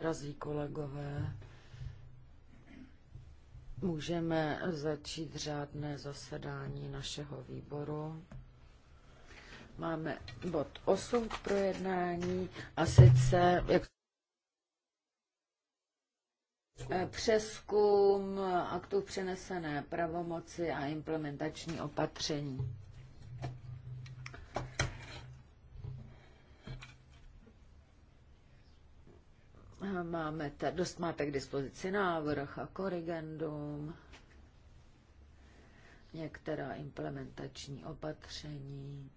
Drazí kolegové, můžeme začít řádné zasedání našeho výboru. Máme bod 8 k projednání a sice jak přeskum aktů přenesené pravomoci a implementační opatření. Máme ta, dost máte k dispozici návrh a korrigendum, některá implementační opatření.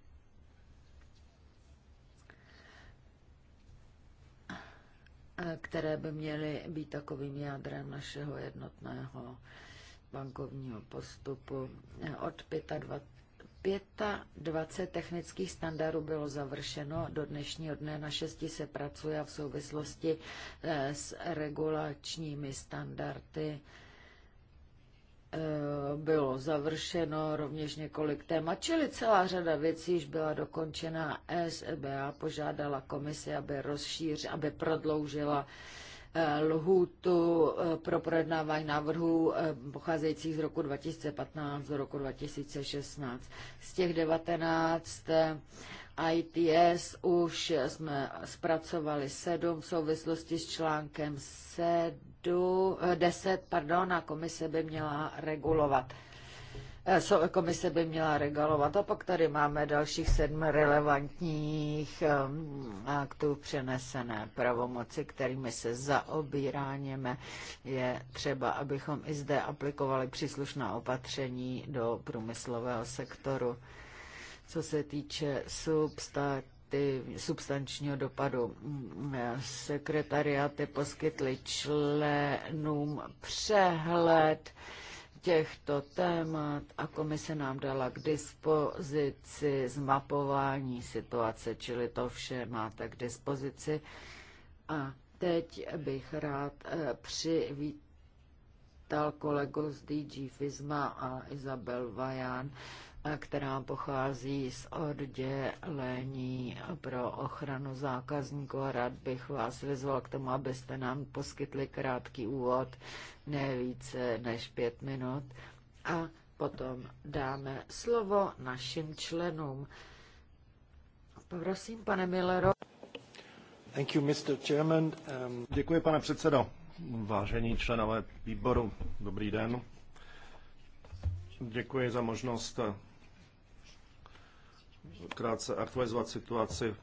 které by měly být takovým jádrem našeho jednotného bankovního postupu. Od 25 technických standardů bylo završeno. Do dnešního dne na šesti se pracuje v souvislosti eh, s regulačními standardy eh, bylo završeno rovněž několik témat, čili celá řada věcí již byla dokončena. SBA požádala komisi, aby rozšířila, aby prodloužila uh, Eh, lhůtu eh, pro projednávání návrhů eh, pocházejících z roku 2015 do roku 2016. Z těch 19 ITS už jsme zpracovali 7 v souvislosti s článkem 7, 10 pardon, a komise by měla regulovat Eh, komise by měla regalovat. A pak tady máme dalších sedm relevantních aktů přenesené pravomoci, kterými se zaobíráněme. Je třeba, abychom i zde aplikovali příslušná opatření do průmyslového sektoru. Co se týče substat, substančního dopadu. Mm, eh, sekretariáty poskytly členům přehled těchto témat a komise nám dala k dispozici zmapování situace, čili to vše máte k dispozici. A teď bych rád eh, přivítal kolegu z DG FISMA a Izabel Vajan která pochází z oddělení pro ochranu zákazníků. A rád bych vás vyzval k tomu, abyste nám poskytli krátký úvod, ne více než pět minut. A potom dáme slovo našim členům. Prosím, pane Millero. Thank you, Mr. Chairman. Um... Děkuji, pane předsedo. Vážení členové výboru, dobrý den. Děkuji za možnost krátce aktualizovat situaci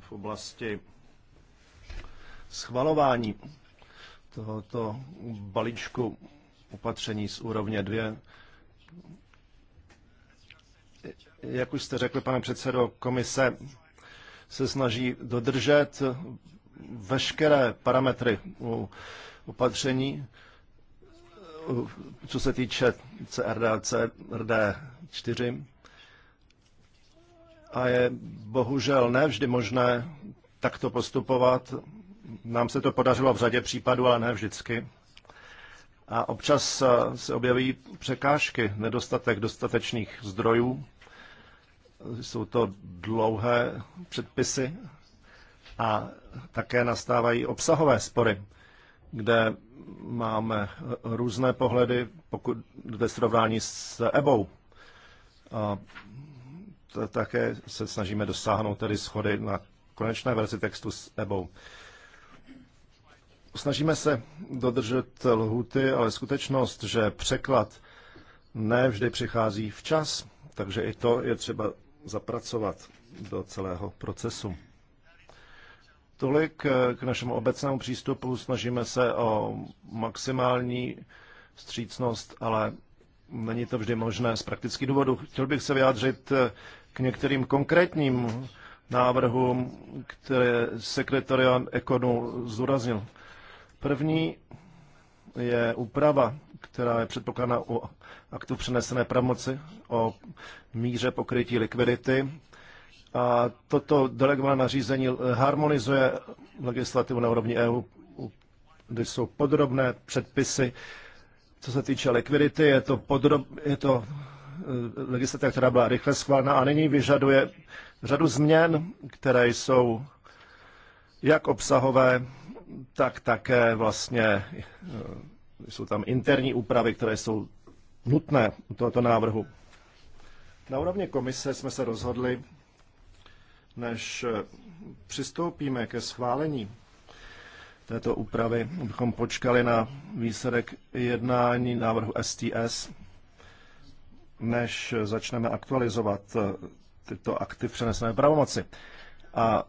v oblasti schvalování tohoto balíčku opatření z úrovně 2. Jak už jste řekl, pane předsedo, komise se snaží dodržet veškeré parametry u opatření, co se týče CRD, CRD 4 a je bohužel ne vždy možné takto postupovat. Nám se to podařilo v řadě případů, ale ne vždycky. A občas eh, se objeví překážky, nedostatek dostatečných zdrojů. Jsou to dlouhé předpisy a také nastávají obsahové spory, kde máme různé pohledy pokud ve srovnání s EBOU. A také se snažíme dosáhnout tedy schody na konečné verzi textu s EBO. Snažíme se dodržet lhuty, ale skutečnost, že překlad ne vždy přichází včas, takže i to je třeba zapracovat do celého procesu. Tolik eh, k našemu obecnému přístupu. Snažíme se o maximální vstřícnost, ale Není to vždy možné z praktických důvodů. Chtěl bych se vyjádřit eh, k některým konkrétním návrhům, které sekretariat Ekonu zdůraznil. První je úprava, která je předpokládána u aktu přenesené pravomoci o míře pokrytí likvidity. A toto delegované nařízení harmonizuje legislativu na úrovni EU, kde jsou podrobné předpisy co se týče likvidity, je to, podrob, je to eh, legislativa, která byla rychle schválena a nyní vyžaduje řadu změn, které jsou jak obsahové, tak také vlastně eh, jsou tam interní úpravy, které jsou nutné u tohoto návrhu. Na úrovni komise jsme se rozhodli, než přistoupíme ke schválení této úpravy, abychom počkali na výsledek jednání návrhu STS, než začneme aktualizovat eh, tyto akty přenesené pravomoci. A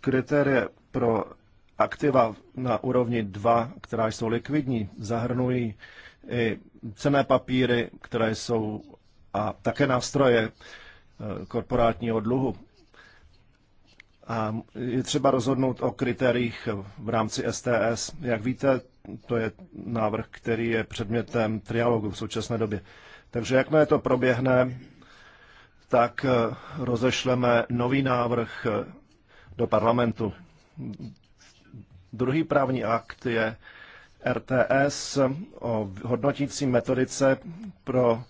kritérie pro aktiva na úrovni 2, která jsou likvidní, zahrnují i cené papíry, které jsou a také nástroje eh, korporátního dluhu je třeba rozhodnout o kritériích v rámci STS. Jak víte, to je návrh, který je předmětem trialogu v současné době. Takže jakmile to proběhne, tak eh, rozešleme nový návrh eh, do parlamentu. Druhý právní akt je RTS o hodnotící metodice pro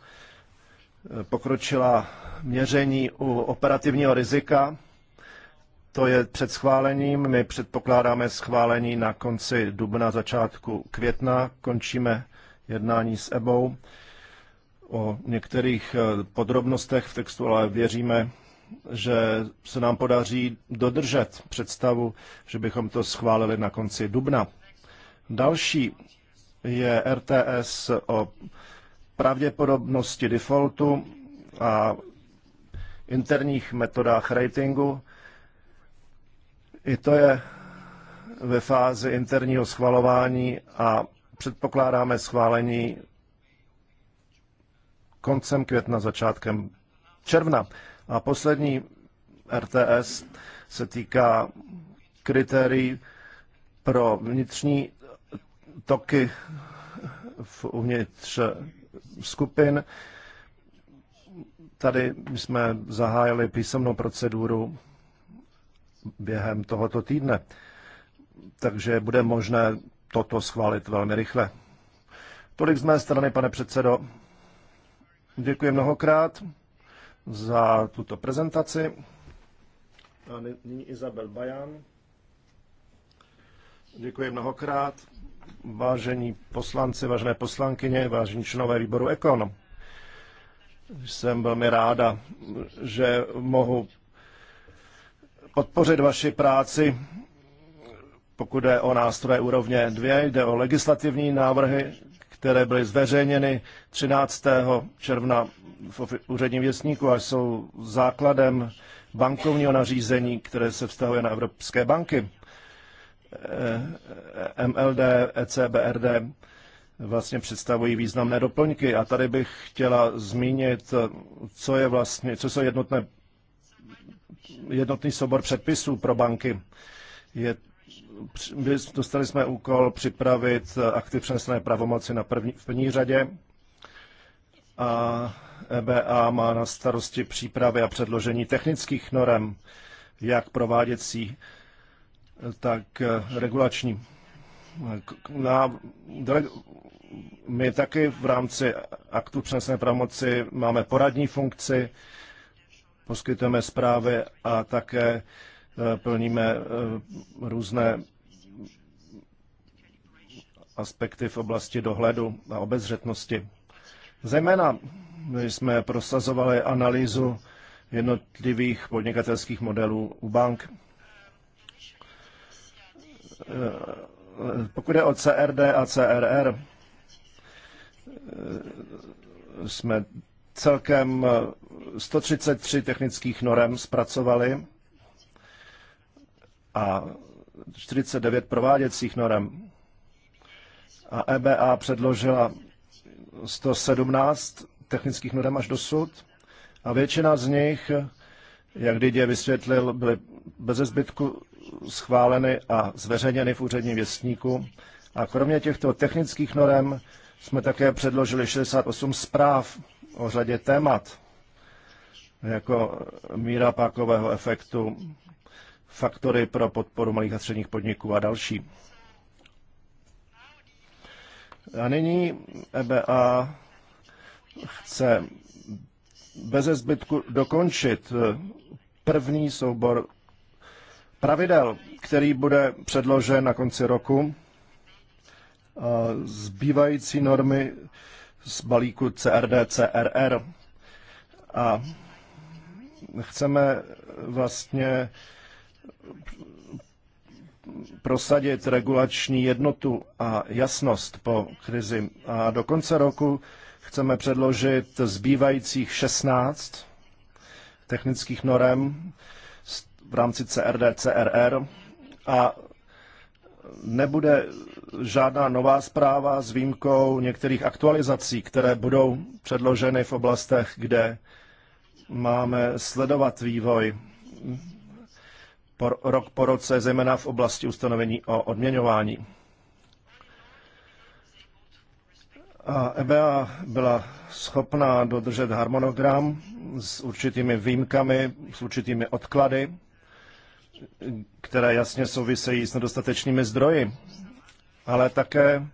eh, pokročila měření u operativního rizika to je před schválením. My předpokládáme schválení na konci dubna, začátku května. Končíme jednání s EBou o některých eh, podrobnostech v textu, ale věříme, že se nám podaří dodržet představu, že bychom to schválili na konci dubna. Další je RTS o pravděpodobnosti defaultu a interních metodách ratingu. I to je ve fázi interního schvalování a předpokládáme schválení koncem května, začátkem června. A poslední RTS se týká kritérií pro vnitřní toky v uvnitř skupin. Tady jsme zahájili písemnou proceduru během tohoto týdne. Takže bude možné toto schválit velmi rychle. Tolik z mé strany, pane předsedo. Děkuji mnohokrát za tuto prezentaci. A nyní Izabel Bajan. Děkuji mnohokrát. Vážení poslanci, vážené poslankyně, vážení členové výboru Ekon. Jsem velmi ráda, že mohu podpořit vaši práci, pokud jde o nástroje úrovně 2, jde o legislativní návrhy, které byly zveřejněny 13. června v úředním věstníku a jsou základem bankovního nařízení, které se vztahuje na evropské banky. Eh, MLD, ECBRD vlastně představují významné doplňky a tady bych chtěla zmínit, co, je vlastně, co jsou jednotné jednotný soubor předpisů pro banky. Je, dostali jsme úkol připravit aktiv přenesené pravomoci na první, v první řadě a EBA má na starosti přípravy a předložení technických norem, jak prováděcí, tak eh, regulační. Na, my taky v rámci aktu přenesené pravomoci máme poradní funkci, poskytujeme zprávy a také eh, plníme eh, různé aspekty v oblasti dohledu a obezřetnosti. Zejména jsme prosazovali analýzu jednotlivých podnikatelských modelů u bank. Eh, pokud je o CRD a CRR, jsme celkem 133 eh, technických norem zpracovali a 49 prováděcích norem. A EBA předložila 117 technických norem až dosud a většina z nich, jak Didě vysvětlil, byly bez zbytku schváleny a zveřejněny v úředním věstníku. A kromě těchto technických norem jsme také předložili 68 zpráv o řadě témat, jako míra pákového efektu, faktory pro podporu malých a středních podniků a další. A nyní EBA chce bez zbytku dokončit první soubor pravidel, který bude předložen na konci roku. Zbývající normy z balíku CRD, CRR. A chceme vlastně prosadit regulační jednotu a jasnost po krizi. A do konce roku chceme předložit zbývajících 16 technických norem v rámci CRD, CRR a nebude žádná nová zpráva s výjimkou některých aktualizací, které budou předloženy v oblastech, kde máme sledovat vývoj po, rok po roce, zejména v oblasti ustanovení o odměňování. A EBA byla schopná dodržet harmonogram s určitými výjimkami, s určitými odklady, které jasně souvisejí s nedostatečnými zdroji ale také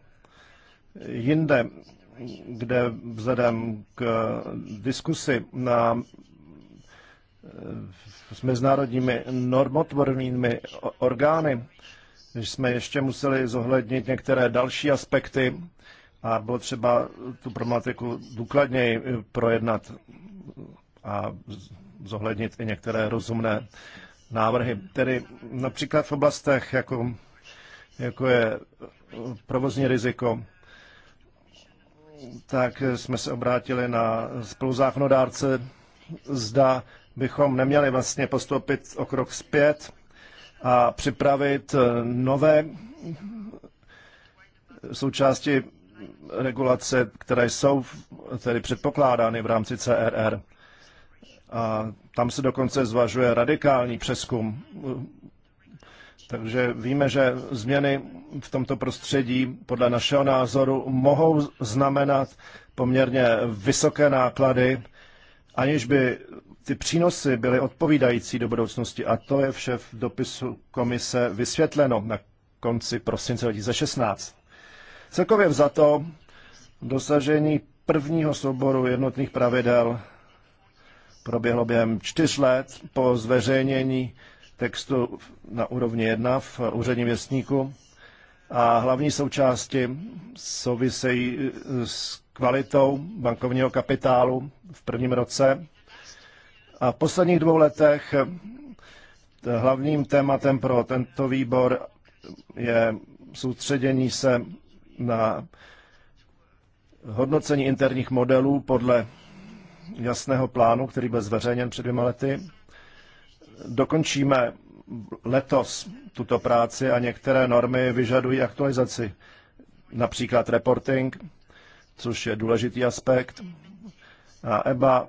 jinde, kde vzhledem k diskusi na s mezinárodními normotvornými orgány jsme ještě museli zohlednit některé další aspekty a bylo třeba tu problematiku důkladněji projednat a zohlednit i některé rozumné návrhy. Tedy například v oblastech, jako, jako je provozní riziko, tak jsme se obrátili na spoluzákonodárce, zda bychom neměli vlastně postoupit o krok zpět a připravit eh, nové součásti regulace, které jsou tedy předpokládány v rámci CRR. A tam se dokonce zvažuje radikální přeskum takže víme, že změny v tomto prostředí podle našeho názoru mohou znamenat poměrně vysoké náklady, aniž by ty přínosy byly odpovídající do budoucnosti. A to je vše v dopisu komise vysvětleno na konci prosince 2016. Celkově vzato dosažení prvního souboru jednotných pravidel proběhlo během čtyř let po zveřejnění textu na úrovni 1 v úředním věstníku a hlavní součásti souvisejí eh, s kvalitou bankovního kapitálu v prvním roce. A v posledních dvou letech eh, hlavním tématem pro tento výbor je soustředění se na hodnocení interních modelů podle jasného plánu, který byl zveřejněn před dvěma lety dokončíme letos tuto práci a některé normy vyžadují aktualizaci, například reporting, což je důležitý aspekt. A EBA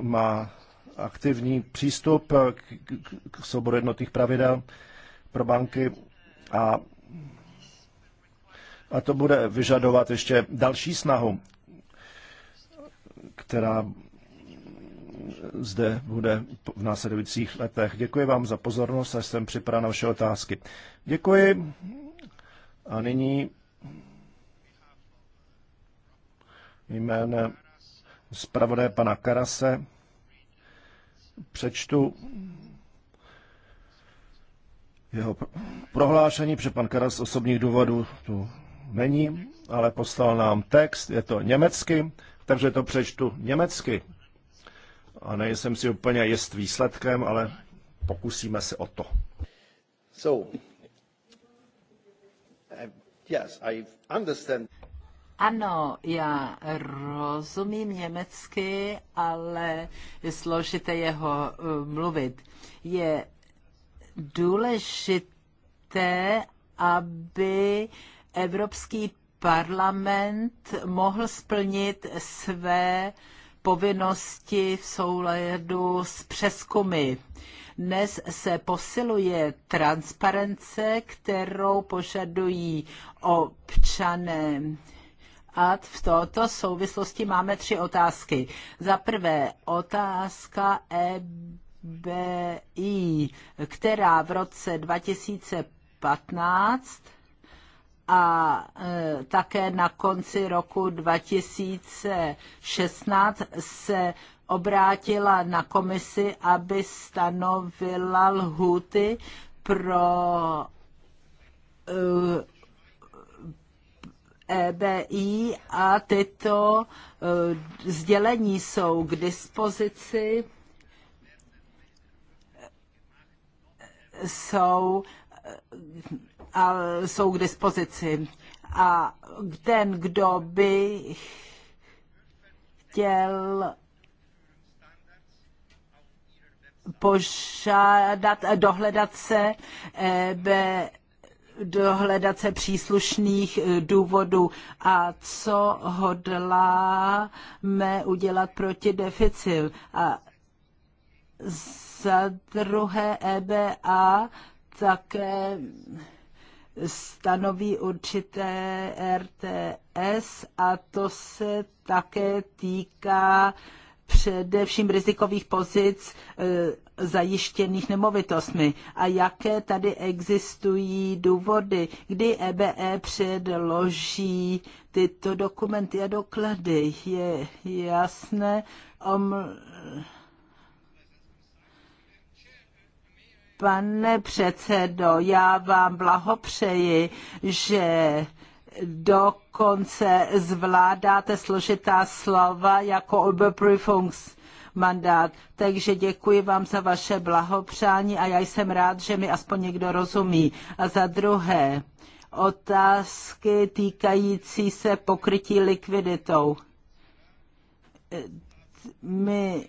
má aktivní přístup k souboru jednotných pravidel pro banky a, a to bude vyžadovat ještě další snahu, která zde bude v následujících letech. Děkuji vám za pozornost a jsem připraven na vaše otázky. Děkuji. A nyní jménem zpravodé pana Karase přečtu jeho prohlášení, protože pan Karas osobních důvodů tu není, ale poslal nám text, je to německy, takže to přečtu německy a nejsem si úplně jist výsledkem, ale pokusíme se o to. So, eh, yes, I understand. Ano, já rozumím německy, ale složité jeho eh, mluvit. Je důležité, aby Evropský parlament mohl splnit své uh, povinnosti v souladu s přeskumy. Dnes se posiluje transparence, kterou požadují občané. A v této souvislosti máme tři otázky. Za prvé otázka EBI, která v roce 2015 a e, také na konci roku 2016 se obrátila na komisi, aby stanovila lhuty pro EBI e a tyto e, sdělení jsou k dispozici, jsou a jsou k dispozici. A ten, kdo by chtěl požádat, dohledat se EBE, eh, dohledat se příslušných eh, důvodů a co hodláme udělat proti deficit. A za druhé EBA také stanoví určité RTS a to se také týká především rizikových pozic eh, zajištěných nemovitostmi a jaké tady existují důvody, kdy EBE e předloží tyto dokumenty a doklady. Je jasné, oml Pane předsedo, já vám blahopřeji, že dokonce zvládáte složitá slova jako Oberprüfungs mandát. Takže děkuji vám za vaše blahopřání a já jsem rád, že mi aspoň někdo rozumí. A za druhé, otázky týkající se pokrytí likviditou. My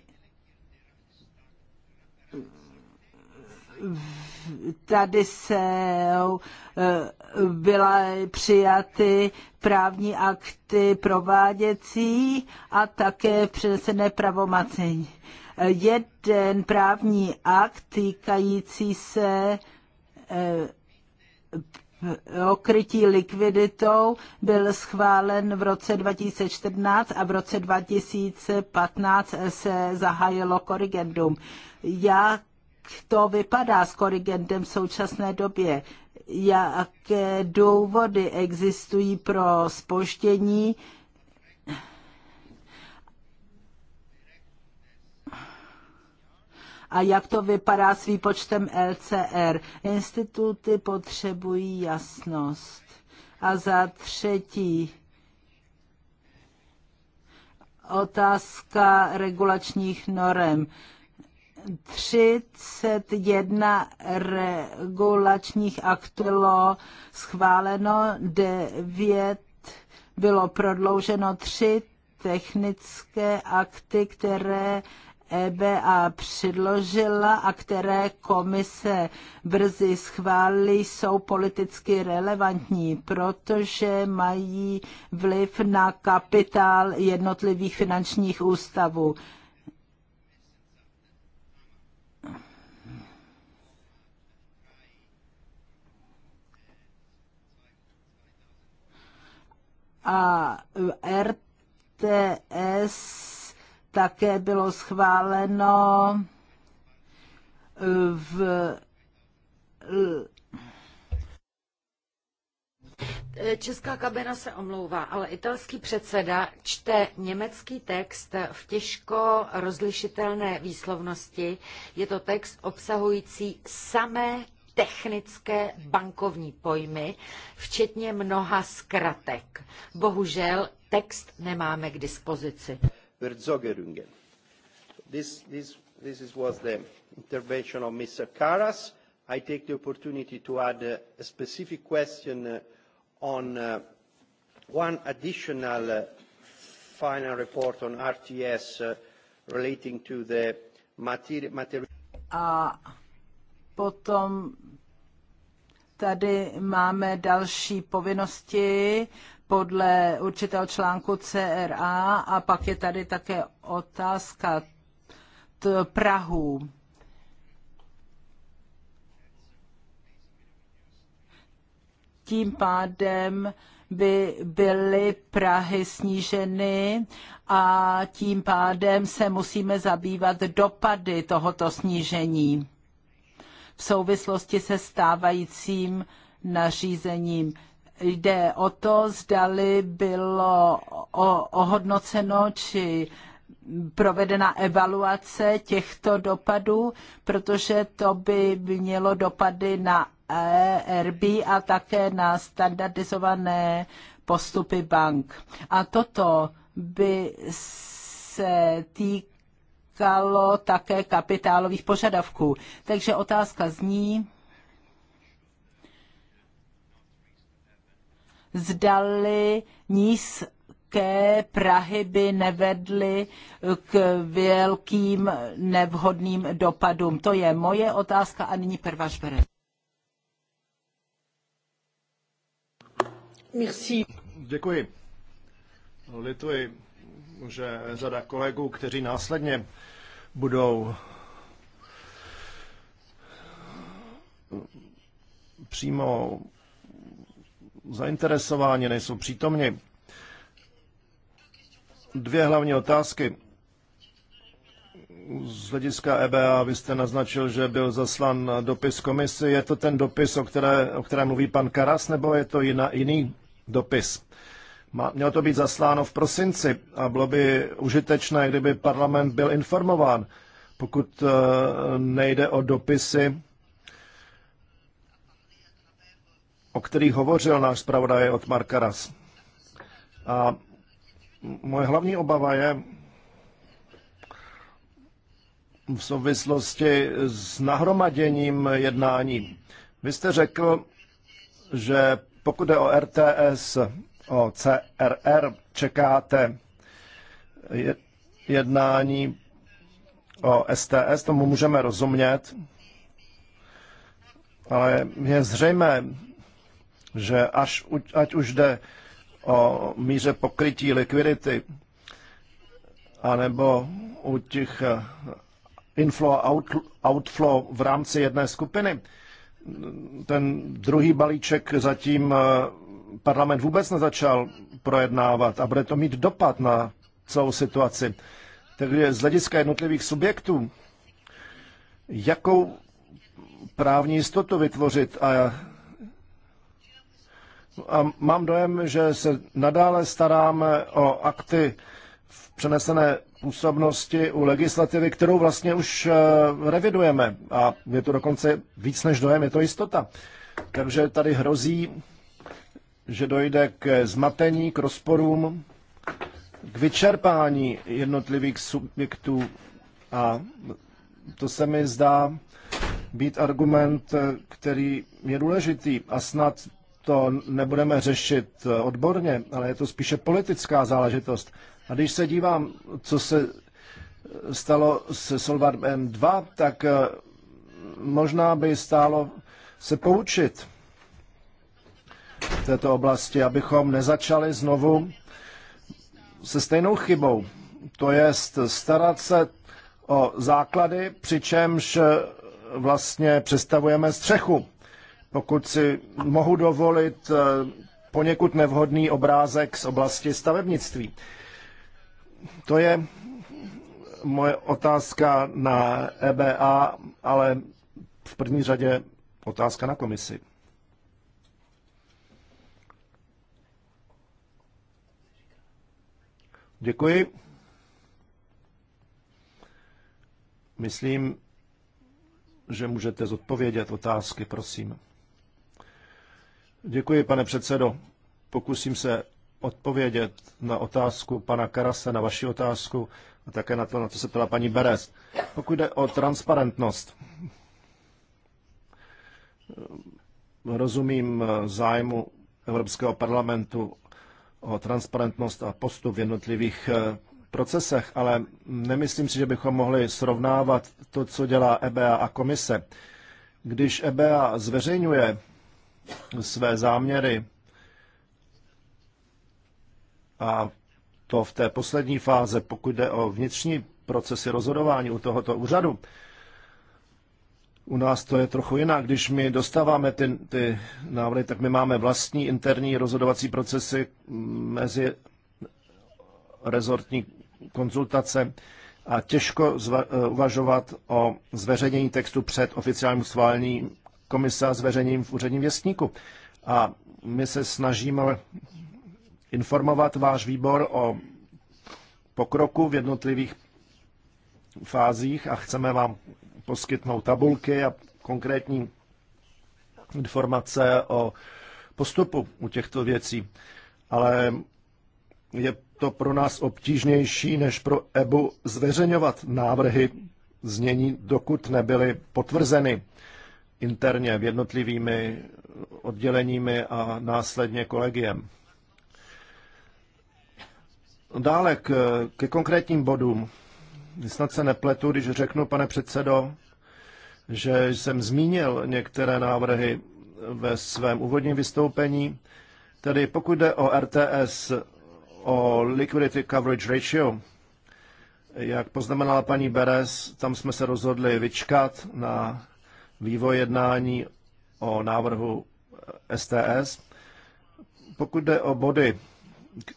tady se eh, byla přijaty právní akty prováděcí a také přenesené pravomaci. Jeden právní akt týkající se eh, okrytí likviditou byl schválen v roce 2014 a v roce 2015 se zahájilo korrigendum. Jak to vypadá s korigentem v současné době? Jaké důvody existují pro spoždění? a jak to vypadá s výpočtem LCR. Instituty potřebují jasnost. A za třetí, otázka regulačních norem. 31 regulačních aktů bylo schváleno, 9 bylo prodlouženo, 3 technické akty, které EBA předložila a které komise brzy schválí, jsou politicky relevantní, protože mají vliv na kapitál jednotlivých finančních ústavů. a e, RTS také bylo schváleno e, v e, Česká kabina se omlouvá, ale italský předseda čte německý text v těžko rozlišitelné výslovnosti. Je to text obsahující samé technické bankovní pojmy, včetně mnoha zkratek. Bohužel text nemáme k dispozici. This, this, this is was the intervention of Mr. Karas. I take the opportunity to add a specific question uh, on uh, one additional uh, final report on RTS relating to the material. Materi Potom tady máme další povinnosti podle určitého článku CRA a pak je tady také otázka t Prahu. Tím pádem by byly Prahy sníženy a tím pádem se musíme zabývat dopady tohoto snížení v souvislosti se stávajícím nařízením. Jde o to, zdali bylo ohodnoceno či provedena evaluace těchto dopadů, protože to by mělo dopady na ERB a také na standardizované postupy bank. A toto by se týkalo týkalo také kapitálových požadavků. Takže otázka zní, zdali nízké Prahy by nevedly k velkým nevhodným dopadům. To je moje otázka a nyní Pervaš bere. Děkuji. Lituji, že řada kolegů, kteří následně budou přímo zainteresováni, nejsou přítomni. Dvě hlavní otázky. Z hlediska EBA vy jste naznačil, že byl zaslan dopis komisi. Je to ten dopis, o, které, o kterém mluví pan Karas, nebo je to jiná, jiný dopis? Mělo to být zasláno v prosinci a bylo by užitečné, kdyby parlament byl informován, pokud eh, nejde o dopisy, o kterých hovořil náš zpravodaj od Marka Ras. A moje hlavní obava je v souvislosti s nahromaděním jednání. Vy jste řekl, že pokud je o RTS, o CRR čekáte jednání o STS, tomu můžeme rozumět, ale je zřejmé, že až, ať už jde o míře pokrytí likvidity, anebo u těch eh, inflow a outflow v rámci jedné skupiny, ten druhý balíček zatím eh, parlament vůbec nezačal projednávat a bude to mít dopad na celou situaci. Takže z hlediska jednotlivých subjektů, jakou právní jistotu vytvořit a a mám dojem, že se nadále staráme o akty v přenesené působnosti u legislativy, kterou vlastně už e, revidujeme. A je to dokonce víc než dojem, je to jistota. Takže tady hrozí že dojde k zmatení, k rozporům, k vyčerpání jednotlivých subjektů a to se mi zdá být argument, který je důležitý a snad to nebudeme řešit odborně, ale je to spíše politická záležitost. A když se dívám, co se stalo se Solvar 2 tak možná by stálo se poučit v této oblasti, abychom nezačali znovu se stejnou chybou. To je starat se o základy, přičemž eh, vlastně přestavujeme střechu. Pokud si mohu dovolit eh, poněkud nevhodný obrázek z oblasti stavebnictví. To je moje otázka na EBA, ale v první řadě otázka na komisi. Děkuji. Myslím, že můžete zodpovědět otázky, prosím. Děkuji, pane předsedo. Pokusím se odpovědět na otázku pana Karase, na vaši otázku a také na to, na co se ptala paní Berest. Pokud jde o transparentnost, rozumím zájmu Evropského parlamentu o transparentnost a postup v jednotlivých eh, procesech, ale nemyslím si, že bychom mohli srovnávat to, co dělá EBA a komise. Když EBA zveřejňuje své záměry a to v té poslední fáze, pokud jde o vnitřní procesy rozhodování u tohoto úřadu, u nás to je trochu jinak. Když my dostáváme ty, ty návrhy, tak my máme vlastní interní rozhodovací procesy mezi rezortní konzultace a těžko zva- eh, uvažovat o zveřejnění textu před oficiálním schválením komise a zveřejněním v úředním věstníku. A my se snažíme informovat váš výbor o pokroku v jednotlivých fázích a chceme vám poskytnou tabulky a konkrétní informace o postupu u těchto věcí. Ale je to pro nás obtížnější než pro EBU zveřejňovat návrhy znění, dokud nebyly potvrzeny interně v jednotlivými odděleními a následně kolegiem. Dále k, ke konkrétním bodům. Snad se nepletu, když řeknu, pane předsedo, že jsem zmínil některé návrhy ve svém úvodním vystoupení. Tedy pokud jde o RTS, o Liquidity Coverage Ratio, jak poznamenala paní Beres, tam jsme se rozhodli vyčkat na vývoj jednání o návrhu STS. Pokud jde o body,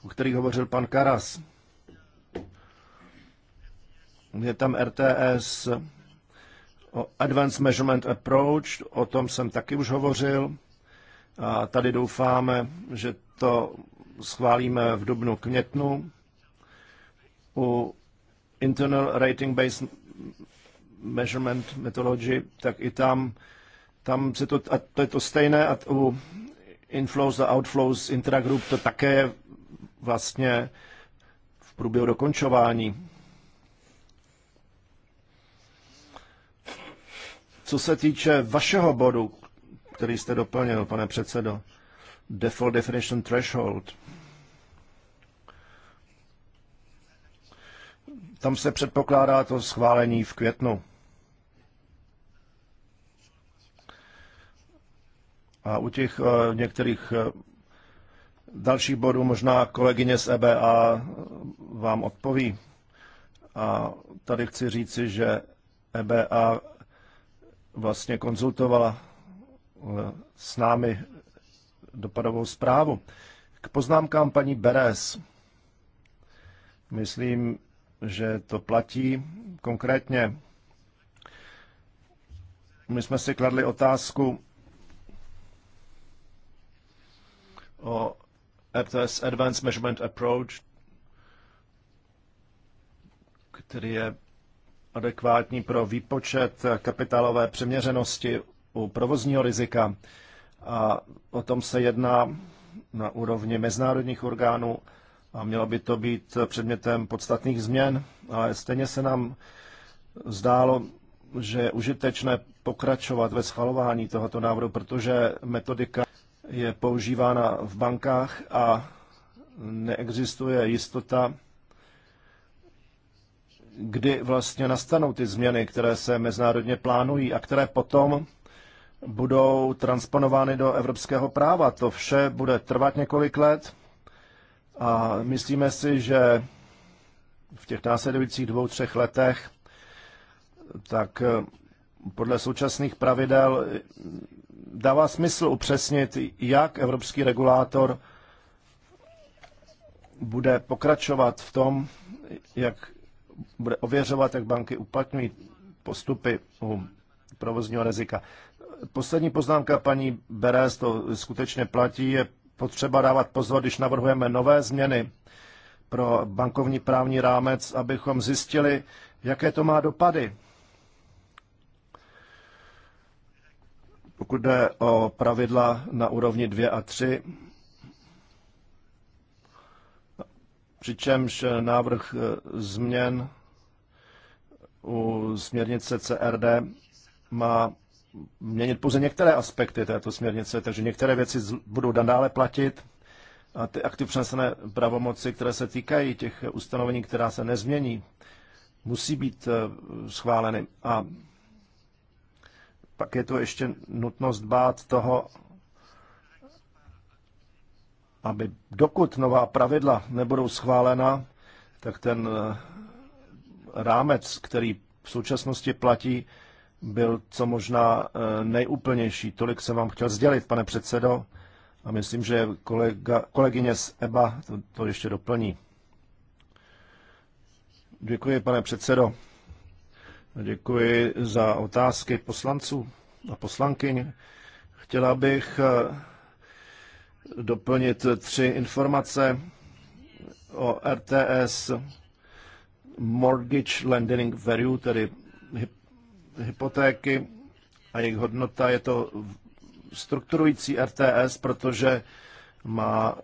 o kterých hovořil pan Karas, je tam RTS o Advanced Measurement Approach, o tom jsem taky už hovořil. A tady doufáme, že to schválíme v dubnu květnu. U Internal Rating Based Measurement Methodology, tak i tam, tam se to, a to je to stejné a u inflows a outflows intragroup to také je vlastně v průběhu dokončování. Co se týče vašeho bodu, který jste doplnil, pane předsedo, Default Definition Threshold, tam se předpokládá to schválení v květnu. A u těch eh, některých eh, dalších bodů možná kolegyně z EBA vám odpoví. A tady chci říci, že EBA vlastně konzultovala eh, s námi dopadovou zprávu. K poznámkám paní Beres. Myslím, že to platí konkrétně. My jsme si kladli otázku o FTS Advanced Measurement Approach, který je adekvátní pro výpočet kapitálové přeměřenosti u provozního rizika. A o tom se jedná na úrovni mezinárodních orgánů a mělo by to být předmětem podstatných změn, ale stejně se nám zdálo, že je užitečné pokračovat ve schvalování tohoto návrhu, protože metodika je používána v bankách a neexistuje jistota, kdy vlastně nastanou ty změny, které se mezinárodně plánují a které potom budou transponovány do evropského práva. To vše bude trvat několik let a myslíme si, že v těch následujících dvou, třech letech, tak eh, podle současných pravidel dává smysl upřesnit, jak evropský regulátor bude pokračovat v tom, jak bude ověřovat, jak banky uplatňují postupy u provozního rizika. Poslední poznámka paní Beres, to skutečně platí, je potřeba dávat pozor, když navrhujeme nové změny pro bankovní právní rámec, abychom zjistili, jaké to má dopady. Pokud jde o pravidla na úrovni 2 a 3, přičemž eh, návrh eh, změn u směrnice CRD má měnit pouze některé aspekty této směrnice, takže některé věci budou nadále platit a ty aktiv přenesené pravomoci, které se týkají těch ustanovení, která se nezmění, musí být eh, schváleny. A pak je tu ještě nutnost bát toho, aby dokud nová pravidla nebudou schválena, tak ten eh, rámec, který v současnosti platí, byl co možná eh, nejúplnější. Tolik jsem vám chtěl sdělit, pane předsedo, a myslím, že kolega, kolegyně z EBA to, to ještě doplní. Děkuji, pane předsedo. Děkuji za otázky poslanců a poslankyň. Chtěla bych eh, doplnit tři informace o RTS Mortgage Lending Value, tedy hypotéky a jejich hodnota. Je to strukturující RTS, protože má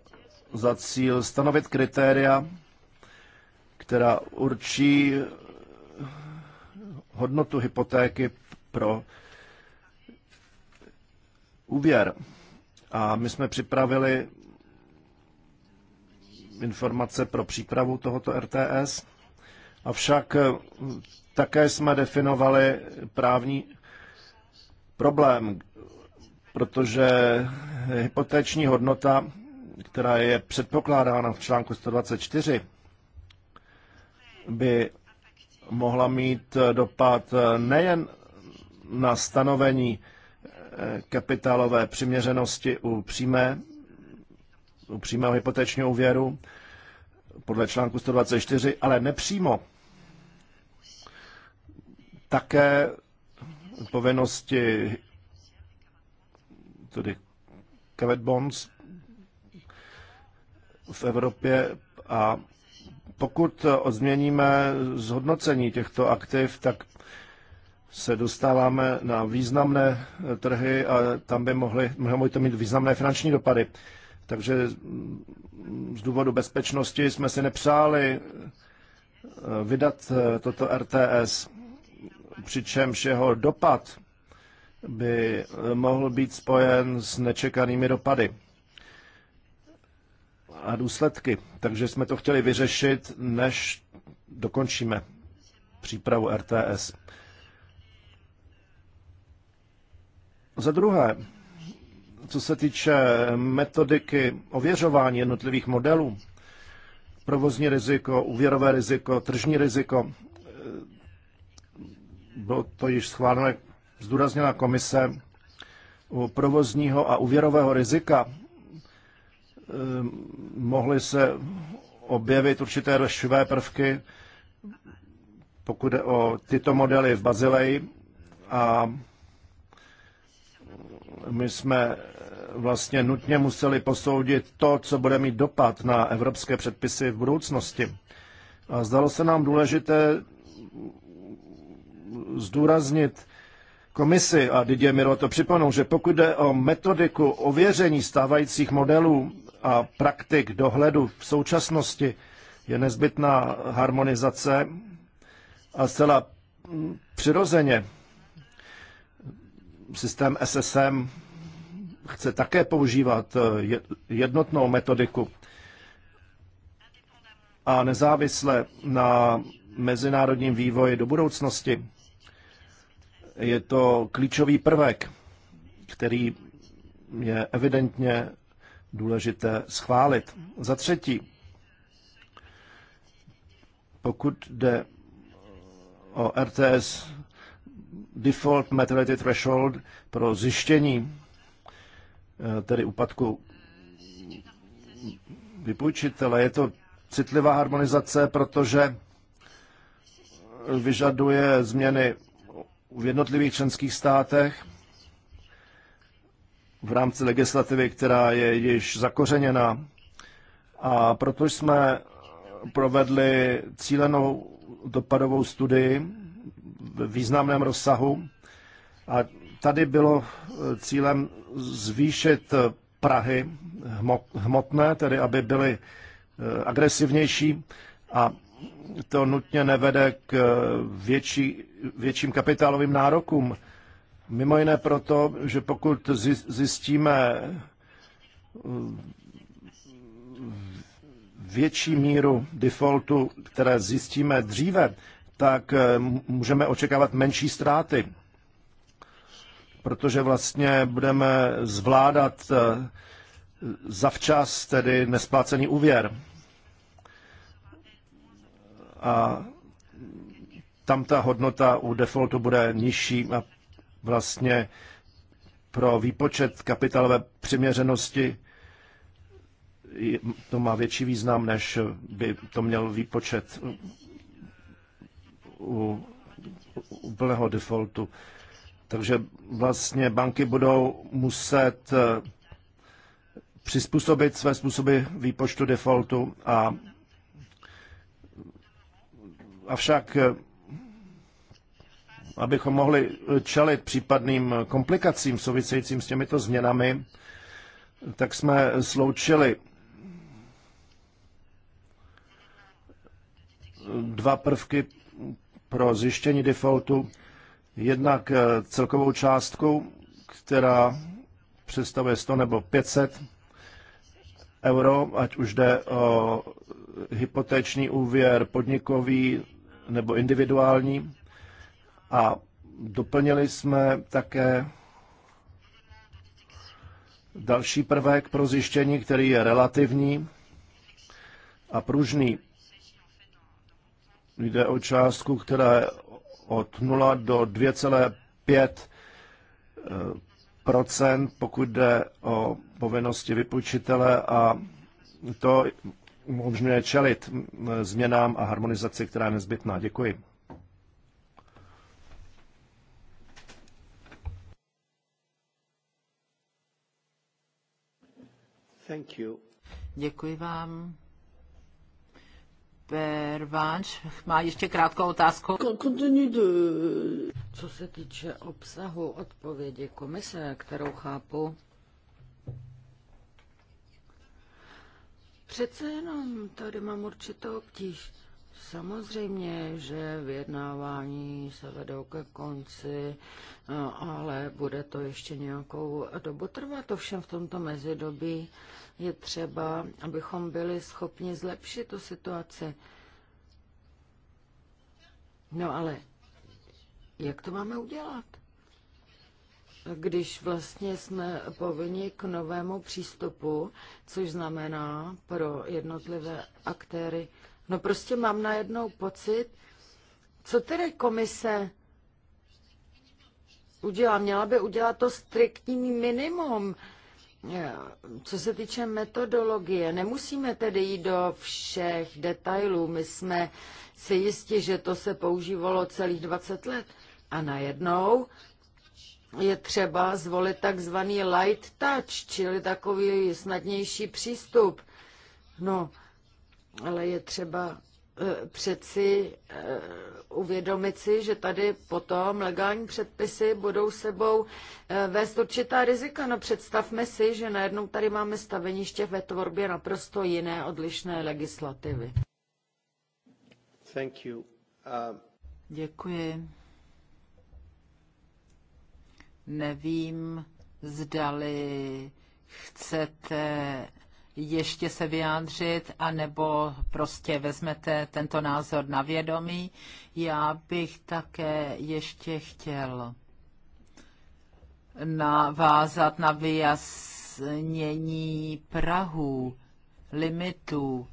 za cíl stanovit kritéria, která určí hodnotu hypotéky pro úvěr. A my jsme připravili informace pro přípravu tohoto RTS, avšak eh, také jsme definovali právní problém, protože hypotéční hodnota, která je předpokládána v článku 124, by mohla mít dopad eh, nejen na stanovení kapitálové přiměřenosti u, přímé, u přímého hypotečního úvěru podle článku 124, ale nepřímo také povinnosti tedy covered bonds v Evropě a pokud změníme zhodnocení těchto aktiv, tak se dostáváme na významné eh, trhy a tam by mohly, mohly to mít významné finanční dopady. Takže z mm, důvodu bezpečnosti jsme si nepřáli eh, vydat eh, toto RTS, přičemž jeho dopad by mohl být spojen s nečekanými dopady a důsledky. Takže jsme to chtěli vyřešit, než dokončíme přípravu RTS. Za druhé, co se týče metodiky ověřování jednotlivých modelů, provozní riziko, úvěrové riziko, tržní riziko, eh, bylo to již schváleno, zdůraznila komise, u provozního a úvěrového rizika eh, mohly se objevit určité rozšivé prvky, pokud jde o tyto modely v Bazileji a my jsme eh, vlastně nutně museli posoudit to, co bude mít dopad na evropské předpisy v budoucnosti. A zdalo se nám důležité zdůraznit komisi, a Didě Miro to připomnou, že pokud jde o metodiku ověření stávajících modelů a praktik dohledu v současnosti, je nezbytná harmonizace a zcela přirozeně systém SSM chce také používat eh, jednotnou metodiku a nezávisle na mezinárodním vývoji do budoucnosti. Je to klíčový prvek, který je evidentně důležité schválit. Za třetí, pokud jde o RTS default maturity threshold pro zjištění eh, tedy úpadku vypůjčitele. Je to citlivá harmonizace, protože vyžaduje změny v jednotlivých členských státech v rámci legislativy, která je již zakořeněna. A proto jsme provedli cílenou dopadovou studii významném rozsahu. A tady bylo eh, cílem zvýšit eh, Prahy hmotné, tedy aby byly eh, agresivnější a to nutně nevede k větší, větším kapitálovým nárokům. Mimo jiné proto, že pokud zjistíme větší míru defaultu, které zjistíme dříve, tak eh, můžeme očekávat menší ztráty, protože vlastně budeme zvládat eh, zavčas tedy nesplácený úvěr. A tam ta hodnota u defaultu bude nižší a vlastně pro výpočet kapitálové přiměřenosti to má větší význam, než by to měl výpočet u úplného defaultu. Takže vlastně banky budou muset eh, přizpůsobit své způsoby výpočtu defaultu a avšak eh, abychom mohli čelit případným komplikacím souvisejícím s těmito změnami, tak jsme sloučili dva prvky pro zjištění defaultu jednak eh, celkovou částkou, která představuje 100 nebo 500 euro, ať už jde o hypotéční úvěr podnikový nebo individuální. A doplnili jsme také další prvek pro zjištění, který je relativní a pružný Jde o částku, která je od 0 do 2,5 eh, pokud jde o povinnosti vypočitele a to umožňuje čelit eh, změnám a harmonizaci, která je nezbytná. Děkuji. Thank you. Děkuji vám. Pervanč má ještě krátkou otázku. Co se týče obsahu odpovědi komise, kterou chápu, přece jenom tady mám určitou obtíž. Samozřejmě, že vyjednávání se vedou ke konci, no, ale bude to ještě nějakou dobu trvat. Ovšem v tomto mezidobí je třeba, abychom byli schopni zlepšit tu situaci. No ale jak to máme udělat? Když vlastně jsme povinni k novému přístupu, což znamená pro jednotlivé aktéry, No prostě mám najednou pocit, co tedy komise udělá? Měla by udělat to striktní minimum. Eh, co se týče metodologie, nemusíme tedy jít do všech detailů. My jsme si jisti, že to se používalo celých 20 let. A najednou je třeba zvolit takzvaný light touch, čili takový snadnější přístup. No, ale je třeba eh, přeci eh, uvědomit si, že tady potom legální předpisy budou sebou eh, vést určitá rizika. No představme si, že najednou tady máme staveniště ve tvorbě naprosto jiné odlišné legislativy. Thank you. Uh... Děkuji. Nevím, zdali chcete ještě se vyjádřit, anebo prostě vezmete tento názor na vědomí. Já bych také ještě chtěl navázat na vyjasnění Prahu, limitů.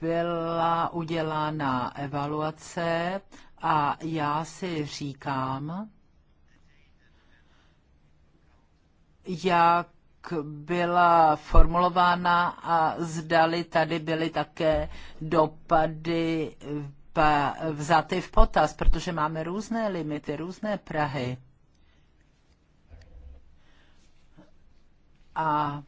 Byla udělána evaluace a já si říkám, jak byla formulována a zdali tady byly také dopady vzaty v potaz, protože máme různé limity, různé Prahy. A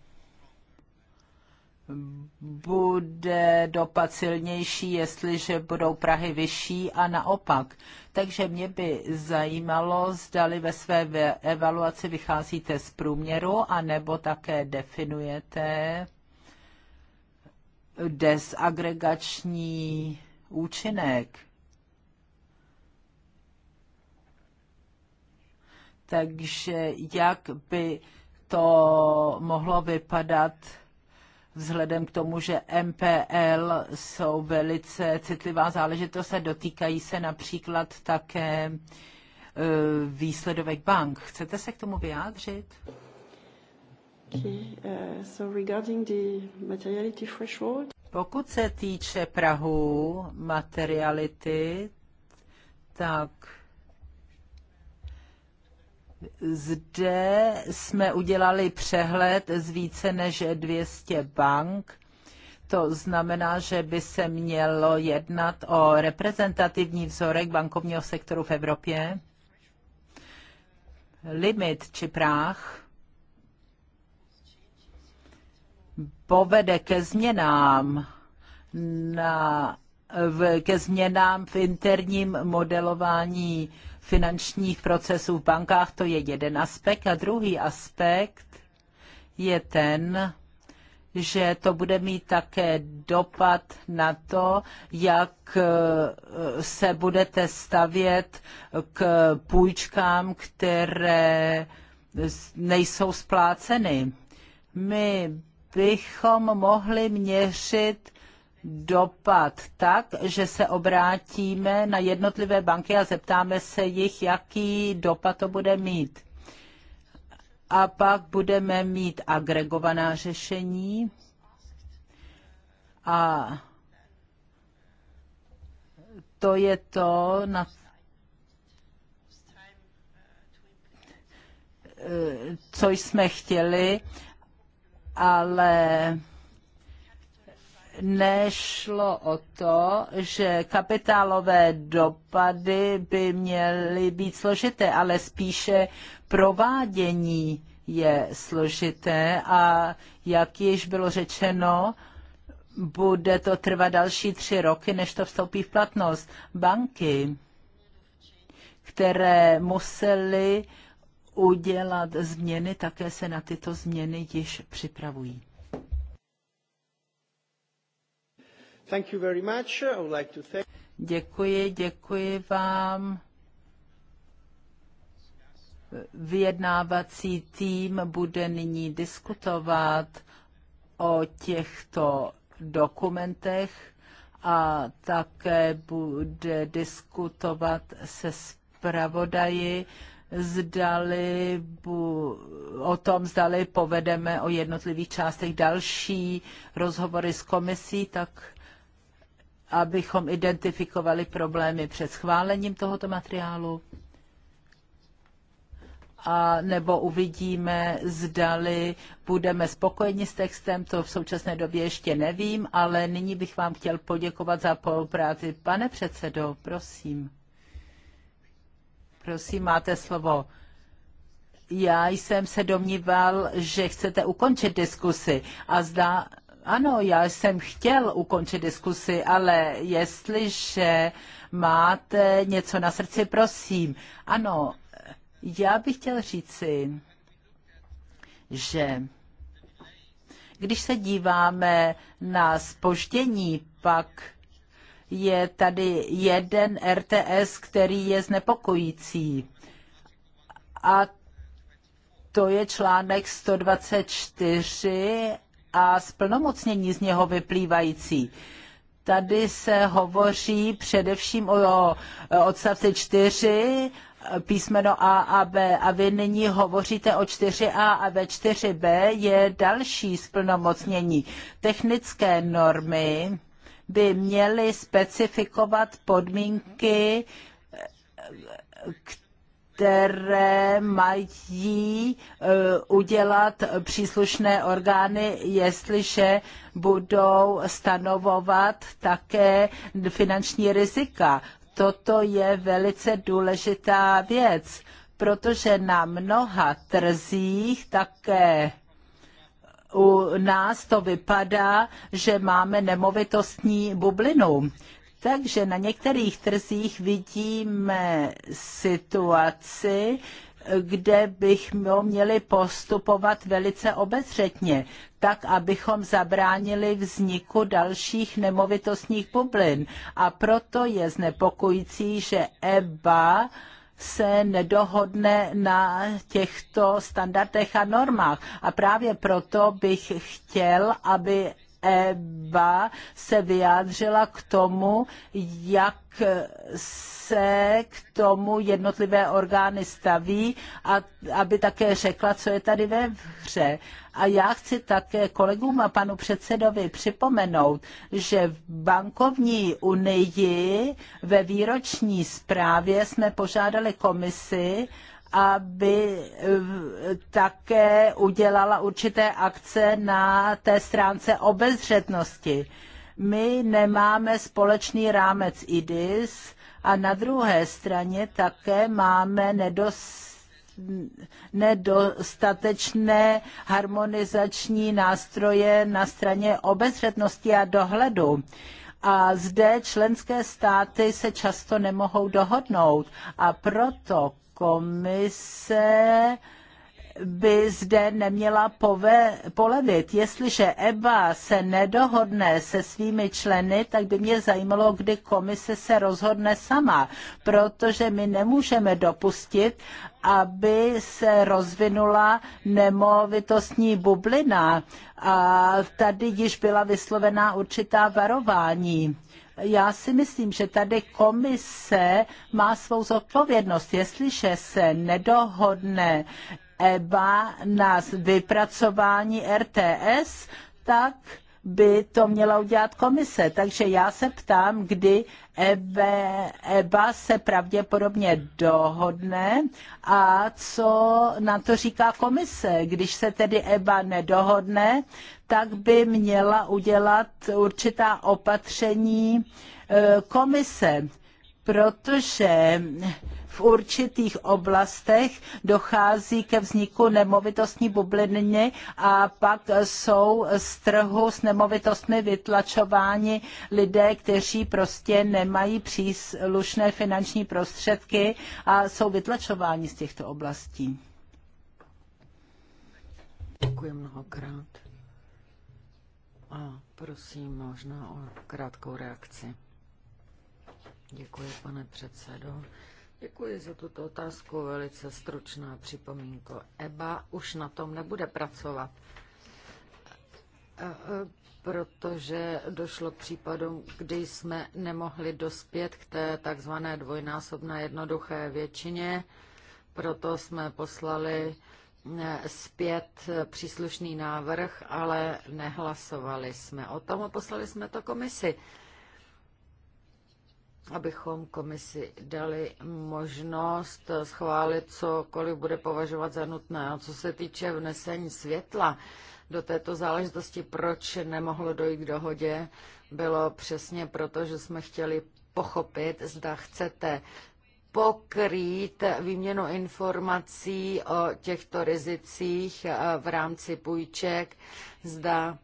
bude dopad silnější, jestliže budou Prahy vyšší a naopak. Takže mě by zajímalo, zdali ve své evaluaci vycházíte z průměru, a nebo také definujete desagregační účinek. Takže jak by to mohlo vypadat vzhledem k tomu, že MPL jsou velice citlivá záležitost a dotýkají se například také e, výsledovek bank. Chcete se k tomu vyjádřit? Okay, uh, so regarding the materiality threshold. Pokud se týče Prahu materiality, tak zde jsme udělali přehled z více než 200 bank. To znamená, že by se mělo jednat o reprezentativní vzorek bankovního sektoru v Evropě. Limit či práh povede ke změnám na, v, ke změnám v interním modelování finančních procesů v bankách, to je jeden aspekt. A druhý aspekt je ten, že to bude mít také dopad na to, jak eh, se budete stavět k půjčkám, které nejsou spláceny. My bychom mohli měřit dopad tak, že se obrátíme na jednotlivé banky a zeptáme se jich, jaký dopad to bude mít. A pak budeme mít agregovaná řešení a to je to, na co jsme chtěli, ale nešlo o to, že kapitálové dopady by měly být složité, ale spíše provádění je složité a jak již bylo řečeno, bude to trvat další tři roky, než to vstoupí v platnost. Banky, které musely udělat změny, také se na tyto změny již připravují. Thank you very much. I would like to thank... Děkuji, děkuji vám. Vyjednávací tým bude nyní diskutovat o těchto dokumentech a také bude diskutovat se zpravodaji, zdali bu, o tom, zdali povedeme o jednotlivých částech další rozhovory s komisí, tak abychom identifikovali problémy před schválením tohoto materiálu? a nebo uvidíme, zdali budeme spokojeni s textem, to v současné době ještě nevím, ale nyní bych vám chtěl poděkovat za spolupráci. Pane předsedo, prosím. Prosím, máte slovo. Já jsem se domníval, že chcete ukončit diskusi a zdá ano, já jsem chtěl ukončit diskusi, ale jestliže máte něco na srdci, prosím. Ano, já bych chtěl říci, že když se díváme na spoždění, pak je tady jeden RTS, který je znepokojící. A to je článek 124 a splnomocnění z něho vyplývající. Tady se hovoří především o odstavci 4 písmeno A a B a vy nyní hovoříte o 4A a ve 4B je další splnomocnění. Technické normy by měly specifikovat podmínky, které které mají eh, udělat příslušné orgány, jestliže budou stanovovat také finanční rizika. Toto je velice důležitá věc, protože na mnoha trzích také u nás to vypadá, že máme nemovitostní bublinu. Takže na některých trzích vidíme situaci, kde bychom měli postupovat velice obezřetně, tak abychom zabránili vzniku dalších nemovitostních bublin. A proto je znepokojící, že EBA se nedohodne na těchto standardech a normách. A právě proto bych chtěl, aby EBA se vyjádřila k tomu, jak se k tomu jednotlivé orgány staví a aby také řekla, co je tady ve hře. A já chci také kolegům a panu předsedovi připomenout, že v bankovní unii ve výroční zprávě jsme požádali komisi, aby eh, také udělala určité akce na té stránce obezřetnosti. My nemáme společný rámec IDIS a na druhé straně také máme nedostatečné harmonizační nástroje na straně obezřetnosti a dohledu. A zde členské státy se často nemohou dohodnout a proto komise by zde neměla pove, polevit. Jestliže EBA se nedohodne se svými členy, tak by mě zajímalo, kdy komise se rozhodne sama, protože my nemůžeme dopustit, aby se rozvinula nemovitostní bublina. A tady již byla vyslovená určitá varování já si myslím, že tady komise má svou zodpovědnost. Jestliže se nedohodne EBA na vypracování RTS, tak by to měla udělat komise. Takže já se ptám, kdy EBA se pravděpodobně dohodne a co na to říká komise. Když se tedy EBA nedohodne, tak by měla udělat určitá opatření eh, komise, protože v určitých oblastech dochází ke vzniku nemovitostní bubliny a pak jsou z trhu s nemovitostmi vytlačováni lidé, kteří prostě nemají příslušné finanční prostředky a jsou vytlačováni z těchto oblastí. Děkuji mnohokrát. A prosím možná o krátkou reakci. Děkuji, pane předsedo. Děkuji za tuto otázku. Velice stručná připomínka. EBA už na tom nebude pracovat, e, e, protože došlo k případům, kdy jsme nemohli dospět k té takzvané dvojnásobné jednoduché většině. Proto jsme poslali e, zpět příslušný návrh, ale nehlasovali jsme o tom a poslali jsme to komisi abychom komisi dali možnost schválit, cokoliv bude považovat za nutné. A co se týče vnesení světla do této záležitosti, proč nemohlo dojít k dohodě, bylo přesně proto, že jsme chtěli pochopit, zda chcete pokrýt výměnu informací o těchto rizicích v rámci půjček, zda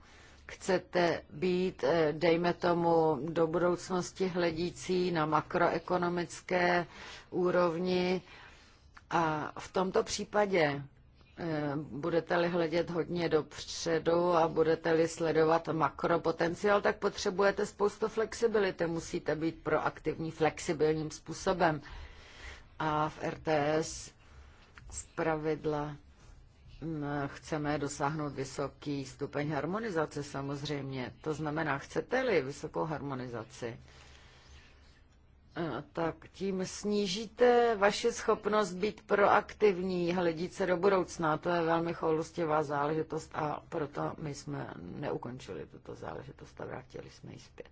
chcete být, eh, dejme tomu, do budoucnosti hledící na makroekonomické úrovni a v tomto případě eh, budete-li hledět hodně dopředu a budete-li sledovat makropotenciál, tak potřebujete spoustu flexibility. Musíte být proaktivní flexibilním způsobem. A v RTS zpravidla Mm, chceme dosáhnout vysoký stupeň harmonizace samozřejmě. To znamená, chcete-li vysokou harmonizaci, eh, tak tím snížíte vaši schopnost být proaktivní, hledit se do budoucna. To je velmi choulustivá záležitost a proto my jsme neukončili tuto záležitost a vrátili jsme ji zpět.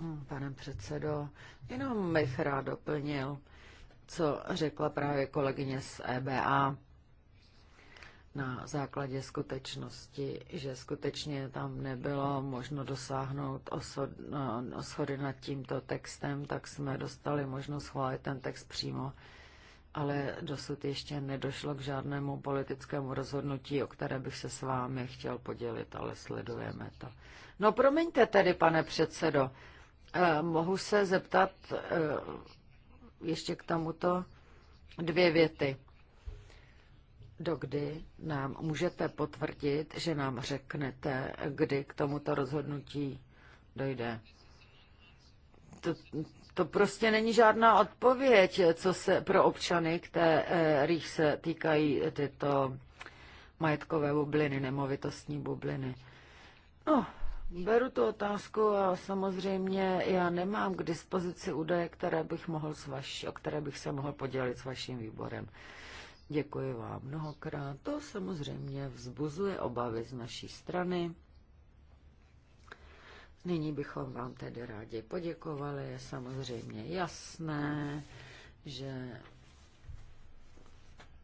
Hm, pane předsedo, jenom bych rád doplnil co řekla právě kolegyně z EBA na základě skutečnosti, že skutečně tam nebylo možno dosáhnout no, oshody nad tímto textem, tak jsme dostali možnost schválit ten text přímo, ale dosud ještě nedošlo k žádnému politickému rozhodnutí, o které bych se s vámi chtěl podělit, ale sledujeme to. No promiňte tedy, pane předsedo, eh, mohu se zeptat, eh, ještě k tomuto dvě věty. Dokdy nám můžete potvrdit, že nám řeknete, kdy k tomuto rozhodnutí dojde? To, to prostě není žádná odpověď co se, pro občany, kterých se týkají tyto majetkové bubliny, nemovitostní bubliny. No, Beru tu otázku a samozřejmě já nemám k dispozici údaje, které bych mohl s vaš, o které bych se mohl podělit s vaším výborem. Děkuji vám mnohokrát. To samozřejmě vzbuzuje obavy z naší strany. Nyní bychom vám tedy rádi poděkovali. Je samozřejmě jasné, že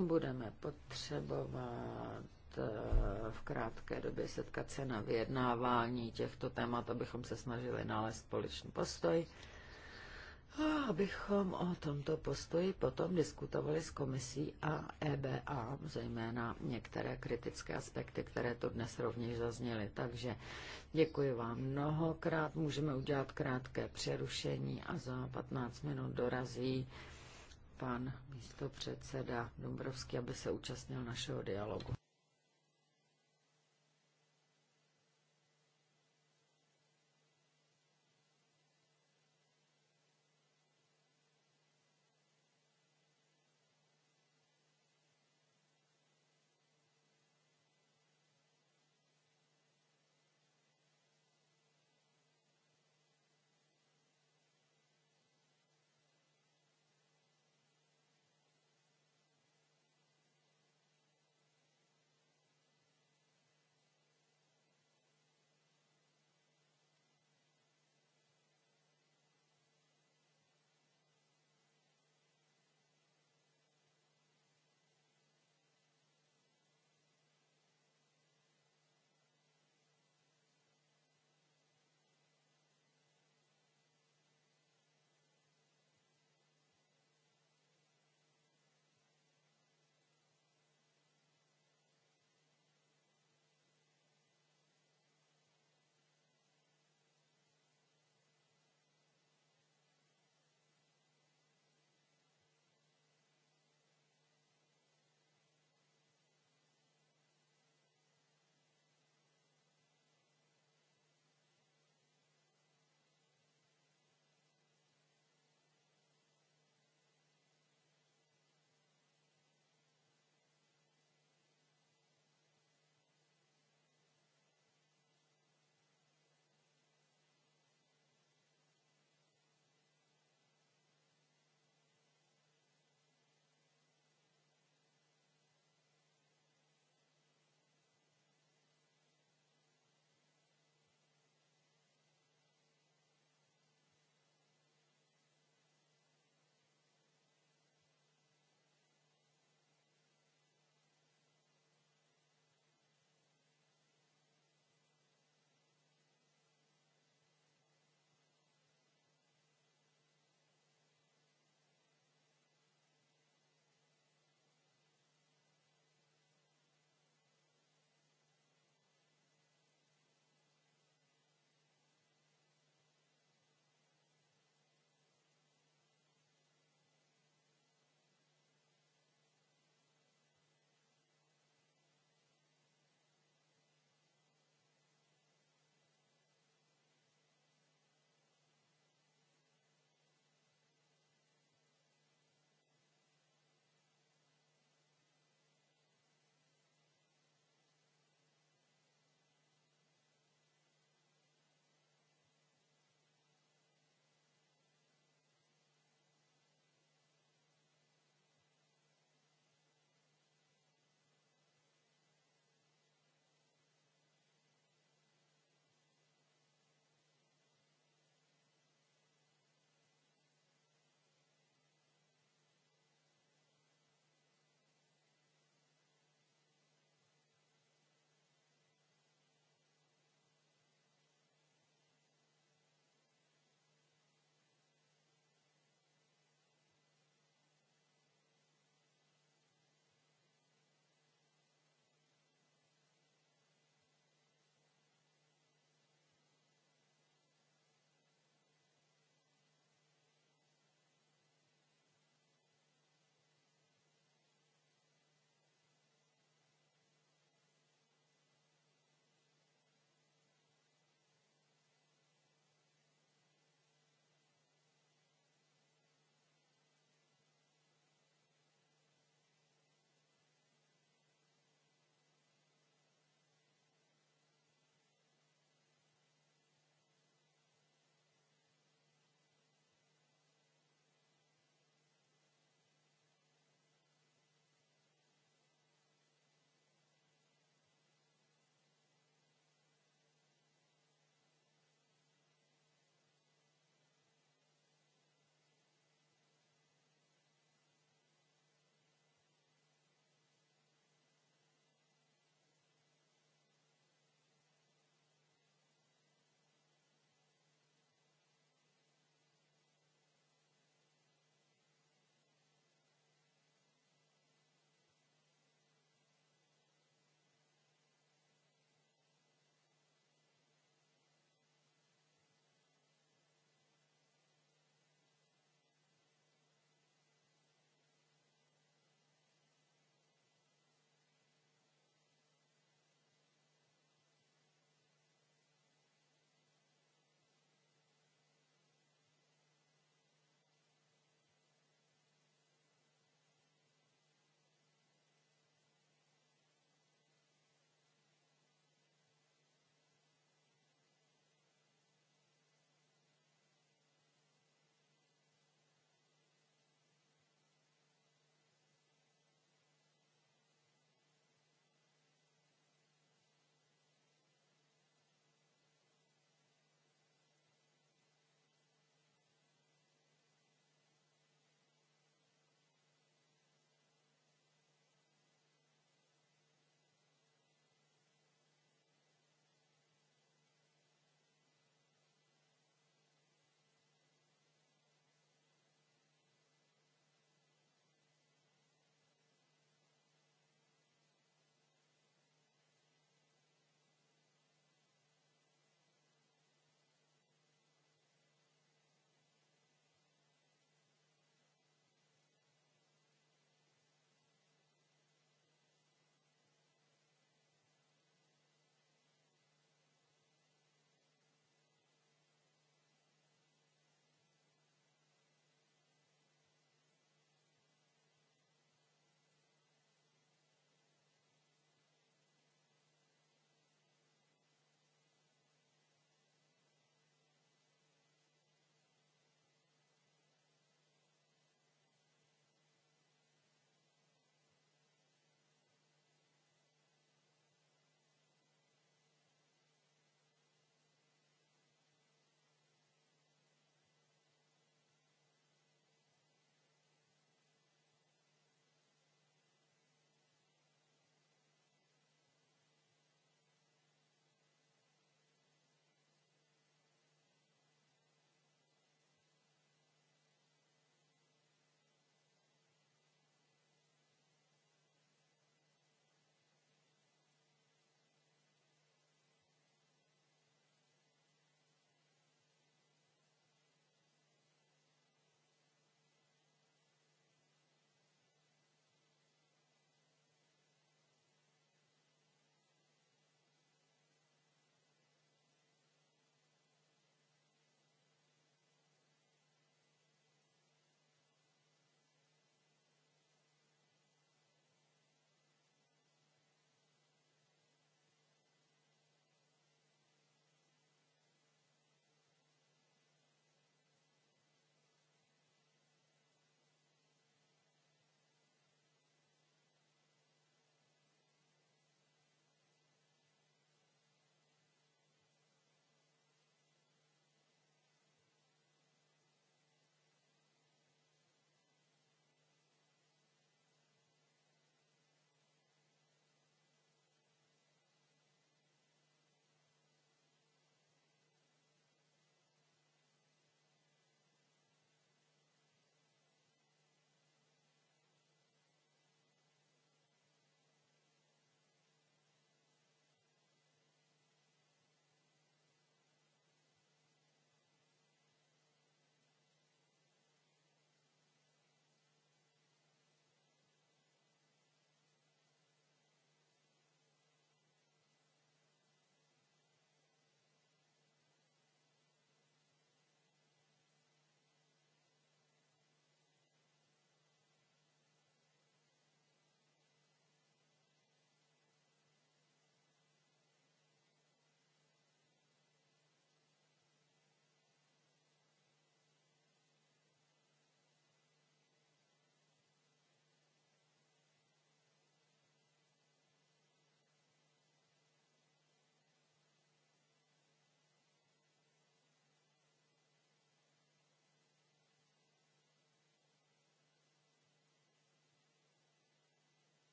budeme potřebovat Eh, v krátké době setkat se na vyjednávání těchto témat, abychom se snažili nalézt společný postoj. A abychom o tomto postoji potom diskutovali s komisí a EBA, zejména některé kritické aspekty, které tu dnes rovněž zazněly. Takže děkuji vám mnohokrát. Můžeme udělat krátké přerušení a za 15 minut dorazí pan místopředseda Dombrovský, aby se účastnil našeho dialogu.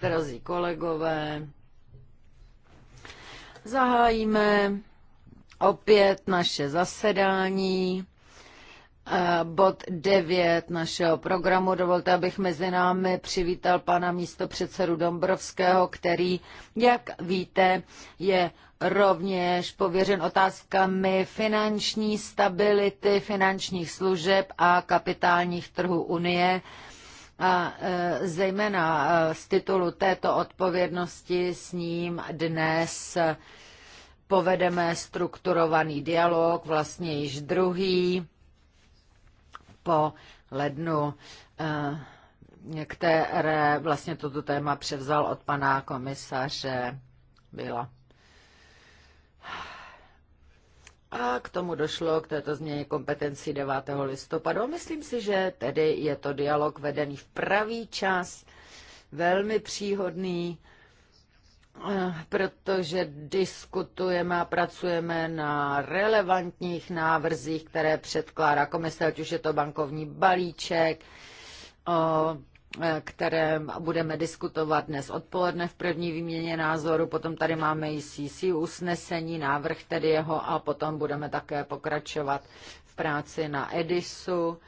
Drazí kolegové, zahájíme opět naše zasedání. Bod 9 našeho programu. Dovolte, abych mezi námi přivítal pana místopředsedu Dombrovského, který, jak víte, je rovněž pověřen otázkami finanční stability, finančních služeb a kapitálních trhů Unie. A e, zejména e, z titulu této odpovědnosti s ním dnes povedeme strukturovaný dialog, vlastně již druhý po lednu, e, které vlastně toto téma převzal od pana komisaře Byla. A k tomu došlo k této změně kompetencí 9. listopadu. A myslím si, že tedy je to dialog vedený v pravý čas, velmi příhodný, eh, protože diskutujeme a pracujeme na relevantních návrzích, které předkládá komise, ať už je to bankovní balíček, které budeme diskutovat dnes odpoledne v první výměně názoru, potom tady máme ICC usnesení, návrh tedy jeho a potom budeme také pokračovat v práci na Edisu.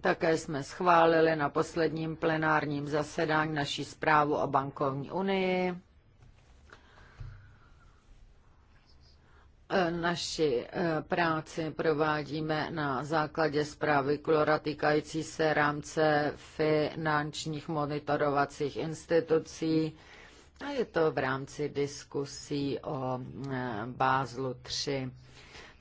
Také jsme schválili na posledním plenárním zasedání naší zprávu o bankovní unii. Naši eh, práci provádíme na základě zprávy Klora týkající se rámce finančních monitorovacích institucí a je to v rámci diskusí o eh, Bázlu 3.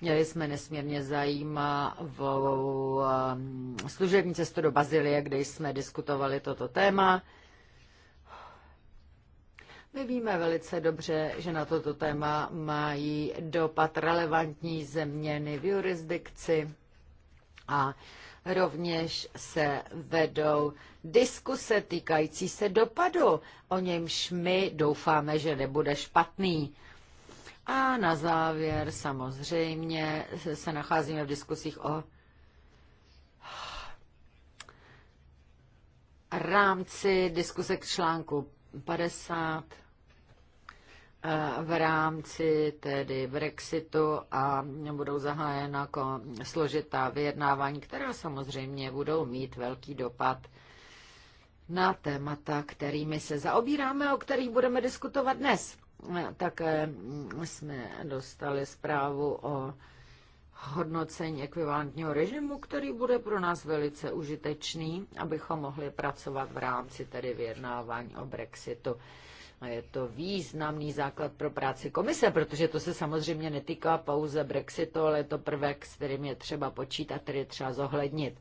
Měli jsme nesmírně zajímavou eh, služební cestu do Bazilie, kde jsme diskutovali toto téma. My víme velice dobře, že na toto téma mají dopad relevantní změny v jurisdikci a rovněž se vedou diskuse týkající se dopadu, o němž my doufáme, že nebude špatný. A na závěr samozřejmě se nacházíme v diskusích o rámci diskuse k článku 50 v rámci tedy Brexitu a budou zahájena jako složitá vyjednávání, která samozřejmě budou mít velký dopad na témata, kterými se zaobíráme a o kterých budeme diskutovat dnes. Také jsme dostali zprávu o hodnocení ekvivalentního režimu, který bude pro nás velice užitečný, abychom mohli pracovat v rámci tedy vyjednávání o Brexitu. A je to významný základ pro práci komise, protože to se samozřejmě netýká pouze Brexitu, ale je to prvek, s kterým je třeba počítat, který je třeba zohlednit.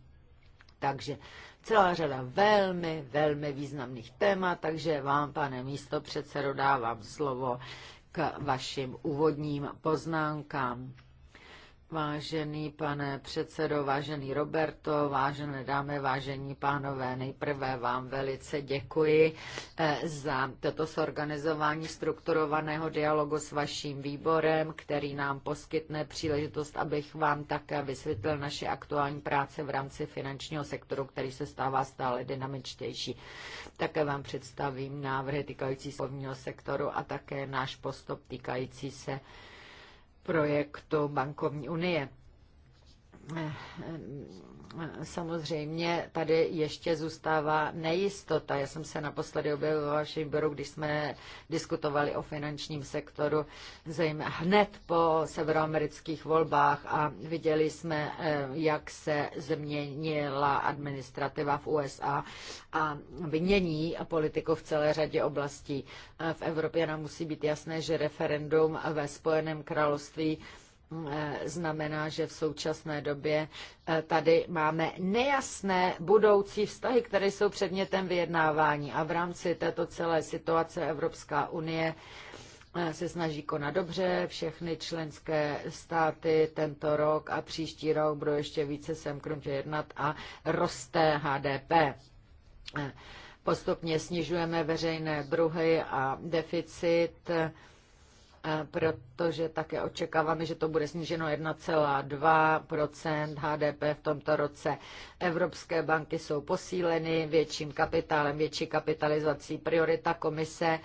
Takže celá řada velmi, velmi významných témat, takže vám, pane místo předsedo, dávám slovo k vašim úvodním poznámkám. Vážený pane předsedo, vážený Roberto, vážené dámy, vážení pánové, nejprve vám velice děkuji eh, za toto sorganizování strukturovaného dialogu s vaším výborem, který nám poskytne příležitost, abych vám také vysvětlil naše aktuální práce v rámci finančního sektoru, který se stává stále dynamičtější. Také vám představím návrhy týkající se sektoru a také náš postup týkající se projektu bankovní unie samozřejmě tady ještě zůstává nejistota. Já jsem se naposledy objevila v vašem výboru, když jsme diskutovali o finančním sektoru, zejména hned po severoamerických volbách a viděli jsme, eh, jak se změnila administrativa v USA a mění politiku v celé řadě oblastí. Eh, v Evropě nám musí být jasné, že referendum ve Spojeném království Eh, znamená, že v současné době eh, tady máme nejasné budoucí vztahy, které jsou předmětem vyjednávání. A v rámci této celé situace Evropská unie eh, se snaží konat dobře, všechny členské státy tento rok a příští rok budou ještě více sem kromě jednat a roste HDP. Postupně snižujeme veřejné druhy a deficit protože také očekáváme, že to bude sníženo 1,2 HDP v tomto roce. Evropské banky jsou posíleny větším kapitálem, větší kapitalizací. Priorita komise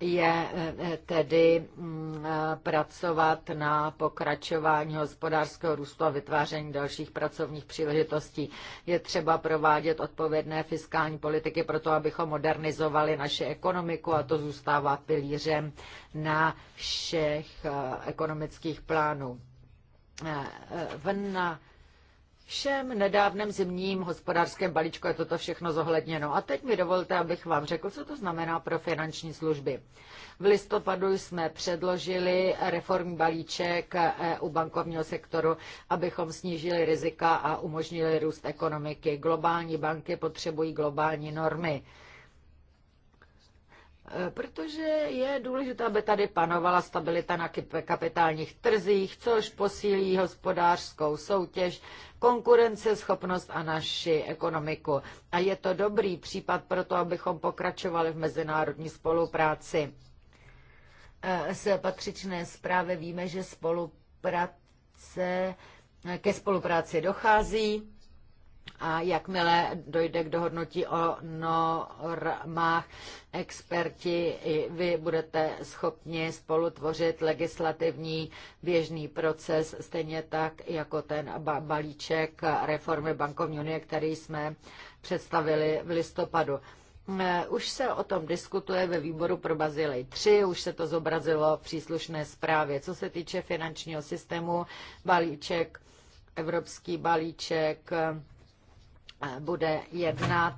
je eh, eh, tedy mm, eh, pracovat na pokračování hospodářského růstu a vytváření dalších pracovních příležitostí. Je třeba provádět odpovědné fiskální politiky pro to, abychom modernizovali naši ekonomiku a to zůstává pilířem na všech ekonomických plánů. V na všem nedávném zimním hospodářském balíčku je toto všechno zohledněno. A teď mi dovolte, abych vám řekl, co to znamená pro finanční služby. V listopadu jsme předložili reformní balíček e u bankovního sektoru, abychom snížili rizika a umožnili růst ekonomiky. Globální banky potřebují globální normy Eh, protože je důležité, aby tady panovala stabilita na kapitálních trzích, což posílí hospodářskou soutěž, konkurenceschopnost a naši ekonomiku. A je to dobrý případ pro to, abychom pokračovali v mezinárodní spolupráci. Eh, z patřičné zprávy víme, že spolupráce, eh, ke spolupráci dochází a jakmile dojde k dohodnutí o normách, experti i vy budete schopni spolutvořit legislativní běžný proces, stejně tak jako ten balíček reformy bankovní unie, který jsme představili v listopadu. Eh, už se o tom diskutuje ve výboru pro Bazilej 3, už se to zobrazilo v příslušné zprávě. Co se týče finančního systému, balíček, evropský balíček, bude jednat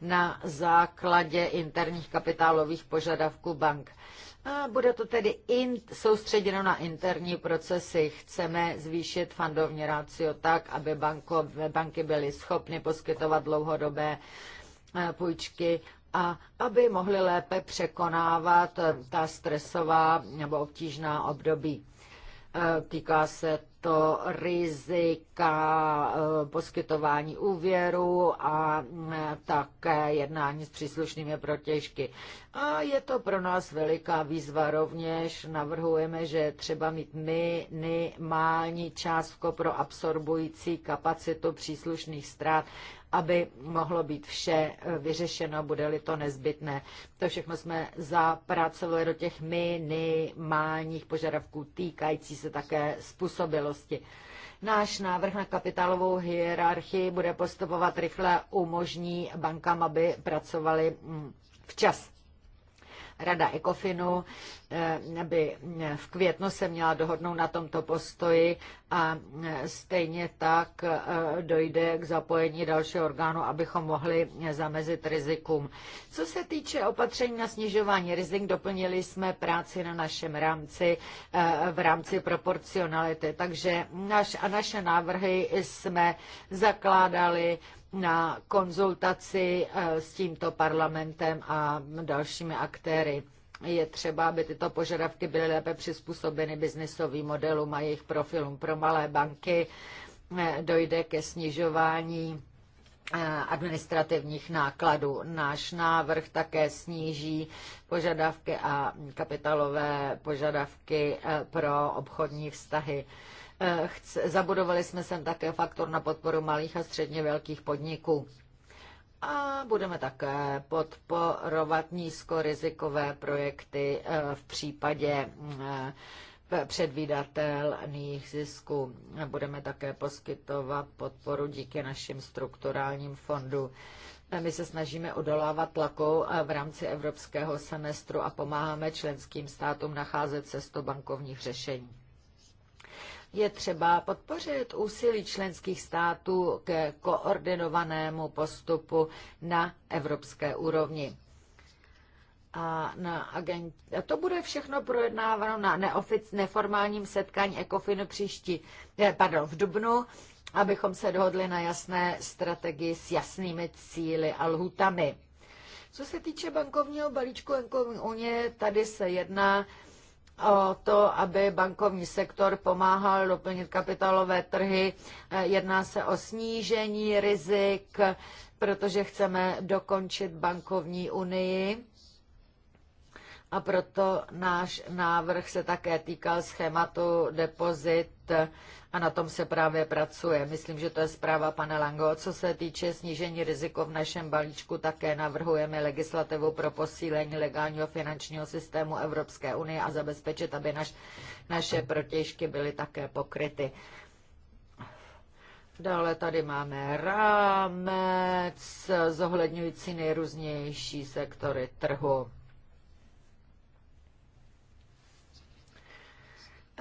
na základě interních kapitálových požadavků bank. A bude to tedy in, soustředěno na interní procesy. Chceme zvýšit fandovní rácio tak, aby banko, banky byly schopny poskytovat dlouhodobé e, půjčky a aby mohly lépe překonávat ta stresová nebo obtížná období. E, týká se to rizika eh, poskytování úvěru a eh, také jednání s příslušnými protěžky. A je to pro nás veliká výzva. Rovněž navrhujeme, že třeba mít minimální částko pro absorbující kapacitu příslušných strát aby mohlo být vše eh, vyřešeno, bude-li to nezbytné. To všechno jsme zapracovali do těch minimálních požadavků týkající se také způsobilosti. Náš návrh na kapitálovou hierarchii bude postupovat rychle, umožní bankám, aby pracovali mm, včas. Rada Ekofinu eh, by v květnu se měla dohodnout na tomto postoji a eh, stejně tak eh, dojde k zapojení dalšího orgánu, abychom mohli zamezit rizikům. Co se týče opatření na snižování rizik, doplnili jsme práci na našem rámci v rámci proporcionality. Takže naš a naše návrhy jsme zakládali na konzultaci eh, s tímto parlamentem a dalšími aktéry. Je třeba, aby tyto požadavky byly lépe přizpůsobeny biznisovým modelům a jejich profilům. Pro malé banky eh, dojde ke snižování eh, administrativních nákladů. Náš návrh také sníží požadavky a kapitalové požadavky pro obchodní vztahy. Eh, zabudovali jsme sem také faktor na podporu malých a středně velkých podniků. A budeme také podporovat nízkorizikové projekty eh, v případě eh, předvídatelných zisků. Budeme také poskytovat podporu díky našim strukturálním fondu. My se snažíme odolávat tlaku v rámci evropského semestru a pomáháme členským státům nacházet cestu bankovních řešení. Je třeba podpořit úsilí členských států ke koordinovanému postupu na evropské úrovni a na agent... A to bude všechno projednáváno na neofic, neformálním setkání ECOFINu příští, eh, pardon, v Dubnu, abychom se dohodli na jasné strategii s jasnými cíly a lhutami. Co se týče bankovního balíčku Unie, tady se jedná o to, aby bankovní sektor pomáhal doplnit kapitálové trhy. E, jedná se o snížení rizik, protože chceme dokončit bankovní unii. A proto náš návrh se také týkal schématu depozit a na tom se právě pracuje. Myslím, že to je zpráva pana Lango. Co se týče snížení riziko v našem balíčku, také navrhujeme legislativu pro posílení legálního finančního systému Evropské unie a zabezpečit, aby naš, naše protěžky byly také pokryty. Dále tady máme rámec zohledňující nejrůznější sektory trhu.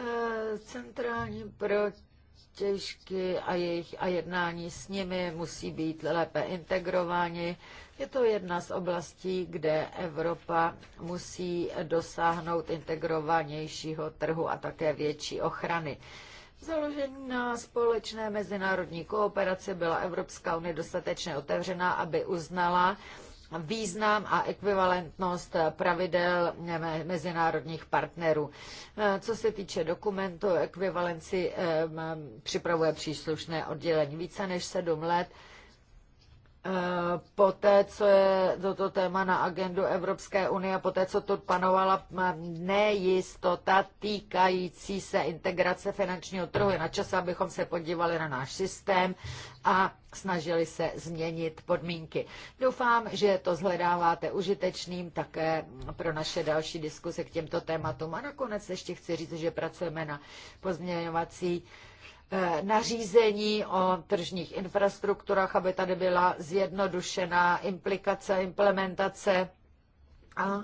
Eh, centrální protěžky a, jejich, a jednání s nimi musí být lépe integrováni. Je to jedna z oblastí, kde Evropa musí dosáhnout integrovanějšího trhu a také větší ochrany. Založení na společné mezinárodní kooperaci byla Evropská unie dostatečně otevřená, aby uznala, význam a ekvivalentnost pravidel mezinárodních partnerů. Eh, co se týče dokumentu, ekvivalenci eh, připravuje příslušné oddělení. Více než sedm let Eh, poté, co je toto téma na agendu Evropské unie, poté, co tu panovala mm, nejistota týkající se integrace finančního trhu, je na čase, abychom se podívali na náš systém a snažili se změnit podmínky. Doufám, že to zhledáváte užitečným také pro naše další diskuse k těmto tématům. A nakonec ještě chci říct, že pracujeme na pozměňovací Eh, nařízení o tržních infrastrukturách, aby tady byla zjednodušená implikace, implementace a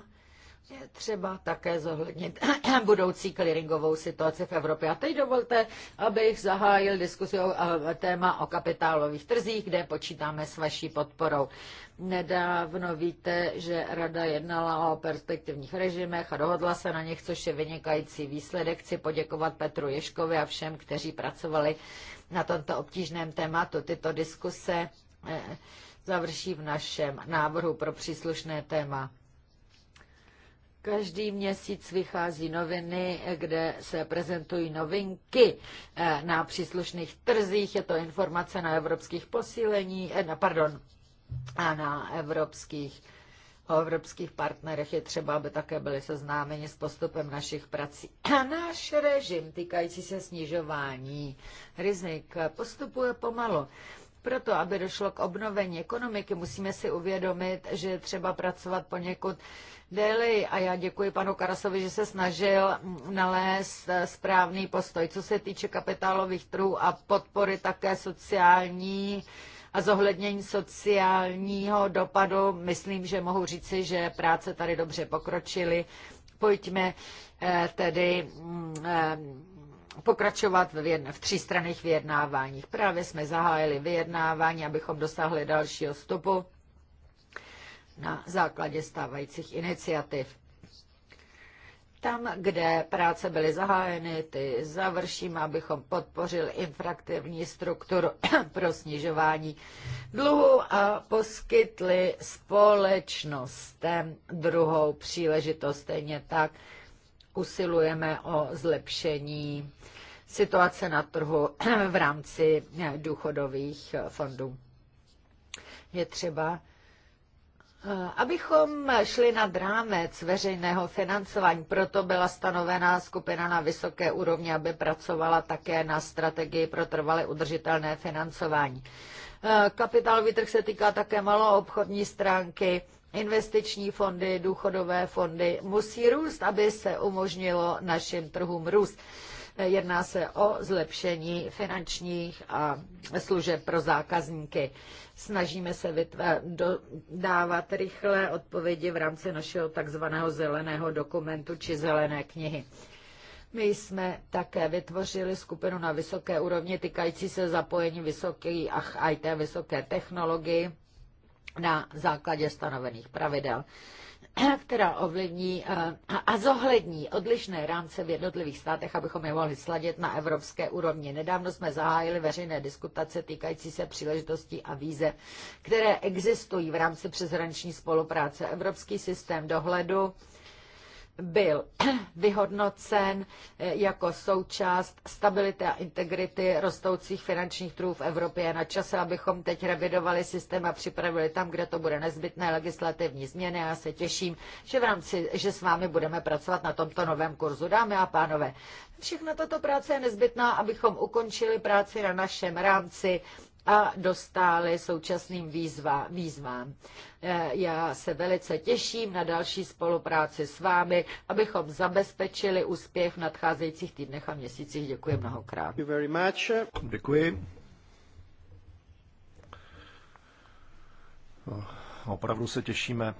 je třeba také zohlednit budoucí clearingovou situaci v Evropě. A teď dovolte, abych zahájil diskusi o téma o kapitálových trzích, kde počítáme s vaší podporou. Nedávno víte, že Rada jednala o perspektivních režimech a dohodla se na nich, což je vynikající výsledek. Chci poděkovat Petru Ješkovi a všem, kteří pracovali na tomto obtížném tématu. Tyto diskuse eh, završí v našem návrhu pro příslušné téma Každý měsíc vychází noviny, kde se prezentují novinky eh, na příslušných trzích. Je to informace na evropských posílení, eh, na, pardon, a na evropských o evropských partnerech je třeba, aby také byli seznámeni s postupem našich prací. A náš režim týkající se snižování rizik postupuje pomalu. Proto, aby došlo k obnovení ekonomiky, musíme si uvědomit, že je třeba pracovat poněkud déle. A já děkuji panu Karasovi, že se snažil nalézt správný postoj. Co se týče kapitálových trhů a podpory také sociální a zohlednění sociálního dopadu, myslím, že mohu říci, že práce tady dobře pokročily. Pojďme eh, tedy mm, eh, pokračovat v, jedna, v třístranných vyjednáváních. Právě jsme zahájili vyjednávání, abychom dosáhli dalšího stopu na základě stávajících iniciativ. Tam, kde práce byly zahájeny, ty završím, abychom podpořili infraktivní strukturu pro snižování dluhu a poskytli společnostem druhou příležitost, stejně tak, usilujeme o zlepšení situace na trhu v rámci důchodových fondů. Je třeba eh, Abychom šli nad rámec veřejného financování, proto byla stanovena skupina na vysoké úrovni, aby pracovala také na strategii pro trvale udržitelné financování. Eh, kapitálový trh se týká také maloobchodní stránky investiční fondy, důchodové fondy musí růst, aby se umožnilo našim trhům růst. Jedná se o zlepšení finančních a služeb pro zákazníky. Snažíme se dávat rychlé odpovědi v rámci našeho takzvaného zeleného dokumentu či zelené knihy. My jsme také vytvořili skupinu na vysoké úrovni týkající se zapojení vysokých IT, vysoké technologie na základě stanovených pravidel, která ovlivní eh, a zohlední odlišné rámce v jednotlivých státech, abychom je mohli sladit na evropské úrovni. Nedávno jsme zahájili veřejné diskutace týkající se příležitostí a víze, které existují v rámci přeshraniční spolupráce. Evropský systém dohledu byl vyhodnocen eh, jako součást stability a integrity rostoucích finančních trhů v Evropě. Je na čase, abychom teď revidovali systém a připravili tam, kde to bude nezbytné legislativní změny. Já se těším, že, v rámci, že s vámi budeme pracovat na tomto novém kurzu. Dámy a pánové, všechna tato práce je nezbytná, abychom ukončili práci na našem rámci a dostáli současným výzva, výzvám. E, já se velice těším na další spolupráci s vámi, abychom zabezpečili úspěch v nadcházejících týdnech a měsících. Děkuji mnohokrát. Děkuji. Opravdu se těšíme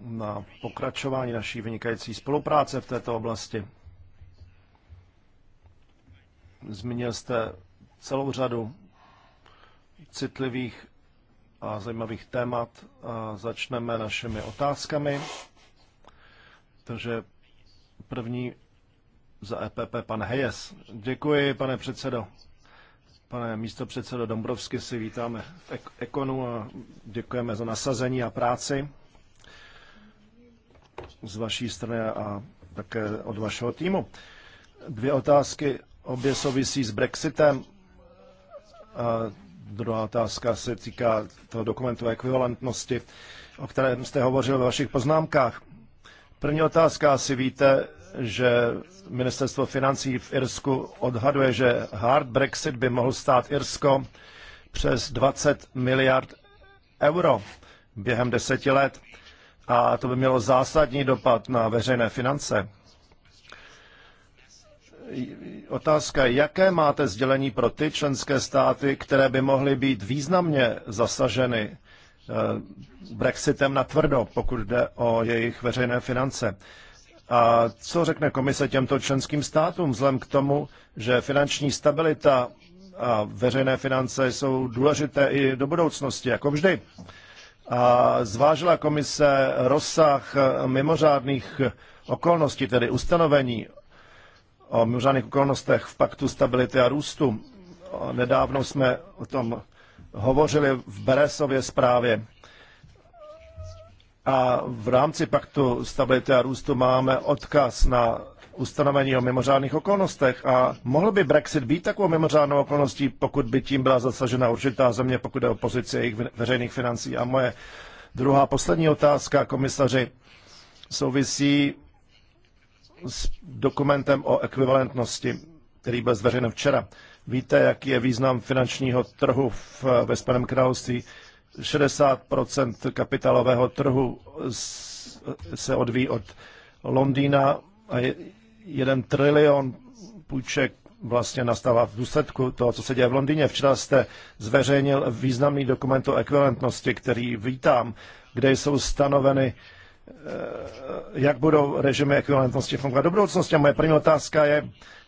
na pokračování naší vynikající spolupráce v této oblasti. Zmínil jste celou řadu citlivých a zajímavých témat a začneme našimi otázkami. Takže první za EPP pan Hejes. Děkuji, pane předsedo. Pane místo předsedo Dombrovsky si vítáme v Ekonu a děkujeme za nasazení a práci z vaší strany a také od vašeho týmu. Dvě otázky, obě souvisí s Brexitem. A druhá otázka se týká toho dokumentu ekvivalentnosti, o kterém jste hovořil ve vašich poznámkách. První otázka, asi víte, že ministerstvo financí v Irsku odhaduje, že hard Brexit by mohl stát Irsko přes 20 miliard euro během deseti let. A to by mělo zásadní dopad na veřejné finance otázka, jaké máte sdělení pro ty členské státy, které by mohly být významně zasaženy eh, Brexitem na tvrdo, pokud jde o jejich veřejné finance. A co řekne komise těmto členským státům, vzhledem k tomu, že finanční stabilita a veřejné finance jsou důležité i do budoucnosti, jako vždy. A zvážila komise rozsah mimořádných okolností, tedy ustanovení o mimořádných okolnostech v Paktu stability a růstu. Nedávno jsme o tom hovořili v Beresově zprávě. A v rámci Paktu stability a růstu máme odkaz na ustanovení o mimořádných okolnostech. A mohl by Brexit být takovou mimořádnou okolností, pokud by tím byla zasažena určitá země, pokud je o pozici jejich veřejných financí. A moje druhá poslední otázka, komisaři, souvisí s dokumentem o ekvivalentnosti, který byl zveřejněn včera. Víte, jaký je význam finančního trhu v, ve Spojeném království. 60 kapitálového trhu se odvíjí od Londýna a jeden trilion půjček vlastně nastává v důsledku toho, co se děje v Londýně. Včera jste zveřejnil významný dokument o ekvivalentnosti, který vítám, kde jsou stanoveny uh, Eh, jak budou režimy ekvivalentnosti fungovat do budoucnosti. A moje první otázka je,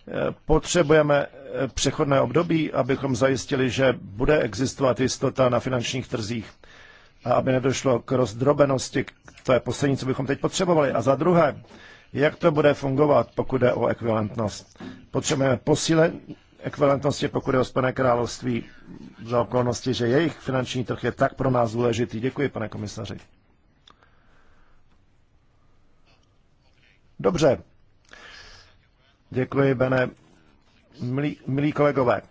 eh, potřebujeme eh, přechodné období, abychom zajistili, že bude existovat jistota na finančních trzích a aby nedošlo k rozdrobenosti. To je poslední, co bychom teď potřebovali. A za druhé, jak to bude fungovat, pokud jde o ekvivalentnost. Potřebujeme posílení ekvivalentnosti, pokud je o Spojené království za okolnosti, že jejich finanční trh je tak pro nás důležitý. Děkuji, pane komisaři. Dobře. Děkuji, Bene. Milí, milí kolegové,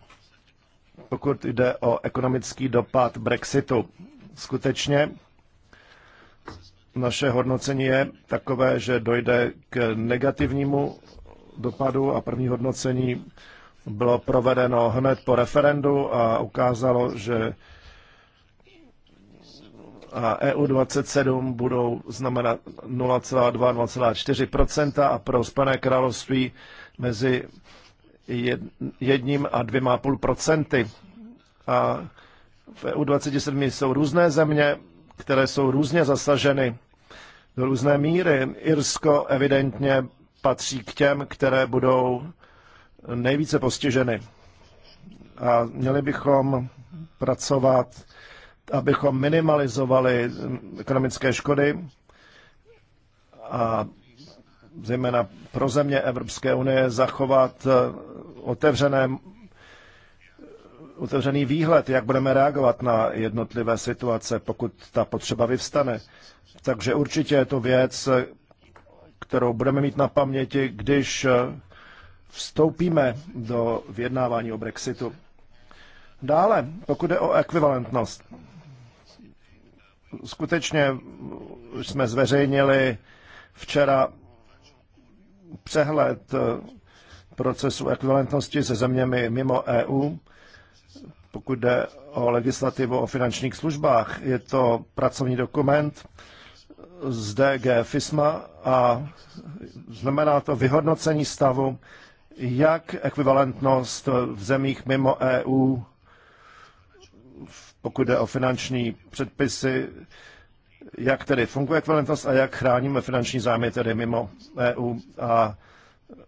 pokud jde o ekonomický dopad Brexitu, skutečně naše hodnocení je takové, že dojde k negativnímu dopadu a první hodnocení bylo provedeno hned po referendu a ukázalo, že a EU27 budou znamenat 0,2-0,4% a pro Spojené království mezi jedním a dvěma půl procenty. A v EU27 jsou různé země, které jsou různě zasaženy do různé míry. Irsko evidentně patří k těm, které budou nejvíce postiženy. A měli bychom pracovat abychom minimalizovali ekonomické škody a zejména pro země Evropské unie zachovat eh, otevřené, otevřený výhled, jak budeme reagovat na jednotlivé situace, pokud ta potřeba vyvstane. Takže určitě je to věc, kterou budeme mít na paměti, když eh, vstoupíme do vyjednávání o Brexitu. Dále, pokud je o ekvivalentnost skutečně jsme zveřejnili včera přehled eh, procesu ekvivalentnosti se zeměmi mimo EU. Pokud jde o legislativu o finančních službách, je to pracovní dokument z DG FISMA a znamená to vyhodnocení stavu, jak ekvivalentnost v zemích mimo EU v pokud jde o finanční předpisy, jak tedy funguje ekvivalentnost a jak chráníme finanční zájmy tedy mimo EU a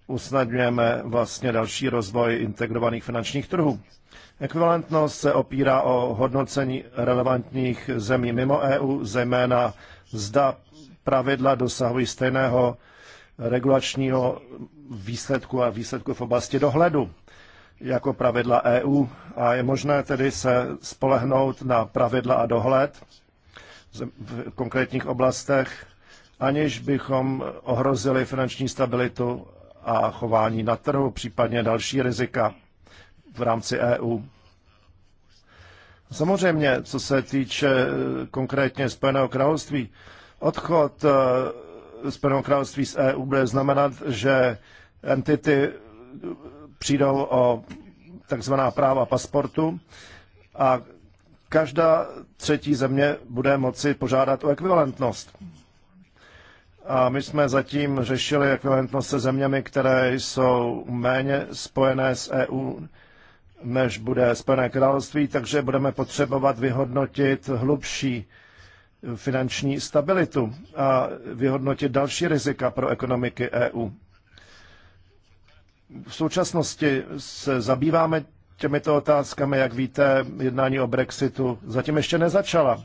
usnadňujeme vlastně další rozvoj integrovaných finančních trhů. Ekvivalentnost se opírá o hodnocení relevantních zemí mimo EU, zejména zda pravidla dosahují stejného regulačního výsledku a výsledku v oblasti dohledu jako pravidla EU a je možné tedy se spolehnout na pravidla a dohled v konkrétních oblastech, aniž bychom ohrozili finanční stabilitu a chování na trhu, případně další rizika v rámci EU. Samozřejmě, co se týče eh, konkrétně Spojeného království, odchod eh, Spojeného království z EU bude znamenat, že entity přijdou o takzvaná práva pasportu a každá třetí země bude moci požádat o ekvivalentnost. A my jsme zatím řešili ekvivalentnost se zeměmi, které jsou méně spojené s EU, než bude Spojené království, takže budeme potřebovat vyhodnotit hlubší finanční stabilitu a vyhodnotit další rizika pro ekonomiky EU. V současnosti se zabýváme těmito otázkami, jak víte, jednání o Brexitu zatím ještě nezačala.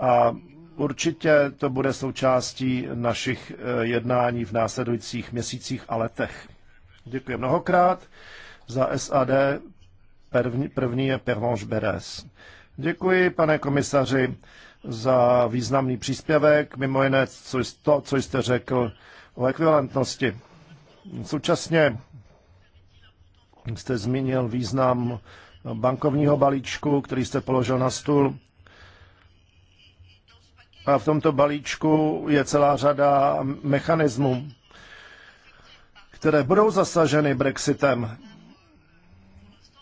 A určitě to bude součástí našich eh, jednání v následujících měsících a letech. Děkuji mnohokrát za SAD. První, první je Pervanš Beres. Děkuji, pane komisaři, za významný příspěvek, mimo jiné to, co jste řekl o ekvivalentnosti. Současně jste zmínil význam bankovního balíčku, který jste položil na stůl. A v tomto balíčku je celá řada mechanismů, které budou zasaženy Brexitem.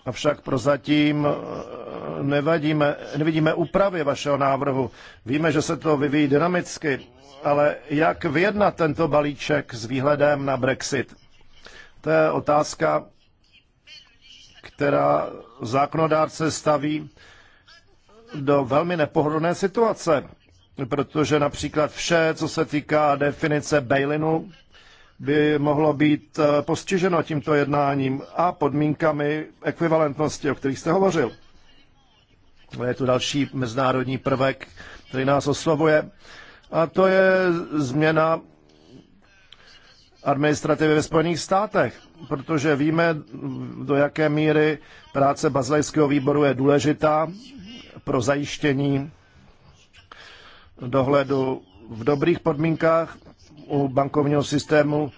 Avšak prozatím eh, nevadíme, nevidíme úpravy vašeho návrhu. Víme, že se to vyvíjí dynamicky, ale jak vyjednat tento balíček s výhledem na Brexit? To je otázka, která zákonodárce staví do velmi nepohodlné situace, protože například vše, co se týká definice bailinu, by mohlo být eh, postiženo tímto jednáním a podmínkami ekvivalentnosti, o kterých jste hovořil. Je tu další mezinárodní prvek, který nás oslovuje, a to je změna administrativy ve Spojených státech, protože víme, do jaké míry práce bazilejského výboru je důležitá pro zajištění dohledu v dobrých podmínkách u bankovního systému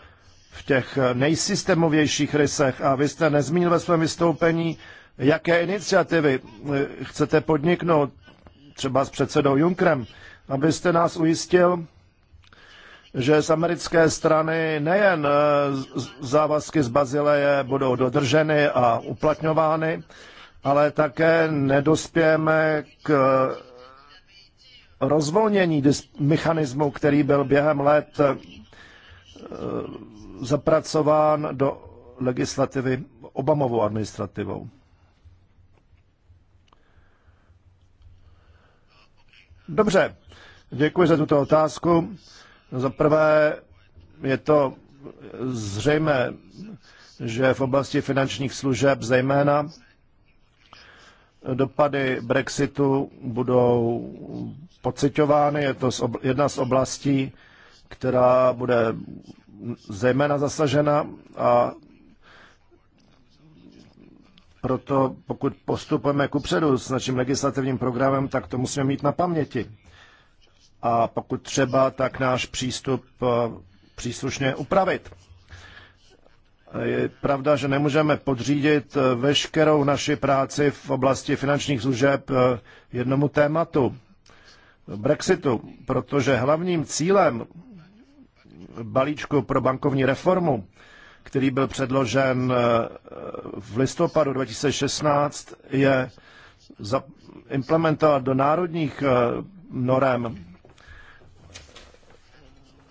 v těch nejsystémovějších rysech. A vy jste nezmínil ve svém vystoupení, jaké iniciativy chcete podniknout třeba s předsedou Junkrem, abyste nás ujistil, že z americké strany nejen eh, závazky z Bazileje budou dodrženy a uplatňovány, ale také nedospějeme k eh, rozvolnění mechanismu, který byl během let eh, zapracován do legislativy Obamovou administrativou. Dobře, děkuji za tuto otázku. Za prvé je to zřejmé, že v oblasti finančních služeb zejména dopady Brexitu budou pocitovány. Je to jedna z oblastí, která bude zejména zasažena a proto pokud postupujeme ku předu s naším legislativním programem, tak to musíme mít na paměti a pokud třeba, tak náš přístup eh, příslušně upravit. Je pravda, že nemůžeme podřídit eh, veškerou naši práci v oblasti finančních služeb eh, jednomu tématu Brexitu, protože hlavním cílem balíčku pro bankovní reformu, který byl předložen v listopadu 2016, je implementovat do národních norem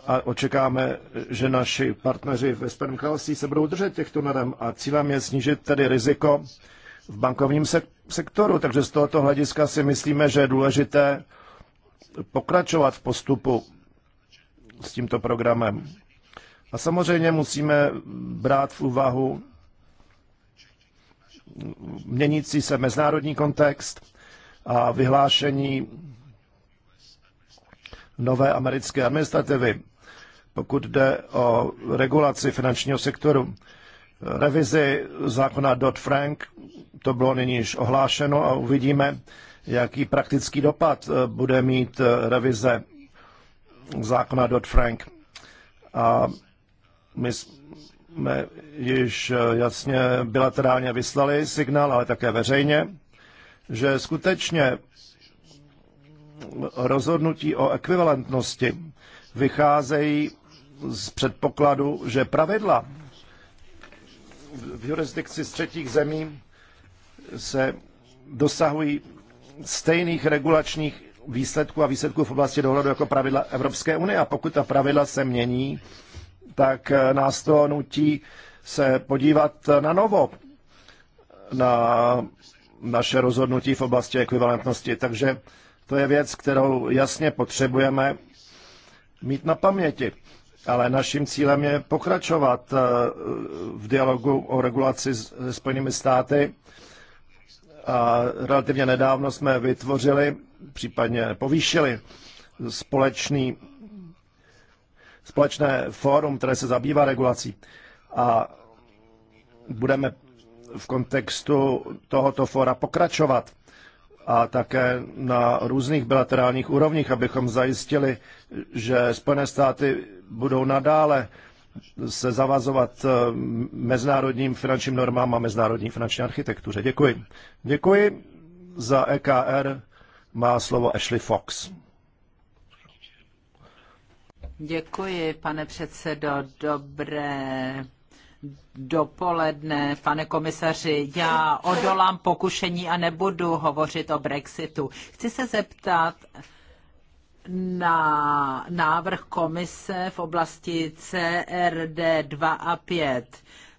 a očekáme, že naši partneři ve Spojeném království se budou držet těchto norm a cílem je snížit tedy riziko v bankovním sektoru. Takže z tohoto hlediska si myslíme, že je důležité pokračovat v postupu s tímto programem. A samozřejmě musíme brát v úvahu měnící se mezinárodní kontext a vyhlášení nové americké administrativy pokud jde o regulaci finančního sektoru. Revizi zákona Dodd-Frank, to bylo nyní již ohlášeno a uvidíme, jaký praktický dopad eh, bude mít eh, revize zákona Dodd-Frank. A my jsme již eh, jasně bilaterálně vyslali signál, ale také veřejně, že skutečně rozhodnutí o ekvivalentnosti vycházejí z předpokladu, že pravidla v jurisdikci z třetích zemí se dosahují stejných regulačních výsledků a výsledků v oblasti dohledu jako pravidla Evropské unie. A pokud ta pravidla se mění, tak eh, nás to nutí se podívat na novo na naše rozhodnutí v oblasti ekvivalentnosti. Takže to je věc, kterou jasně potřebujeme mít na paměti ale naším cílem je pokračovat eh, v dialogu o regulaci se Spojenými státy. A relativně nedávno jsme vytvořili, případně povýšili, společný, společné fórum, které se zabývá regulací. A budeme v kontextu tohoto fóra pokračovat a také na různých bilaterálních úrovních, abychom zajistili, že Spojené státy budou nadále se zavazovat eh, mezinárodním finančním normám a mezinárodní finanční architektuře. Děkuji. Děkuji. Za EKR má slovo Ashley Fox. Děkuji, pane předsedo. Dobré dopoledne, pane komisaři. Já odolám pokušení a nebudu hovořit o Brexitu. Chci se zeptat, na návrh komise v oblasti CRD 2 a 5.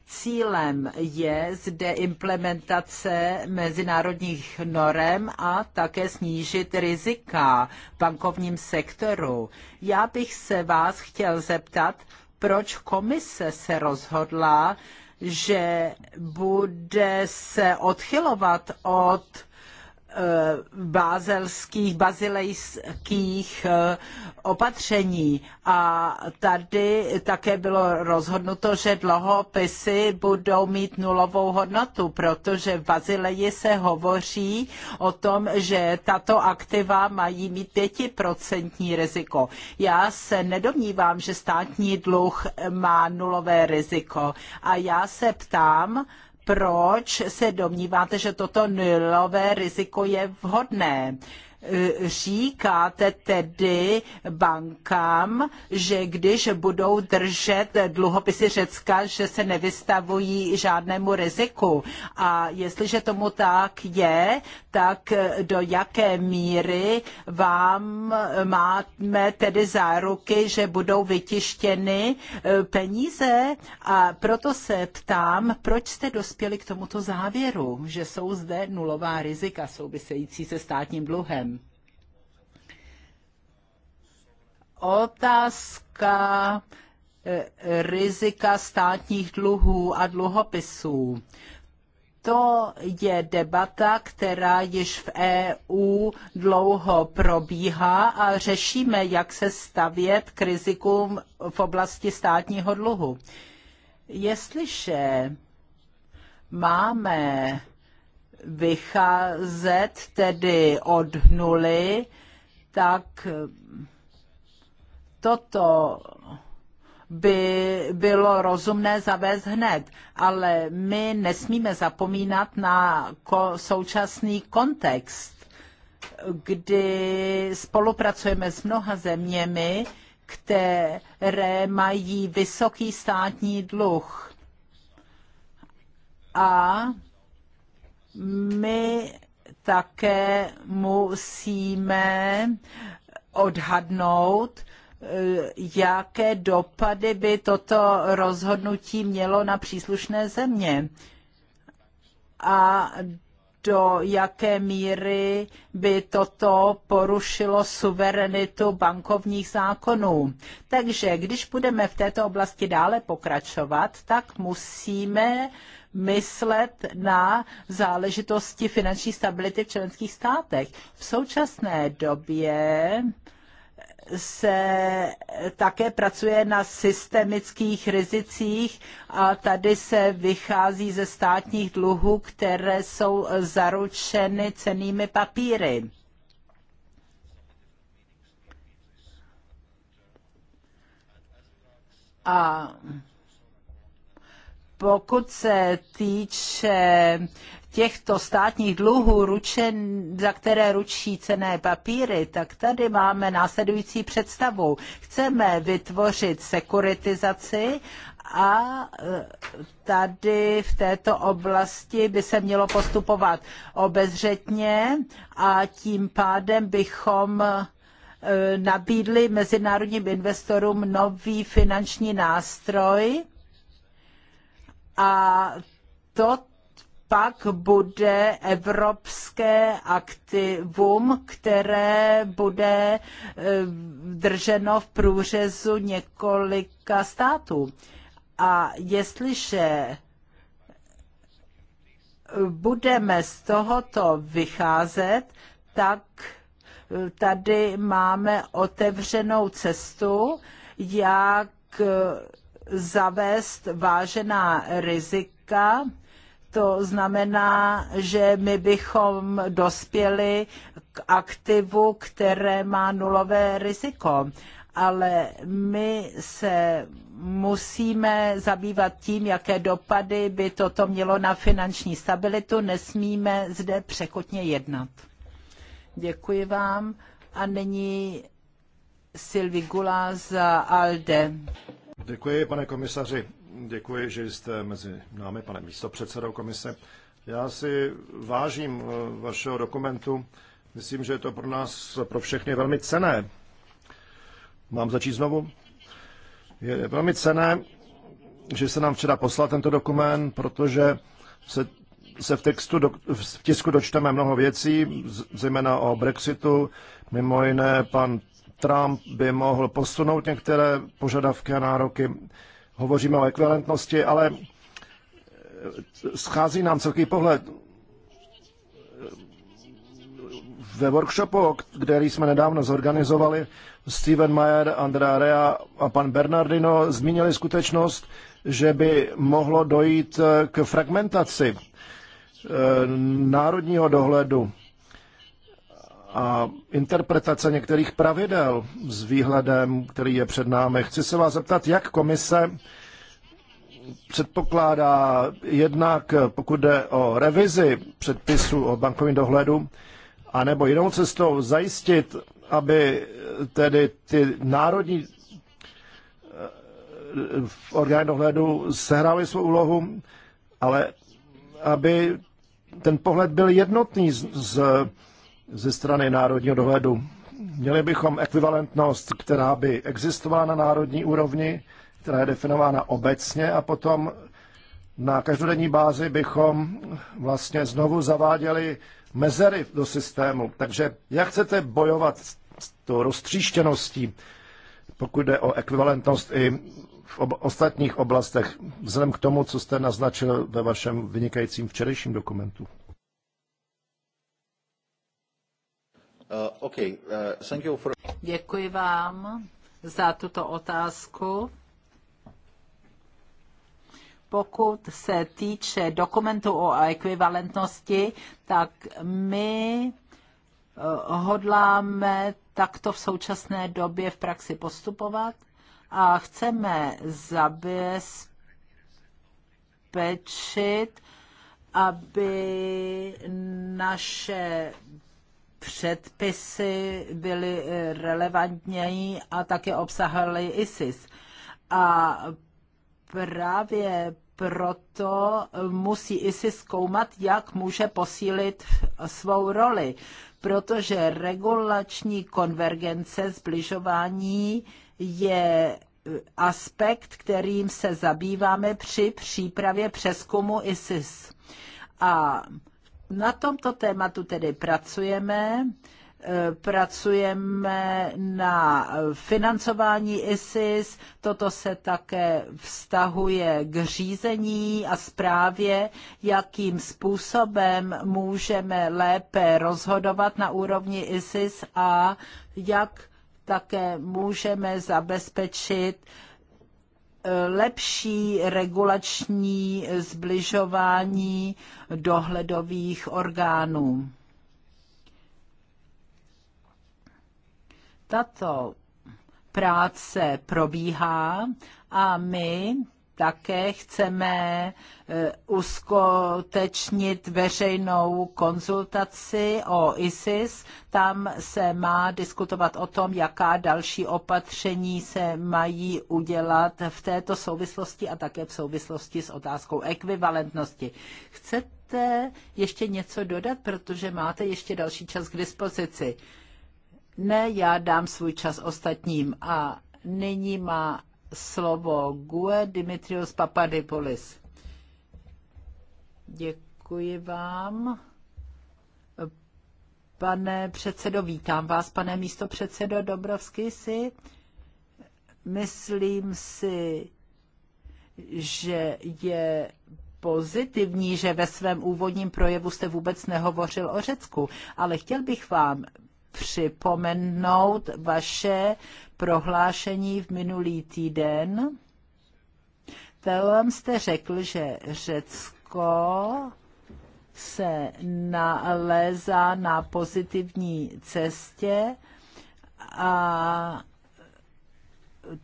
Cílem je zde implementace mezinárodních norem a také snížit rizika v bankovním sektoru. Já bych se vás chtěl zeptat, proč komise se rozhodla, že bude se odchylovat od Eh, bázelských, bazilejských eh, opatření. A tady také bylo rozhodnuto, že dluhopisy budou mít nulovou hodnotu, protože v Bazileji se hovoří o tom, že tato aktiva mají mít pětiprocentní riziko. Já se nedomnívám, že státní dluh má nulové riziko. A já se ptám, proč se domníváte, že toto nulové riziko je vhodné. Eh, říkáte tedy bankám, že když budou držet dluhopisy Řecka, že se nevystavují žádnému riziku. A jestliže tomu tak je, tak do jaké míry vám máme tedy záruky, že budou vytištěny eh, peníze? A proto se ptám, proč jste dospěli k tomuto závěru, že jsou zde nulová rizika související se státním dluhem? Otázka e, rizika státních dluhů a dluhopisů. To je debata, která již v EU dlouho probíhá a řešíme, jak se stavět k rizikům v oblasti státního dluhu. Jestliže máme vycházet tedy od nuly, tak toto by bylo rozumné zavést hned, ale my nesmíme zapomínat na současný kontext, kdy spolupracujeme s mnoha zeměmi, které mají vysoký státní dluh. A my také musíme odhadnout, Eh, jaké dopady by toto rozhodnutí mělo na příslušné země a do jaké míry by toto porušilo suverenitu bankovních zákonů. Takže když budeme v této oblasti dále pokračovat, tak musíme myslet na záležitosti finanční stability v členských státech. V současné době se také pracuje na systemických rizicích a tady se vychází ze státních dluhů, které jsou zaručeny cenými papíry. A pokud se týče těchto státních dluhů, ručen, za které ručí cené papíry, tak tady máme následující představu. Chceme vytvořit sekuritizaci a e, tady v této oblasti by se mělo postupovat obezřetně a tím pádem bychom e, nabídli mezinárodním investorům nový finanční nástroj a to pak bude evropské aktivum, které bude eh, drženo v průřezu několika států. A jestliže budeme z tohoto vycházet, tak eh, tady máme otevřenou cestu, jak eh, zavést vážená rizika to znamená, že my bychom dospěli k aktivu, které má nulové riziko ale my se musíme zabývat tím, jaké dopady by toto mělo na finanční stabilitu. Nesmíme zde překotně jednat. Děkuji vám. A nyní Sylvie Gula za ALDE. Děkuji, pane komisaři. Děkuji, že jste mezi námi, pane místopředsedou komise. Já si vážím eh, vašeho dokumentu. Myslím, že je to pro nás, pro všechny velmi cené. Mám začít znovu? Je velmi cené, že se nám včera poslal tento dokument, protože se, se v, textu do, v tisku dočteme mnoho věcí, zejména o Brexitu. Mimo jiné, pan Trump by mohl posunout některé požadavky a nároky hovoříme o ekvivalentnosti, ale eh, schází nám celký pohled ve workshopu, který jsme nedávno zorganizovali, Steven Mayer, Andrea Rea a pan Bernardino zmínili skutečnost, že by mohlo dojít eh, k fragmentaci eh, národního dohledu a interpretace některých pravidel s výhledem, který je před námi. Chci se vás zeptat, jak komise předpokládá jednak, pokud jde o revizi předpisu o bankovním dohledu, anebo jinou cestou zajistit, aby tedy ty národní eh, orgány dohledu sehrály svou úlohu, ale aby ten pohled byl jednotný z, z ze strany národního dohledu. Měli bychom ekvivalentnost, která by existovala na národní úrovni, která je definována obecně a potom na každodenní bázi bychom vlastně znovu zaváděli mezery do systému. Takže jak chcete bojovat s tou roztříštěností, pokud jde o ekvivalentnost i v ob- ostatních oblastech, vzhledem k tomu, co jste naznačil ve vašem vynikajícím včerejším dokumentu? Uh, uh, Děkuji vám za tuto otázku. Pokud se týče dokumentu o ekvivalentnosti, tak my uh, hodláme takto v současné době v praxi postupovat a chceme zabezpečit, aby naše předpisy byly eh, relevantněji a také obsahovaly ISIS. A právě proto musí ISIS zkoumat, jak může posílit svou roli, protože regulační konvergence, zbližování je eh, aspekt, kterým se zabýváme při přípravě přeskumu ISIS. A na tomto tématu tedy pracujeme. Eh, pracujeme na financování ISIS, toto se také vztahuje k řízení a zprávě, jakým způsobem můžeme lépe rozhodovat na úrovni ISIS a jak také můžeme zabezpečit lepší regulační zbližování dohledových orgánů. Tato práce probíhá a my také chceme eh, uskutečnit veřejnou konzultaci o ISIS. Tam se má diskutovat o tom, jaká další opatření se mají udělat v této souvislosti a také v souvislosti s otázkou ekvivalentnosti. Chcete ještě něco dodat, protože máte ještě další čas k dispozici? Ne, já dám svůj čas ostatním a nyní má slovo GUE Dimitrios Papadipolis. Děkuji vám. Pane předsedo, vítám vás, pane místo předsedo Dobrovský si. Myslím si, že je pozitivní, že ve svém úvodním projevu jste vůbec nehovořil o Řecku, ale chtěl bych vám připomenout vaše prohlášení v minulý týden. Tam jste řekl, že Řecko se nalézá na pozitivní cestě a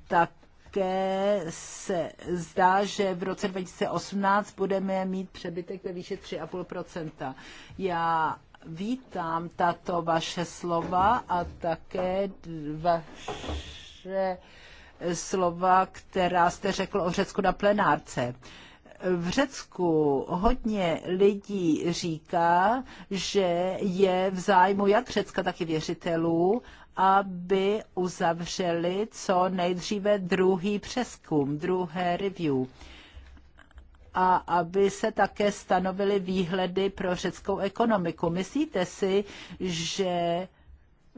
také se zdá, že v roce 2018 budeme mít přebytek ve výši 3,5 Já vítám tato vaše slova a také vaše slova, která jste řekl o Řecku na plenárce. V Řecku hodně lidí říká, že je v zájmu jak Řecka, tak i věřitelů, aby uzavřeli co nejdříve druhý přeskum, druhé review a aby se také stanovily výhledy pro řeckou ekonomiku. Myslíte si, že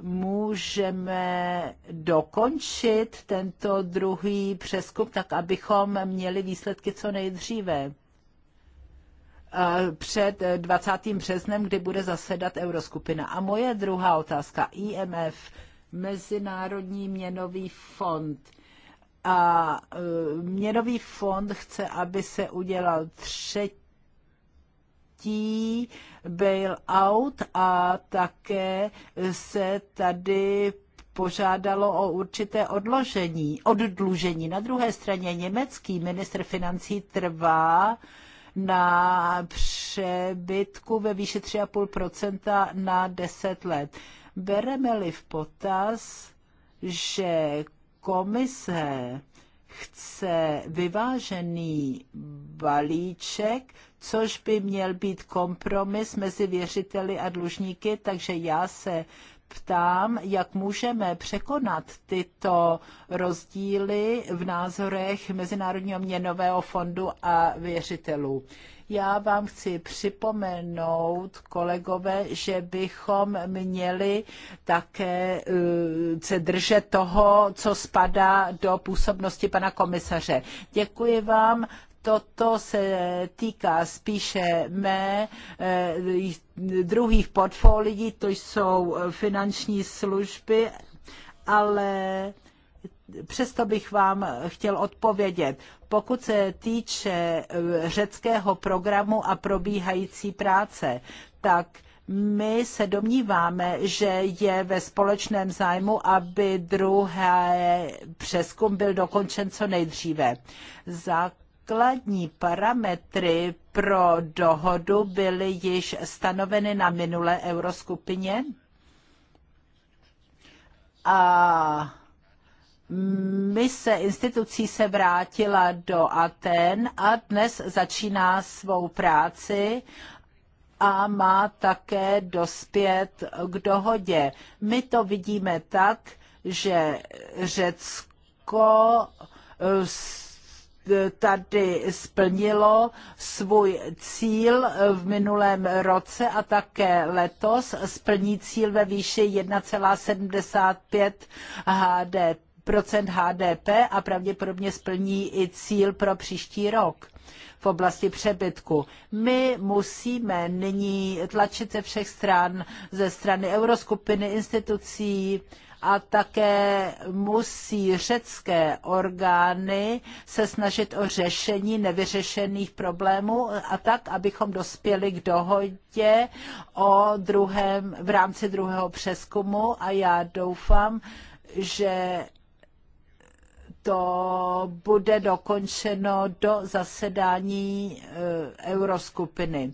můžeme dokončit tento druhý přeskup, tak abychom měli výsledky co nejdříve? Eh, před 20. Eh, březnem, kdy bude zasedat euroskupina. A moje druhá otázka, IMF, Mezinárodní měnový fond. A e, měnový fond chce, aby se udělal třetí bailout a také se tady požádalo o určité odložení, oddlužení. Na druhé straně německý ministr financí trvá na přebytku ve výši 3,5 na 10 let. Bereme-li v potaz, že komise chce vyvážený balíček, což by měl být kompromis mezi věřiteli a dlužníky, takže já se ptám, jak můžeme překonat tyto rozdíly v názorech Mezinárodního měnového fondu a věřitelů. Já vám chci připomenout, kolegové, že bychom měli také eh, se držet toho, co spadá do působnosti pana komisaře. Děkuji vám toto se týká spíše mé eh, druhých portfolií, to jsou finanční služby, ale přesto bych vám chtěl odpovědět pokud se týče eh, řeckého programu a probíhající práce, tak my se domníváme, že je ve společném zájmu, aby druhý přeskum byl dokončen co nejdříve. Základní parametry pro dohodu byly již stanoveny na minulé euroskupině a mise institucí se vrátila do Aten a dnes začíná svou práci a má také dospět k dohodě. My to vidíme tak, že Řecko tady splnilo svůj cíl v minulém roce a také letos splní cíl ve výši 1,75 HDP procent HDP a pravděpodobně splní i cíl pro příští rok v oblasti přebytku. My musíme nyní tlačit ze všech stran, ze strany euroskupiny, institucí a také musí řecké orgány se snažit o řešení nevyřešených problémů a tak, abychom dospěli k dohodě o druhém, v rámci druhého přeskumu a já doufám, že to bude dokončeno do zasedání eh, euroskupiny.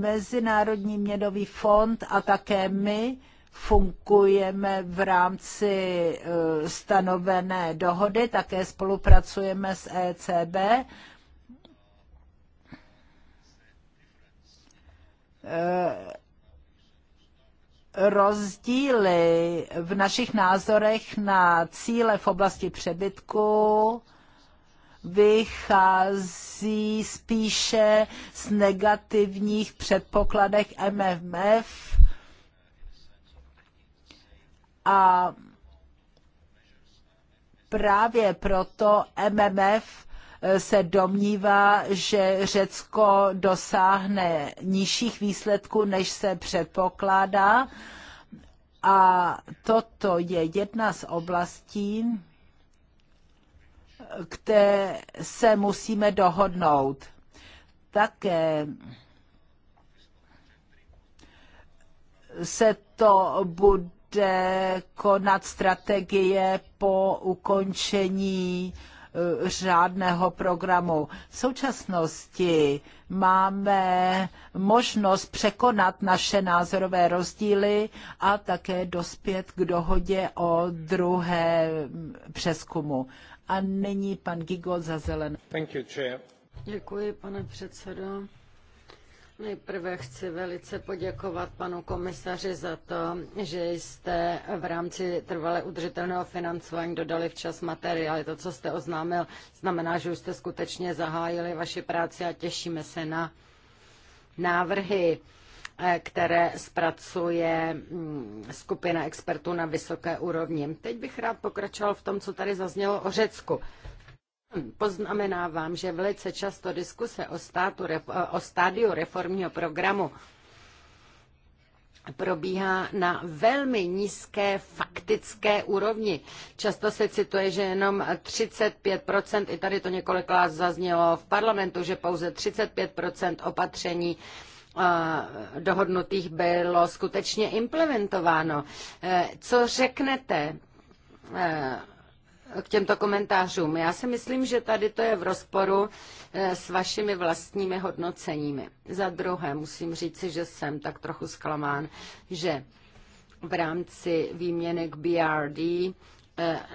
Mezinárodní měnový fond a také my funkujeme v rámci eh, stanovené dohody, také spolupracujeme s ECB. Uh, eh, rozdíly v našich názorech na cíle v oblasti přebytku vychází spíše z negativních předpokladech MMF a právě proto MMF se domnívá, že Řecko dosáhne nižších výsledků, než se předpokládá. A toto je jedna z oblastí, kde se musíme dohodnout. Také se to bude konat strategie po ukončení Eh, řádného programu. V současnosti máme možnost překonat naše názorové rozdíly a také dospět k dohodě o druhé přeskumu. A nyní pan Gigo za zelené. Děkuji, pane předsedo. Nejprve chci velice poděkovat panu komisaři za to, že jste v rámci trvale udržitelného financování dodali včas materiály. To, co jste oznámil, znamená, že už jste skutečně zahájili vaši práci a těšíme se na návrhy, eh, které zpracuje mm, skupina expertů na vysoké úrovni. Teď bych rád pokračoval v tom, co tady zaznělo o Řecku. Poznamenávám, že velice často diskuse o, státu, o stádiu reformního programu probíhá na velmi nízké faktické úrovni. Často se cituje, že jenom 35%, i tady to několikrát zaznělo v parlamentu, že pouze 35% opatření dohodnutých bylo skutečně implementováno. E, co řeknete e, k těmto komentářům. Já si myslím, že tady to je v rozporu eh, s vašimi vlastními hodnoceními. Za druhé musím říci, že jsem tak trochu zklamán, že v rámci výměny k BRD eh,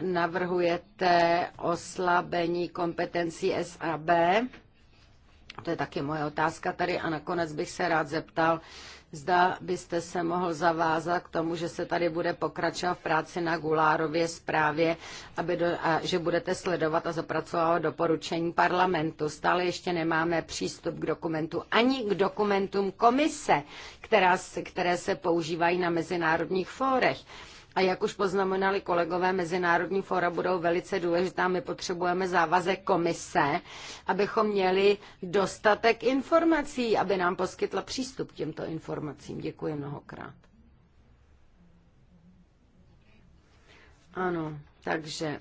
navrhujete oslabení kompetencí SAB. To je taky moje otázka tady a nakonec bych se rád zeptal, Zda byste se mohl zavázat k tomu, že se tady bude pokračovat v práci na Gulárově zprávě, aby do, a že budete sledovat a zapracovat doporučení parlamentu. Stále ještě nemáme přístup k dokumentu ani k dokumentům komise, která, které se používají na mezinárodních fórech. A jak už poznamenali kolegové, Mezinárodní fóra budou velice důležitá. My potřebujeme závazek komise, abychom měli dostatek informací, aby nám poskytla přístup k těmto informacím. Děkuji mnohokrát. Ano, takže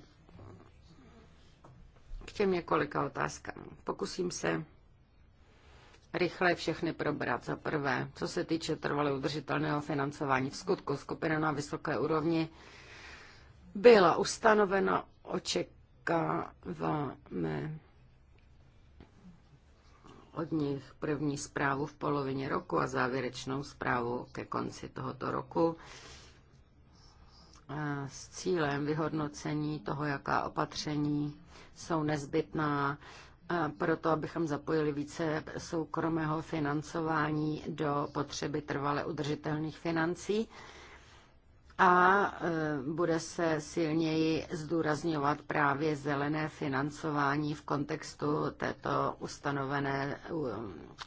k těm několika otázkám. Pokusím se rychle všechny probrat. Za prvé, co se týče trvalého udržitelného financování, v skutku skupina na vysoké úrovni byla ustanovena, očekáváme od nich první zprávu v polovině roku a závěrečnou zprávu ke konci tohoto roku s cílem vyhodnocení toho, jaká opatření jsou nezbytná proto, abychom zapojili více soukromého financování do potřeby trvale udržitelných financí a e, bude se silněji zdůrazňovat právě zelené financování v kontextu této ustanovené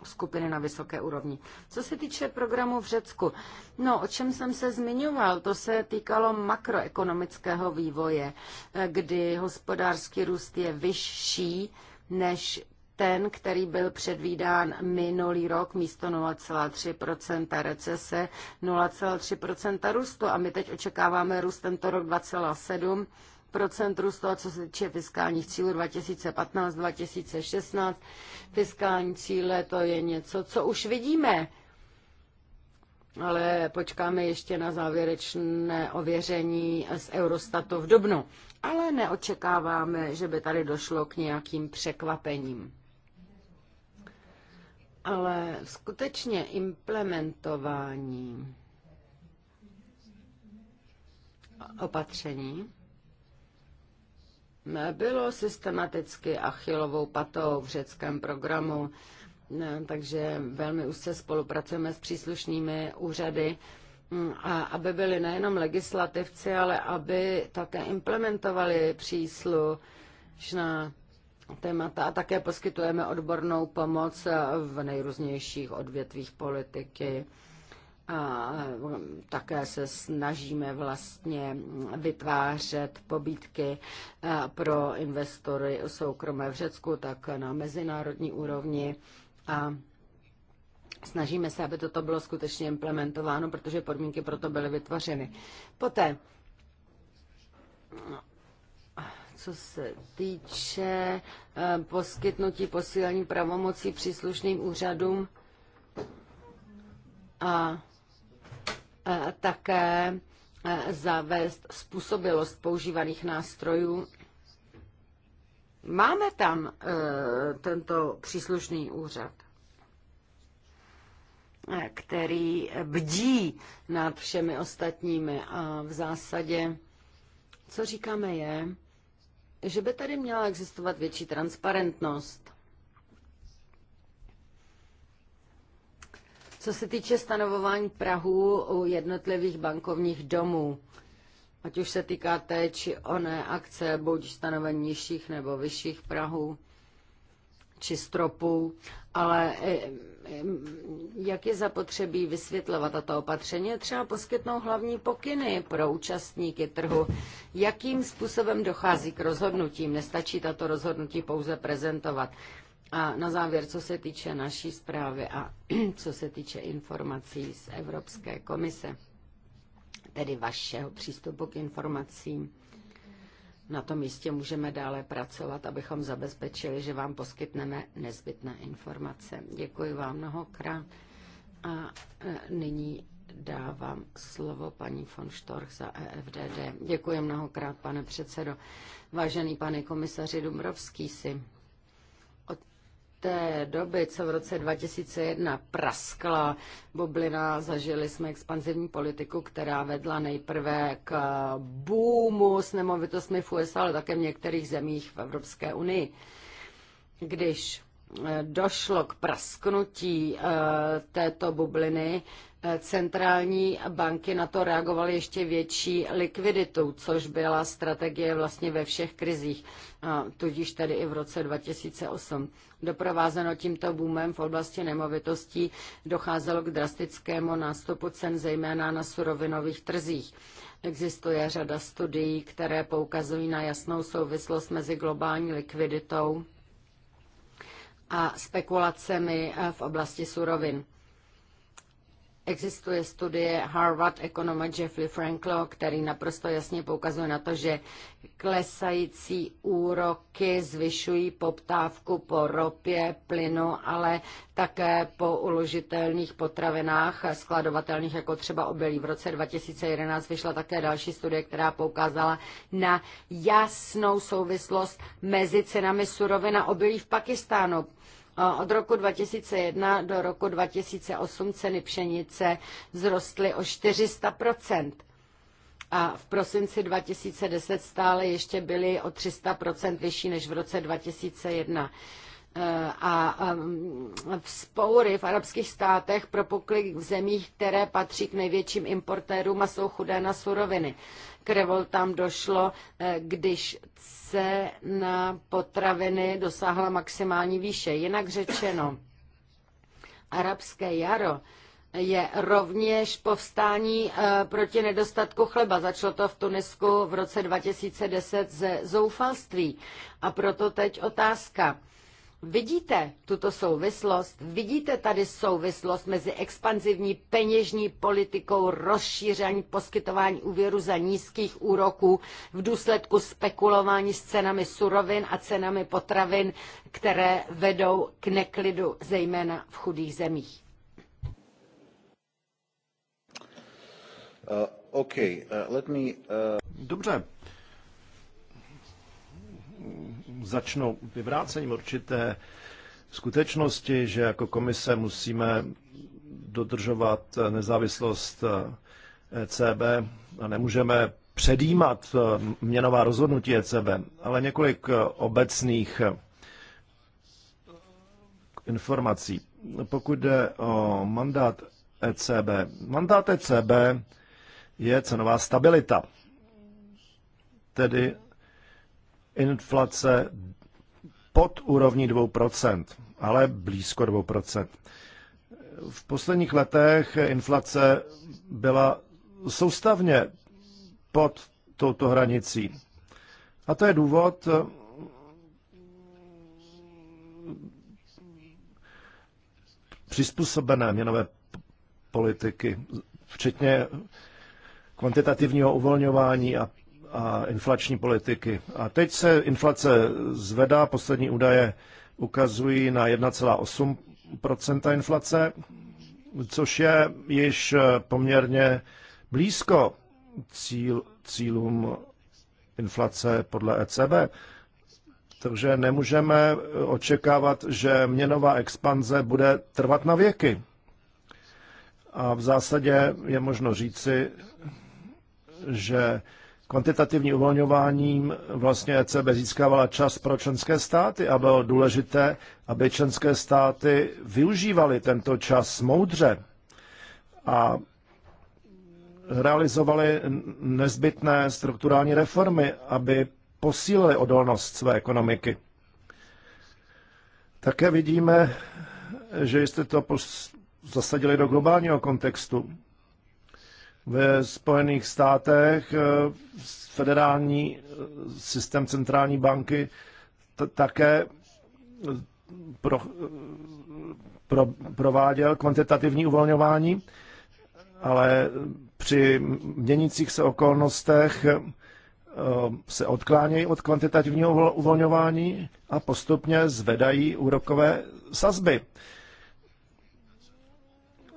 skupiny na vysoké úrovni. Co se týče programu v Řecku, no o čem jsem se zmiňoval, to se týkalo makroekonomického vývoje, e, kdy hospodářský růst je vyšší než ten, který byl předvídán minulý rok místo 0,3% recese, 0,3% růstu. A my teď očekáváme růst tento rok 2,7% procent růstu a co se týče fiskálních cílů 2015-2016. Fiskální cíle to je něco, co už vidíme ale počkáme ještě na závěrečné ověření z Eurostatu v Dubnu. Ale neočekáváme, že by tady došlo k nějakým překvapením. Ale skutečně implementování opatření bylo systematicky achilovou patou v řeckém programu takže velmi úzce spolupracujeme s příslušnými úřady, mm, a aby byli nejenom legislativci, ale aby také implementovali příslušná témata a také poskytujeme odbornou pomoc v nejrůznějších odvětvích politiky. A mm, také se snažíme vlastně vytvářet pobídky pro investory soukromé v Řecku, tak na mezinárodní úrovni a snažíme se, aby toto bylo skutečně implementováno, protože podmínky pro to byly vytvořeny. Poté, no, co se týče eh, poskytnutí posílení pravomocí příslušným úřadům a eh, také eh, zavést způsobilost používaných nástrojů Máme tam eh, tento příslušný úřad, eh, který bdí nad všemi ostatními a v zásadě, co říkáme je, že by tady měla existovat větší transparentnost. Co se týče stanovování Prahu u jednotlivých bankovních domů, ať už se týká té či oné akce, buď stanovení nižších nebo vyšších Prahů či stropů, ale eh, eh, jak je zapotřebí vysvětlovat tato opatření, třeba poskytnou hlavní pokyny pro účastníky trhu, jakým způsobem dochází k rozhodnutím, nestačí tato rozhodnutí pouze prezentovat. A na závěr, co se týče naší zprávy a co se týče informací z Evropské komise tedy vašeho přístupu k informacím. Na tom místě můžeme dále pracovat, abychom zabezpečili, že vám poskytneme nezbytné informace. Děkuji vám mnohokrát a e, nyní dávám slovo paní von Storch za EFDD. Děkuji mnohokrát, pane předsedo. Vážený pane komisaři Dumrovský si té doby, co v roce 2001 praskla bublina, zažili jsme expanzivní politiku, která vedla nejprve k boomu s nemovitostmi v USA, ale také v některých zemích v Evropské unii. Když eh, došlo k prasknutí eh, této bubliny, Eh, centrální banky na to reagovaly ještě větší likviditou, což byla strategie vlastně ve všech krizích, tudíž tedy i v roce 2008. Doprovázeno tímto boomem v oblasti nemovitostí docházelo k drastickému nástupu cen, zejména na surovinových trzích. Existuje řada studií, které poukazují na jasnou souvislost mezi globální likviditou a spekulacemi eh, v oblasti surovin. Existuje studie Harvard ekonoma Jeffrey Franklo, který naprosto jasně poukazuje na to, že klesající úroky zvyšují poptávku po ropě, plynu, ale také po uložitelných potravinách skladovatelných, jako třeba obilí. V roce 2011 vyšla také další studie, která poukázala na jasnou souvislost mezi cenami surovin a obilí v Pakistánu od roku 2001 do roku 2008 ceny pšenice vzrostly o 400 a v prosinci 2010 stále ještě byly o 300 vyšší než v roce 2001 eh, a mm, vzpoury v arabských státech propukly v zemích, které patří k největším importérům a jsou chudé na suroviny. K revoltám došlo, eh, když se na potraviny dosáhla maximální výše. Jinak řečeno, arabské jaro je rovněž povstání eh, proti nedostatku chleba. Začalo to v Tunisku v roce 2010 ze zoufalství. A proto teď otázka. Vidíte tuto souvislost? Vidíte tady souvislost mezi expanzivní peněžní politikou rozšíření poskytování úvěru za nízkých úroků v důsledku spekulování s cenami surovin a cenami potravin, které vedou k neklidu zejména v chudých zemích? Uh, okay. uh, let me, uh... Dobře, začnou vyvrácením určité skutečnosti, že jako komise musíme dodržovat nezávislost ECB a nemůžeme předjímat eh, měnová rozhodnutí ECB, ale několik eh, obecných eh, informací. Pokud jde o mandát ECB, mandát ECB je cenová stabilita, tedy inflace pod úrovní 2%, ale blízko 2%. V posledních letech inflace byla soustavně pod touto hranicí. A to je důvod, přizpůsobené měnové politiky, včetně kvantitativního uvolňování a a inflační politiky. A teď se inflace zvedá, poslední údaje ukazují na 1,8 inflace, což je již poměrně blízko cíl, cílům inflace podle ECB. Takže nemůžeme očekávat, že měnová expanze bude trvat na věky. A v zásadě je možno říci, že Kvantitativní uvolňováním vlastně ECB získávala čas pro členské státy a bylo důležité, aby členské státy využívaly tento čas moudře a realizovali nezbytné strukturální reformy, aby posílili odolnost své ekonomiky. Také vidíme, že jste to zasadili do globálního kontextu ve Spojených státech eh, federální eh, systém centrální banky také eh, pro, pro, prováděl kvantitativní uvolňování, ale při měnících se okolnostech se odklánějí od kvantitativního uvolňování a postupně zvedají úrokové sazby.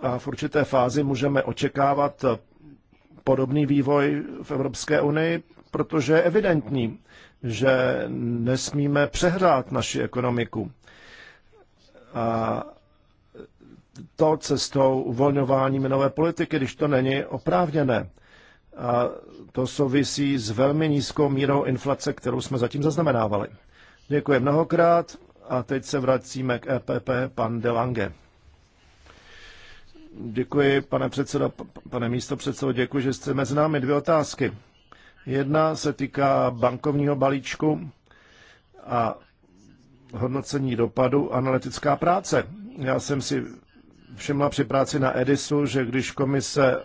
A v určité fázi můžeme očekávat podobný vývoj v Evropské unii, protože je evidentní, že nesmíme přehrát naši ekonomiku. A to cestou uvolňování minové politiky, když to není oprávněné. A to souvisí s velmi nízkou mírou inflace, kterou jsme zatím zaznamenávali. Děkuji mnohokrát a teď se vracíme k EPP pan Delange. Děkuji, pane předsedo, pane místo předsedo, děkuji, že jste mezi námi. Dvě otázky. Jedna se týká bankovního balíčku a hodnocení dopadu analytická práce. Já jsem si všimla při práci na Edisu, že když komise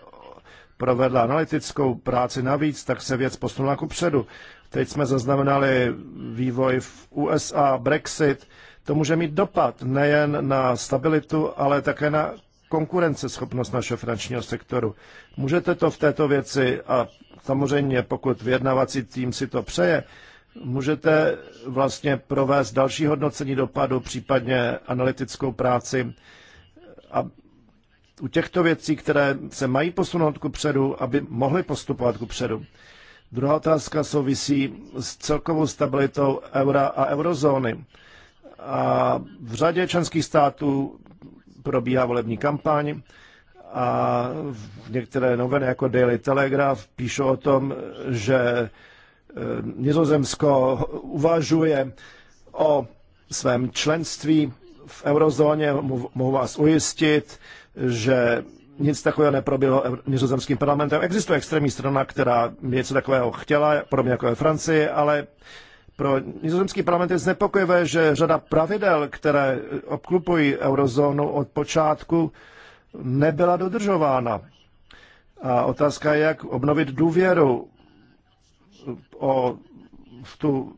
provedla analytickou práci navíc, tak se věc posunula ku předu. Teď jsme zaznamenali vývoj v USA, Brexit. To může mít dopad nejen na stabilitu, ale také na konkurenceschopnost našeho finančního sektoru. Můžete to v této věci a samozřejmě pokud vyjednavací tým si to přeje, můžete vlastně provést další hodnocení dopadu, případně analytickou práci a u těchto věcí, které se mají posunout ku předu, aby mohly postupovat ku předu. Druhá otázka souvisí s celkovou stabilitou eura a eurozóny. A v řadě členských států probíhá volební kampaň a v některé noviny jako Daily Telegraph píšou o tom, že e, Nizozemsko uvažuje o svém členství v eurozóně. Mohu vás ujistit, že nic takového neproběhlo nizozemským parlamentem. Existuje extrémní strana, která něco takového chtěla, podobně jako ve Francii, ale pro nizozemský parlament je znepokojivé, že řada pravidel, které obklupují eurozónu od počátku, nebyla dodržována. A otázka je, jak obnovit důvěru o v tu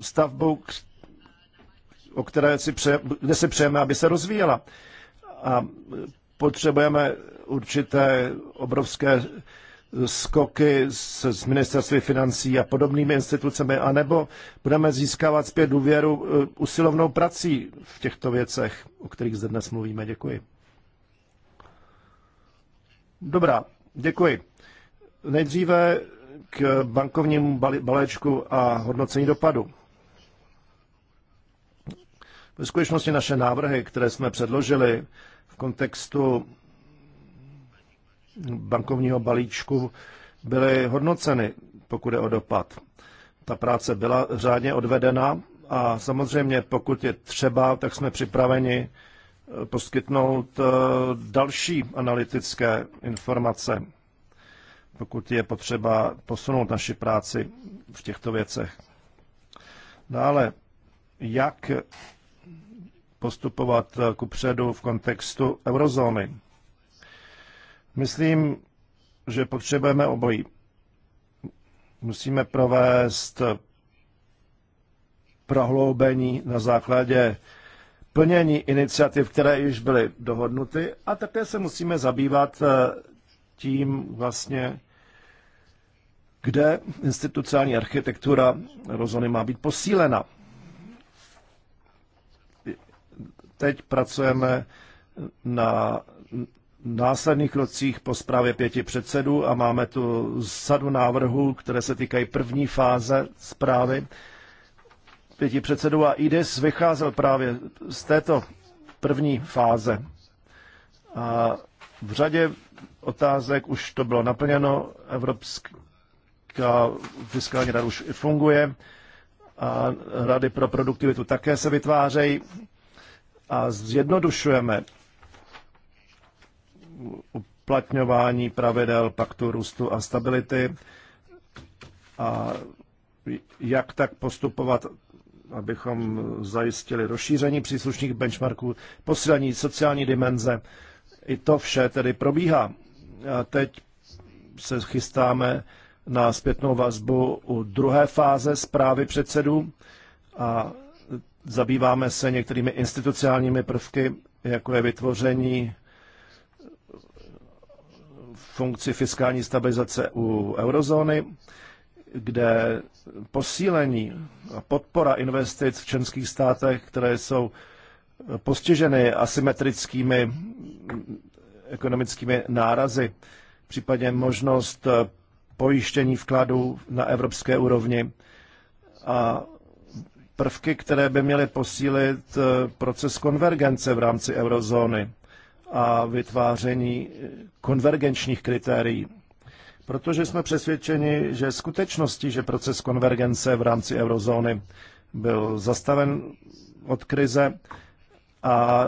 stavbu, o které si pře, kde si přejeme, aby se rozvíjela. A potřebujeme určité obrovské skoky s, s ministerství financí a podobnými institucemi, anebo budeme získávat zpět důvěru eh, usilovnou prací v těchto věcech, o kterých zde dnes mluvíme. Děkuji. Dobrá, děkuji. Nejdříve k bankovnímu balíčku a hodnocení dopadu. Ve skutečnosti naše návrhy, které jsme předložili v kontextu bankovního balíčku byly hodnoceny, pokud je o dopad. Ta práce byla řádně odvedena a samozřejmě pokud je třeba, tak jsme připraveni eh, poskytnout eh, další analytické informace, pokud je potřeba posunout naši práci v těchto věcech. Dále, jak postupovat eh, ku předu v kontextu eurozóny. Myslím, že potřebujeme obojí. Musíme provést prohloubení na základě plnění iniciativ, které již byly dohodnuty a také se musíme zabývat eh, tím vlastně, kde institucionální architektura rozony má být posílena. Teď pracujeme na následných krocích po zprávě pěti předsedů a máme tu sadu návrhů, které se týkají první fáze zprávy pěti předsedů a IDES vycházel právě z této první fáze. A v řadě otázek už to bylo naplněno, Evropská fiskální rada už funguje a rady pro produktivitu také se vytvářejí a zjednodušujeme uplatňování pravidel paktu růstu a stability a jak tak postupovat, abychom zajistili rozšíření příslušných benchmarků, posílení sociální dimenze. I to vše tedy probíhá. A teď se chystáme na zpětnou vazbu u druhé fáze zprávy předsedů a zabýváme se některými institucionálními prvky, jako je vytvoření funkci fiskální stabilizace u eurozóny, kde posílení a podpora investic v členských státech, které jsou postiženy asymetrickými ekonomickými nárazy, případně možnost pojištění vkladů na evropské úrovni a prvky, které by měly posílit proces konvergence v rámci eurozóny a vytváření eh, konvergenčních kritérií. Protože jsme přesvědčeni, že skutečnosti, že proces konvergence v rámci eurozóny byl zastaven od krize a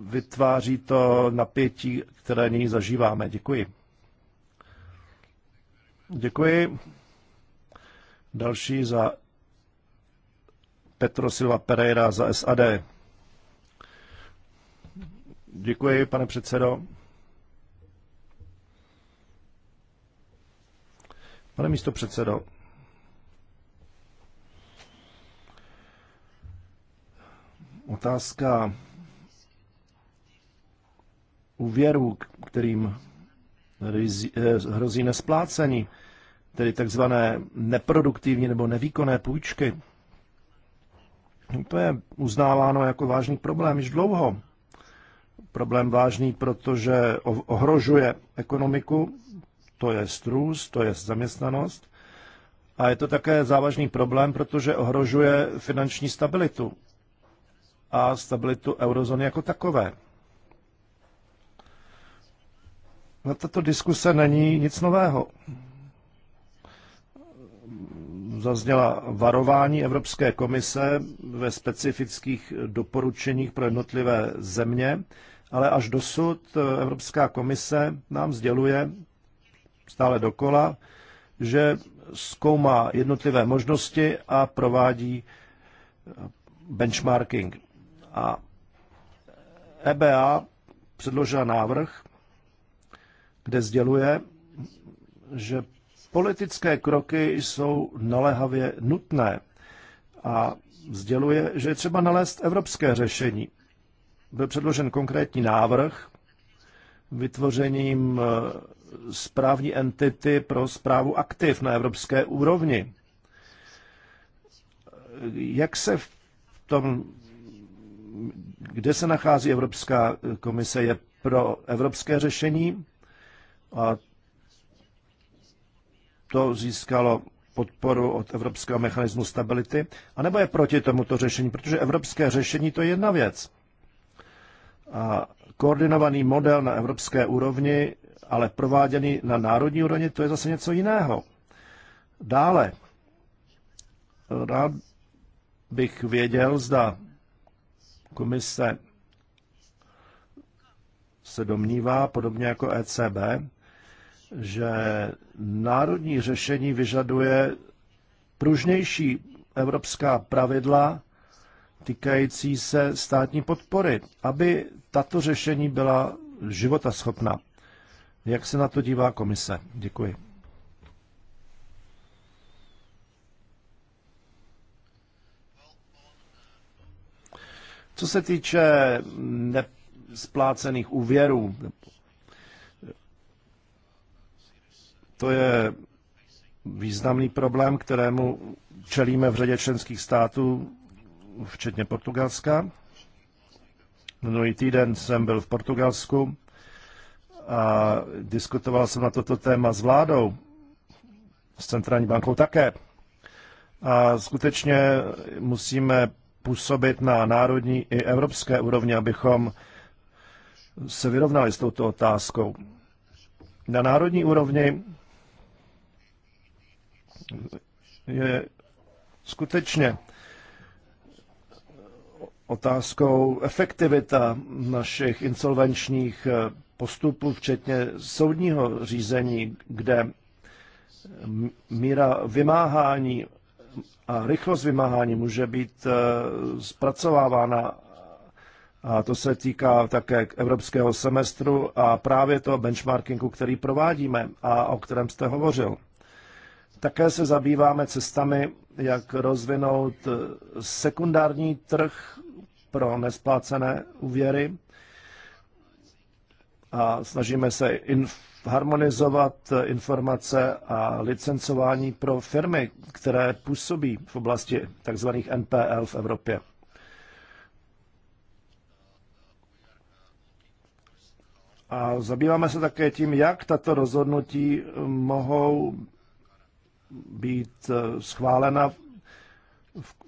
vytváří to napětí, které nyní zažíváme. Děkuji. Děkuji. Další za Petro Silva Pereira za SAD. Děkuji, pane předsedo. Pane místo předsedo, otázka věru, kterým eh, hrozí nesplácení, tedy takzvané neproduktivní nebo nevýkonné půjčky. To je uznáváno jako vážný problém již dlouho problém vážný, protože ohrožuje ekonomiku, to je růst, to je zaměstnanost. A je to také závažný problém, protože ohrožuje finanční stabilitu a stabilitu eurozóny jako takové. Na tato diskuse není nic nového. Zazněla varování Evropské komise ve specifických doporučeních pro jednotlivé země ale až dosud eh, Evropská komise nám sděluje stále dokola, že zkoumá jednotlivé možnosti a provádí eh, benchmarking. A EBA předložila návrh, kde sděluje, že politické kroky jsou naléhavě nutné a sděluje, že je třeba nalézt evropské řešení byl předložen konkrétní návrh vytvořením eh, správní entity pro zprávu aktiv na evropské úrovni. Jak se v tom, kde se nachází Evropská komise, je pro evropské řešení a to získalo podporu od Evropského mechanismu stability, anebo je proti tomuto řešení, protože evropské řešení to je jedna věc. A koordinovaný model na evropské úrovni, ale prováděný na národní úrovni, to je zase něco jiného. Dále, rád bych věděl, zda komise se domnívá, podobně jako ECB, že národní řešení vyžaduje pružnější evropská pravidla týkající se státní podpory, aby tato řešení byla životaschopná. Jak se na to dívá komise? Děkuji. Co se týče nesplácených úvěrů, to je významný problém, kterému čelíme v řadě členských států, včetně Portugalska. Minulý týden jsem byl v Portugalsku a diskutoval jsem na toto téma s vládou, s centrální bankou také. A skutečně musíme působit na národní i evropské úrovni, abychom se vyrovnali s touto otázkou. Na národní úrovni je skutečně otázkou efektivita našich insolvenčních eh, postupů, včetně soudního řízení, kde míra vymáhání a rychlost vymáhání může být eh, zpracovávána. A to se týká také evropského semestru a právě toho benchmarkingu, který provádíme a o kterém jste hovořil. Také se zabýváme cestami, jak rozvinout eh, sekundární trh pro nesplácené úvěry a snažíme se inf- harmonizovat informace a licencování pro firmy, které působí v oblasti tzv. NPL v Evropě. A zabýváme se také tím, jak tato rozhodnutí mohou být schválena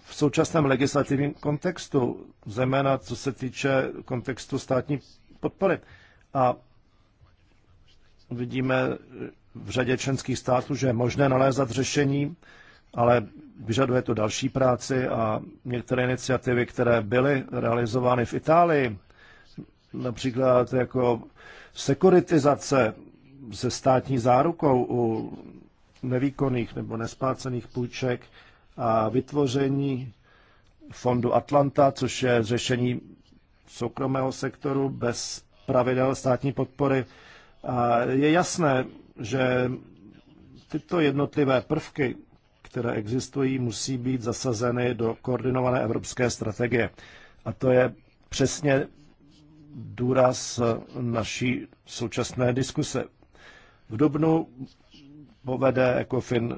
v současném legislativním kontextu, zejména co se týče kontextu státní podpory. A vidíme v řadě členských států, že je možné nalézat řešení, ale vyžaduje to další práci a některé iniciativy, které byly realizovány v Itálii, například jako sekuritizace se státní zárukou u nevýkonných nebo nesplácených půjček, a vytvoření fondu Atlanta, což je řešení soukromého sektoru bez pravidel státní podpory. A je jasné, že tyto jednotlivé prvky, které existují, musí být zasazeny do koordinované evropské strategie. A to je přesně důraz naší současné diskuse. V Dubnu povede ECOFIN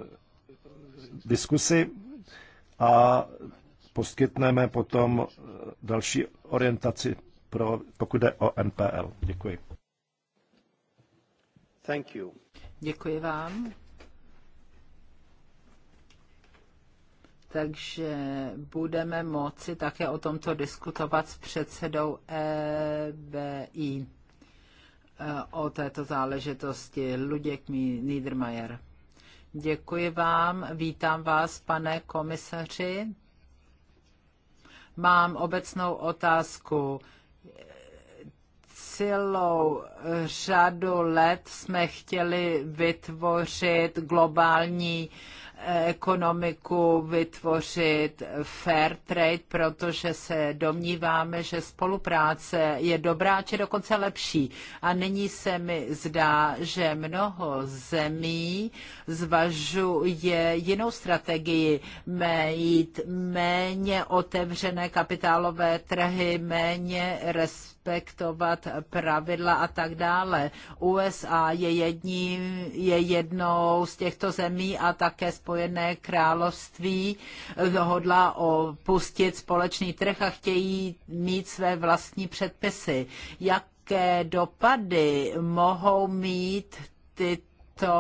diskusi a poskytneme potom eh, další orientaci, pro, pokud jde o NPL. Děkuji. Thank you. Děkuji vám. takže budeme moci také o tomto diskutovat s předsedou EBI eh, o této záležitosti. Luděk Niedermayer. Děkuji vám, vítám vás, pane komisaři. Mám obecnou otázku. Celou řadu let jsme chtěli vytvořit globální uh, ekonomiku vytvořit fair trade, protože se domníváme, že spolupráce je dobrá, či dokonce lepší. A nyní se mi zdá, že mnoho zemí zvažuje jinou strategii, mít méně otevřené kapitálové trhy, méně respektovat respektovat pravidla a tak dále. USA je, jedním, je jednou z těchto zemí a také Spojené království hodlá opustit společný trh a chtějí mít své vlastní předpisy. Jaké dopady mohou mít tyto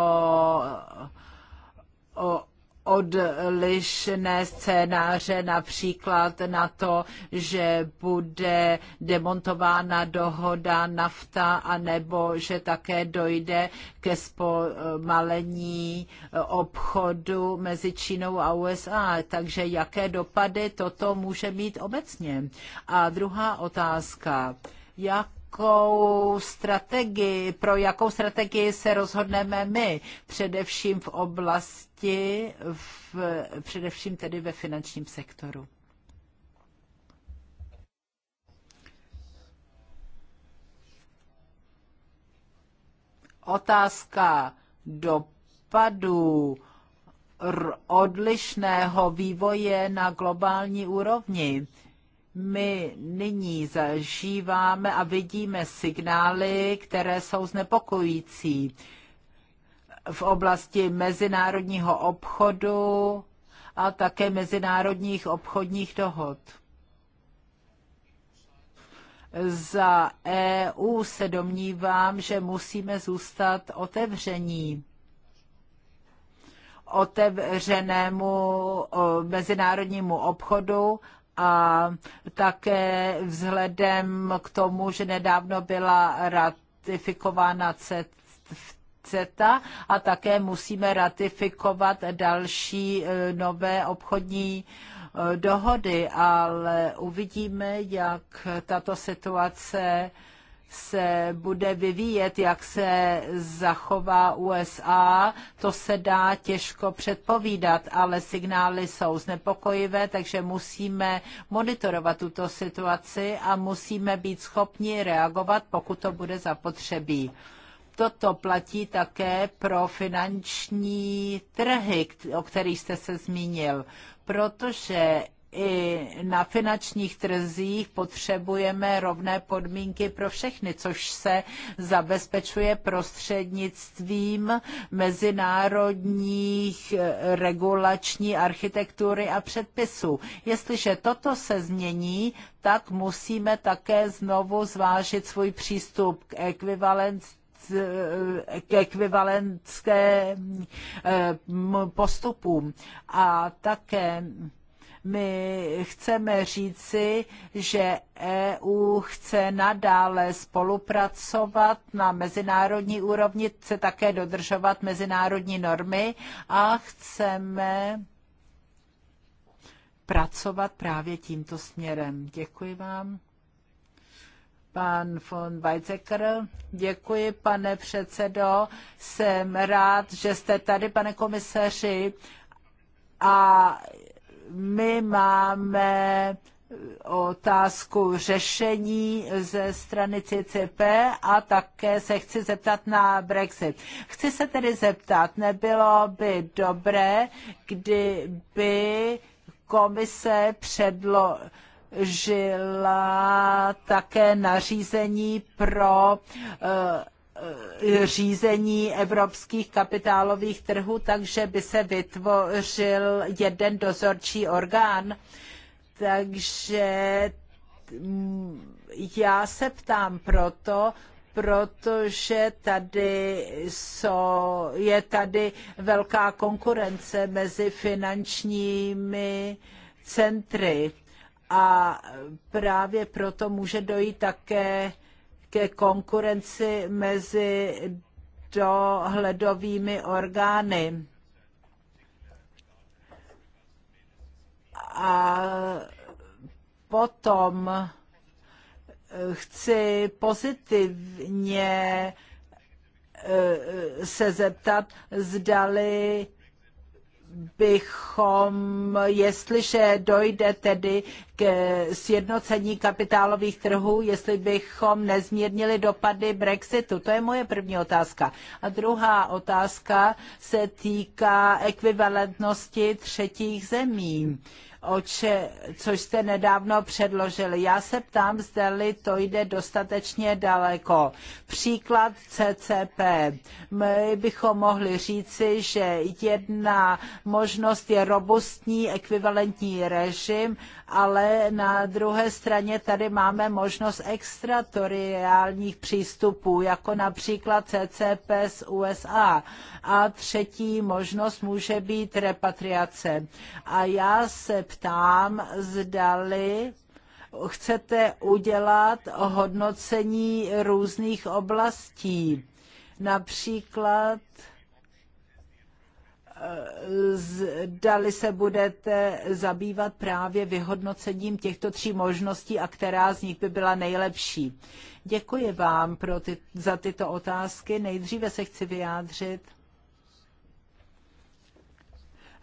o, odlišné scénáře, například na to, že bude demontována dohoda nafta, anebo že také dojde ke zpomalení obchodu mezi Čínou a USA. Takže jaké dopady toto může mít obecně? A druhá otázka. Jak jakou strategii, pro jakou strategii se rozhodneme my, především v oblasti oblasti, v, především tedy ve finančním sektoru. Otázka dopadu odlišného vývoje na globální úrovni. My nyní zažíváme a vidíme signály, které jsou znepokojící v oblasti mezinárodního obchodu a také mezinárodních obchodních dohod. Za EU se domnívám, že musíme zůstat otevření otevřenému mezinárodnímu obchodu a také vzhledem k tomu, že nedávno byla ratifikována CETA, CETA a také musíme ratifikovat další e, nové obchodní e, dohody, ale uvidíme, jak tato situace se bude vyvíjet, jak se zachová USA, to se dá těžko předpovídat, ale signály jsou znepokojivé, takže musíme monitorovat tuto situaci a musíme být schopni reagovat, pokud to bude zapotřebí toto platí také pro finanční trhy, o kterých jste se zmínil, protože i na finančních trzích potřebujeme rovné podmínky pro všechny, což se zabezpečuje prostřednictvím mezinárodních e, regulační architektury a předpisů. Jestliže toto se změní, tak musíme také znovu zvážit svůj přístup k ekvivalenci Eh, k ekvivalentském eh, postupům. A také my chceme říci, že EU chce nadále spolupracovat na mezinárodní úrovni, chce také dodržovat mezinárodní normy a chceme pracovat právě tímto směrem. Děkuji vám. Pan von Weizsäcker, děkuji, pane předsedo. Jsem rád, že jste tady, pane komisaři. A my máme otázku řešení ze strany CCP a také se chci zeptat na Brexit. Chci se tedy zeptat, nebylo by dobré, kdyby komise předložila žila také nařízení pro eh, eh, řízení evropských kapitálových trhů, takže by se vytvořil jeden dozorčí orgán. Takže mm, já se ptám proto, protože tady so, je tady velká konkurence mezi finančními centry a právě proto může dojít také ke konkurenci mezi dohledovými orgány. A potom chci pozitivně eh, se zeptat, zdali bychom, jestliže dojde tedy k sjednocení kapitálových trhů, jestli bychom nezmírnili dopady Brexitu. To je moje první otázka. A druhá otázka se týká ekvivalentnosti třetích zemí oče, což jste nedávno předložili. Já se ptám, zda-li to jde dostatečně daleko. Příklad CCP. My bychom mohli říci, že jedna možnost je robustní ekvivalentní režim ale na druhé straně tady máme možnost extratoriálních přístupů, jako například CCP z USA. A třetí možnost může být repatriace. A já se ptám, zdali chcete udělat hodnocení různých oblastí. Například zdali se budete zabývat právě vyhodnocením těchto tří možností a která z nich by byla nejlepší. Děkuji vám pro ty, za tyto otázky. Nejdříve se chci vyjádřit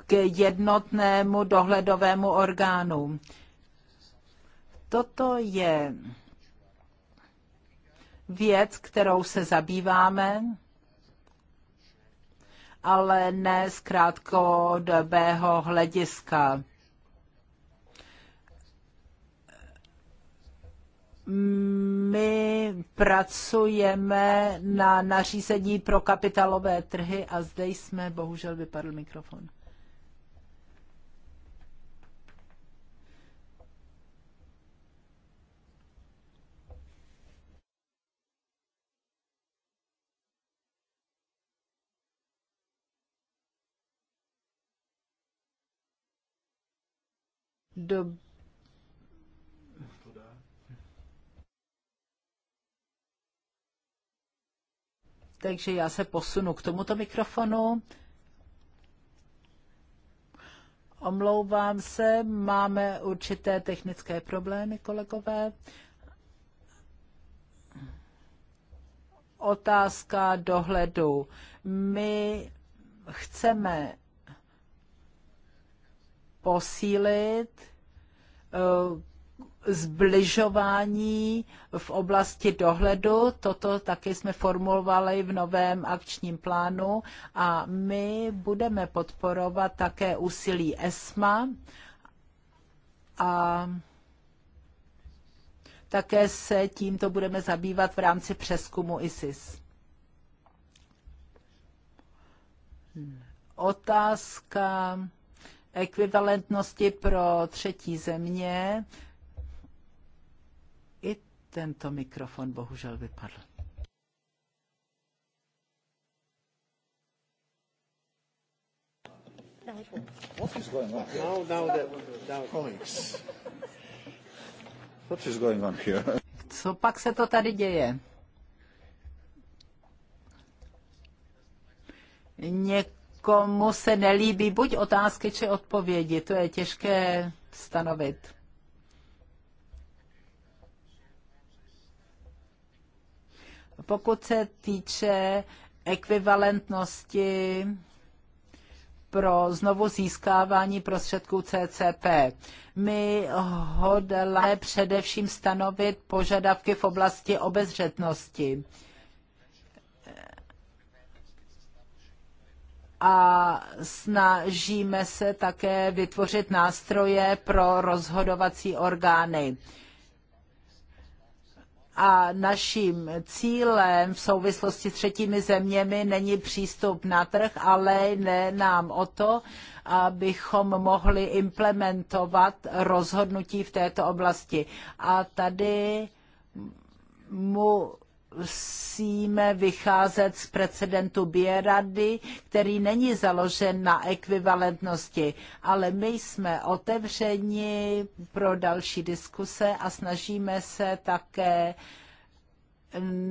k jednotnému dohledovému orgánu. Toto je věc, kterou se zabýváme ale ne z krátkodobého hlediska. My pracujeme na nařízení pro kapitalové trhy a zde jsme, bohužel vypadl mikrofon. do... Takže já se posunu k tomuto mikrofonu. Omlouvám se, máme určité technické problémy, kolegové. Otázka dohledu. My chceme posílit Eh, zbližování v oblasti dohledu. Toto taky jsme formulovali v novém akčním plánu a my budeme podporovat také úsilí ESMA a také se tímto budeme zabývat v rámci přeskumu ISIS. Otázka ekvivalentnosti pro třetí země. I tento mikrofon bohužel vypadl. What is going on Now, now the, now. Colleagues. What is going on here? Co pak se to tady děje? Něk komu se nelíbí buď otázky, či odpovědi. To je těžké stanovit. Pokud se týče ekvivalentnosti pro znovu získávání prostředků CCP. My hodláme především stanovit požadavky v oblasti obezřetnosti. a snažíme se také vytvořit nástroje pro rozhodovací orgány. A naším cílem v souvislosti s třetími zeměmi není přístup na trh, ale ne nám o to, abychom mohli implementovat rozhodnutí v této oblasti. A tady mu musíme vycházet z precedentu Bierady, který není založen na ekvivalentnosti, ale my jsme otevřeni pro další diskuse a snažíme se také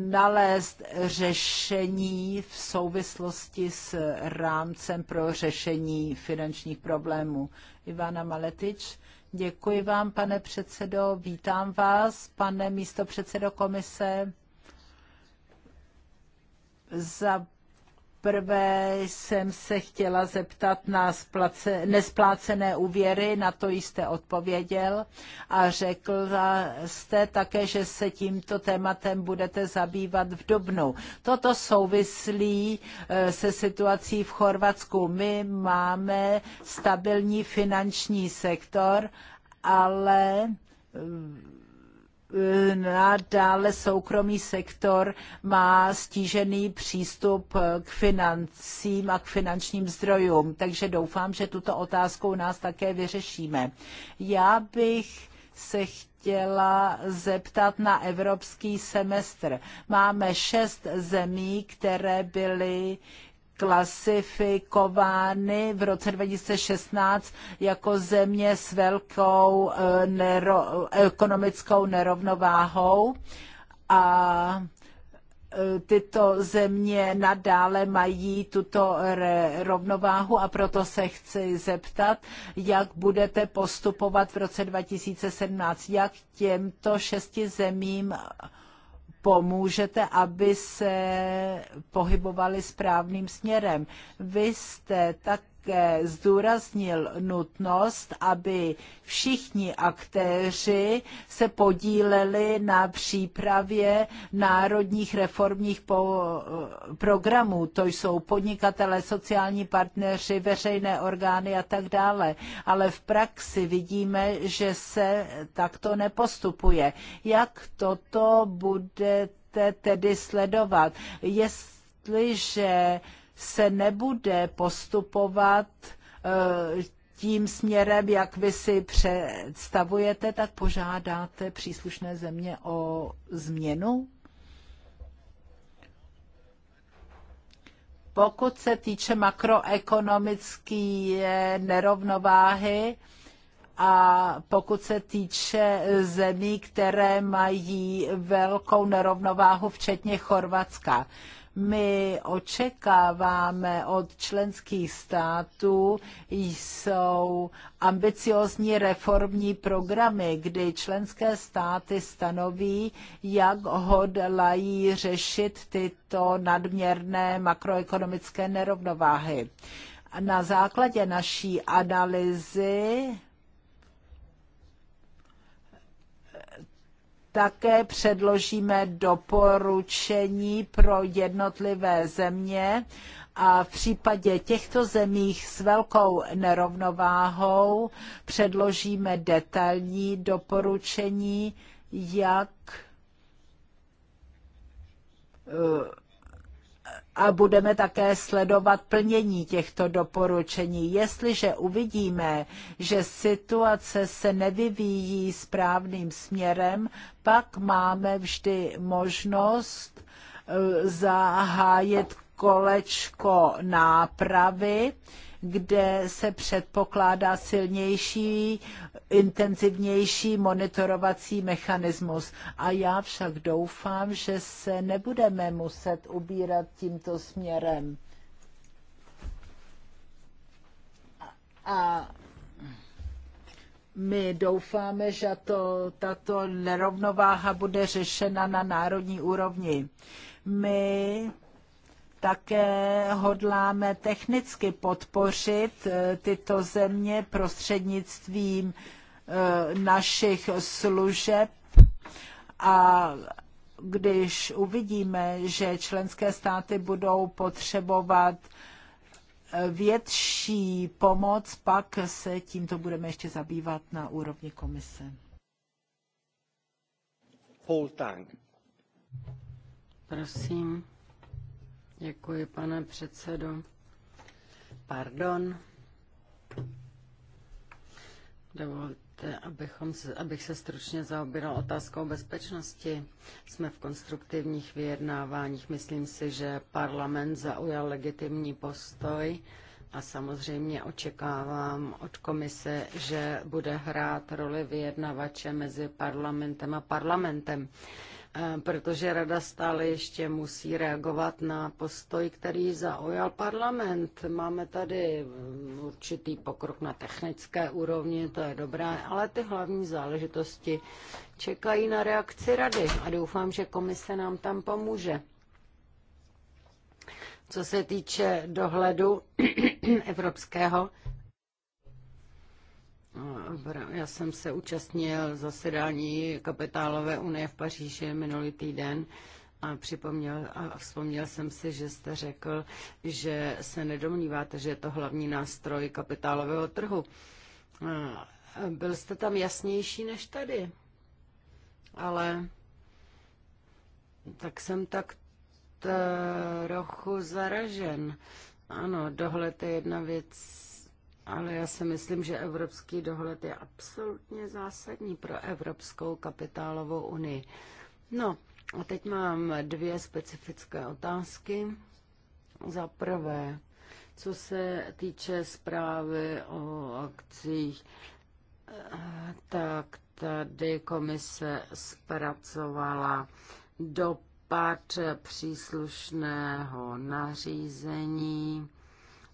nalézt řešení v souvislosti s rámcem pro řešení finančních problémů. Ivana Maletič, děkuji vám, pane předsedo, vítám vás, pane místo předsedo komise. Za prvé jsem se chtěla zeptat na splace, nesplácené úvěry, na to jste odpověděl a řekl jste také, že se tímto tématem budete zabývat v Dubnu. Toto souvislí e, se situací v Chorvatsku. My máme stabilní finanční sektor, ale e, nadále soukromý sektor má stížený přístup k financím a k finančním zdrojům. Takže doufám, že tuto otázku nás také vyřešíme. Já bych se chtěla zeptat na evropský semestr. Máme šest zemí, které byly klasifikovány v roce 2016 jako země s velkou eh, nero, ekonomickou nerovnováhou a eh, tyto země nadále mají tuto rovnováhu a proto se chci zeptat, jak budete postupovat v roce 2017, jak těmto šesti zemím pomůžete, aby se pohybovali správným směrem. Vy jste tak také zdůraznil nutnost, aby všichni aktéři se podíleli na přípravě národních reformních programů. To jsou podnikatele, sociální partneři, veřejné orgány a tak dále. Ale v praxi vidíme, že se takto nepostupuje. Jak toto budete tedy sledovat? Jestliže se nebude postupovat eh, tím směrem, jak vy si představujete, tak požádáte příslušné země o změnu? Pokud se týče makroekonomické nerovnováhy a pokud se týče zemí, které mají velkou nerovnováhu, včetně Chorvatska, my očekáváme od členských států, jsou ambiciozní reformní programy, kdy členské státy stanoví, jak hodlají řešit tyto nadměrné makroekonomické nerovnováhy. Na základě naší analýzy také předložíme doporučení pro jednotlivé země a v případě těchto zemích s velkou nerovnováhou předložíme detailní doporučení, jak eh, a budeme také sledovat plnění těchto doporučení. Jestliže uvidíme, že situace se nevyvíjí správným směrem, pak máme vždy možnost eh, zahájit kolečko nápravy, kde se předpokládá silnější intenzivnější monitorovací mechanismus. A já však doufám, že se nebudeme muset ubírat tímto směrem. A my doufáme, že to, tato nerovnováha bude řešena na národní úrovni. My také hodláme technicky podpořit eh, tyto země prostřednictvím Eh, našich služeb a když uvidíme, že členské státy budou potřebovat eh, větší pomoc, pak se tímto budeme ještě zabývat na úrovni komise. Paul Tang. Prosím. Děkuji, pane předsedo. Pardon. Dovolte Dovolte, abychom, abych se stručně zaobíral otázkou bezpečnosti. Jsme v konstruktivních vyjednáváních. Myslím si, že parlament zaujal legitimní postoj a samozřejmě očekávám od komise, že bude hrát roli vyjednavače mezi parlamentem a parlamentem. Eh, protože rada stále ještě musí reagovat na postoj, který zaujal parlament. Máme tady eh, určitý pokrok na technické úrovni, to je dobré, ale ty hlavní záležitosti čekají na reakci rady a doufám, že komise nám tam pomůže. Co se týče dohledu evropského, já jsem se účastnil zasedání kapitálové unie v Paříži minulý týden a, připomněl, a vzpomněl jsem si, že jste řekl, že se nedomníváte, že je to hlavní nástroj kapitálového trhu. Byl jste tam jasnější než tady, ale tak jsem tak trochu zaražen. Ano, dohled je jedna věc, ale já si myslím, že evropský dohled je absolutně zásadní pro Evropskou kapitálovou unii. No, a teď mám dvě specifické otázky. Za prvé, co se týče zprávy o akcích, tak tady komise zpracovala dopad příslušného nařízení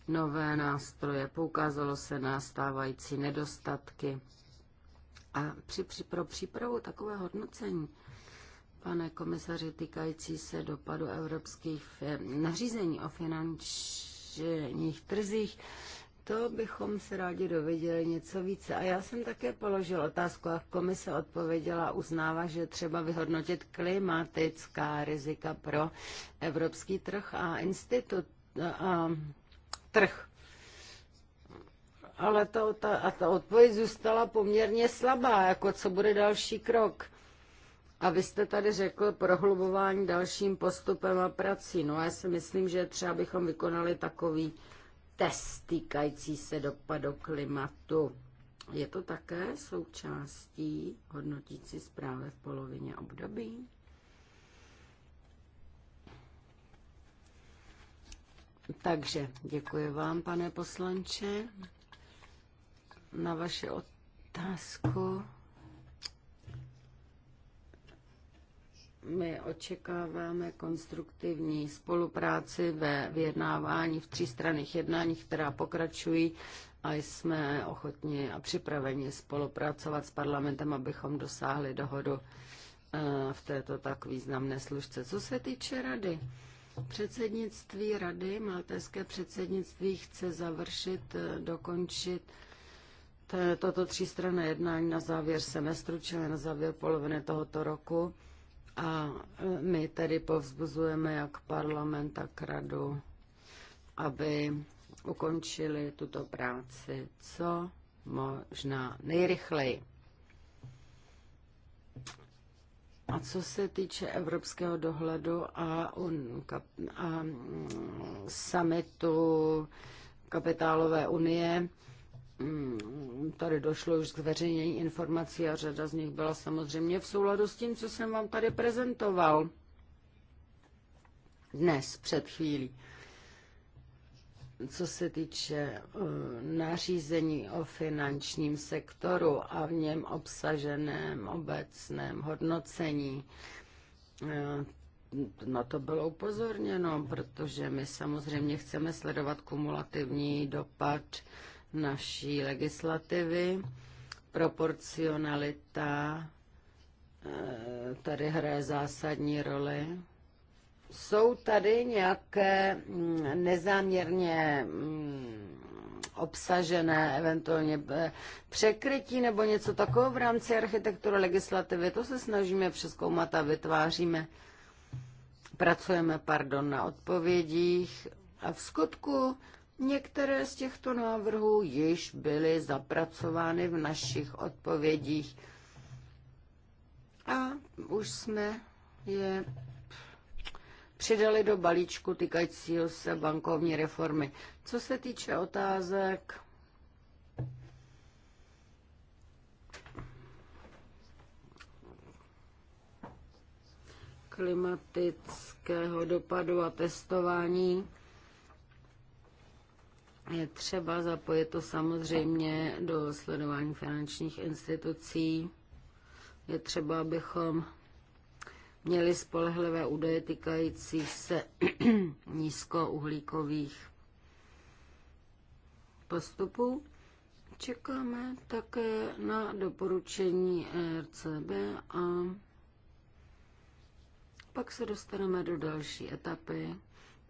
nové nástroje, poukázalo se na stávající nedostatky. A při, při, pro přípravu takové hodnocení, pane komisaři, týkající se dopadu evropských nařízení o finančních trzích, to bychom se rádi dověděli něco více. A já jsem také položil otázku a komise odpověděla, uznává, že třeba vyhodnotit klimatická rizika pro evropský trh a institut a, trh. Ale ta, ta, a ta odpověď zůstala poměrně slabá, jako co bude další krok. A vy jste tady řekl prohlubování dalším postupem a prací. No já si myslím, že třeba bychom vykonali takový test týkající se dopadu klimatu. Je to také součástí hodnotící zprávy v polovině období? Takže děkuji vám, pane poslanče, na vaše otázku. My očekáváme konstruktivní spolupráci ve vyjednávání v třístranných jednáních, která pokračují a jsme ochotni a připraveni spolupracovat s parlamentem, abychom dosáhli dohodu eh, v této tak významné služce. Co se týče rady, Předsednictví rady, maltéské předsednictví chce završit, eh, dokončit toto třístranné jednání na závěr semestru, čili na závěr poloviny tohoto roku. A eh, my tedy povzbuzujeme jak parlament, tak radu, aby ukončili tuto práci co možná nejrychleji. A co se týče evropského dohledu a, un, kap, a mm, summitu kapitálové unie, mm, tady došlo už k zveřejnění informací a řada z nich byla samozřejmě v souladu s tím, co jsem vám tady prezentoval dnes před chvílí co se týče eh, nařízení o finančním sektoru a v něm obsaženém obecném hodnocení, eh, na to bylo upozorněno, protože my samozřejmě chceme sledovat kumulativní dopad naší legislativy. Proporcionalita eh, tady hraje zásadní roli jsou tady nějaké mm, nezáměrně mm, obsažené eventuálně eh, překrytí nebo něco takového v rámci architektury legislativy. To se snažíme přeskoumat a vytváříme, pracujeme, pardon, na odpovědích. A v skutku některé z těchto návrhů již byly zapracovány v našich odpovědích a už jsme je přidali do balíčku týkajícího se bankovní reformy. Co se týče otázek, klimatického dopadu a testování je třeba zapojit to samozřejmě do sledování finančních institucí. Je třeba, abychom měli spolehlivé údaje týkající se nízkouhlíkových postupů. Čekáme také na doporučení ERCB a pak se dostaneme do další etapy.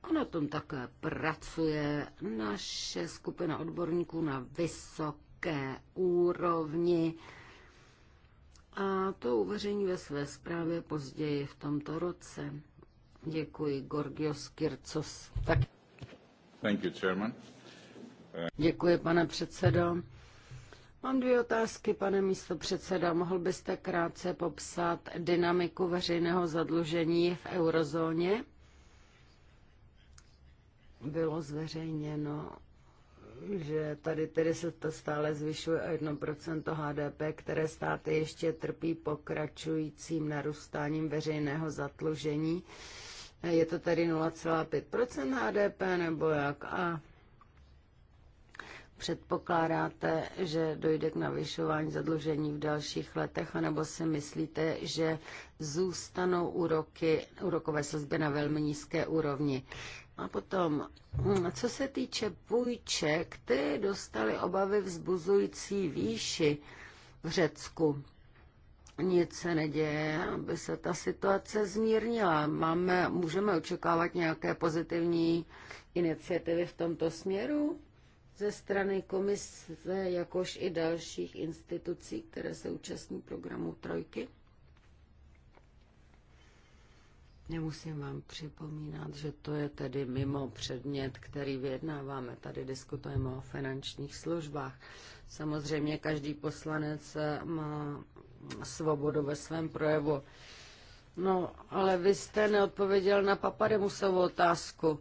A na tom také pracuje naše skupina odborníků na vysoké úrovni a to uveřejní ve své zprávě později v tomto roce. Děkuji, Gorgios Kircos. Tak. Thank you, chairman. Děkuji, pane předsedo. Mám dvě otázky, pane místo předseda. Mohl byste krátce popsat dynamiku veřejného zadlužení v eurozóně? Bylo zveřejněno že tady tedy se to stále zvyšuje o 1% HDP, které státy ještě trpí pokračujícím narůstáním veřejného zatlužení. Je to tady 0,5% HDP nebo jak? A předpokládáte, že dojde k navyšování zadlužení v dalších letech, anebo si myslíte, že zůstanou úroky, úrokové sazby na velmi nízké úrovni? A potom, mm, co se týče půjček, ty dostali obavy vzbuzující výši v Řecku. Nic se neděje, aby se ta situace zmírnila. Máme, můžeme očekávat nějaké pozitivní iniciativy v tomto směru ze strany komise, jakož i dalších institucí, které se účastní programu Trojky? Nemusím vám připomínat, že to je tedy mimo předmět, který vyjednáváme. Tady diskutujeme o finančních službách. Samozřejmě každý poslanec eh, má svobodu ve svém projevu. No, ale vy jste neodpověděl na Papademusovou otázku.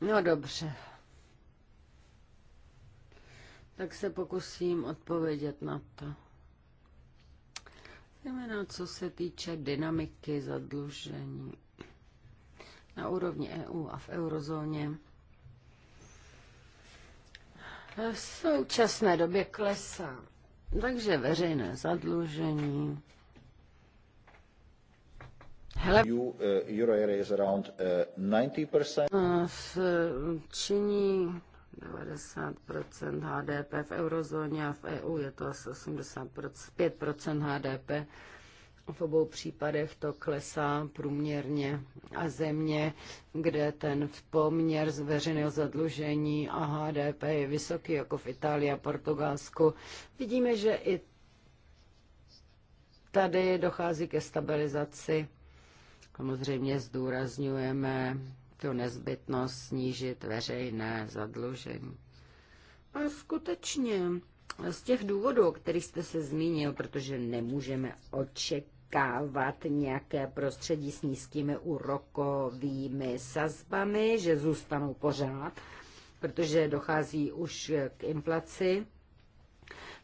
No dobře. Tak se pokusím odpovědět na to znamená, no, co se týče dynamiky zadlužení na úrovni EU a v eurozóně. V současné době klesá. Takže veřejné zadlužení. Hele, uh, euro area is around 90%. E, činí 90 HDP, v eurozóně a v EU je to asi 85 HDP. V obou případech to klesá průměrně a země, kde ten poměr z veřejného zadlužení a HDP je vysoký, jako v Itálii a Portugalsku, vidíme, že i tady dochází ke stabilizaci. Samozřejmě zdůrazňujeme tu nezbytnost snížit veřejné zadlužení. A skutečně z těch důvodů, o kterých jste se zmínil, protože nemůžeme očekávat nějaké prostředí s nízkými úrokovými sazbami, že zůstanou pořád, protože dochází už k inflaci.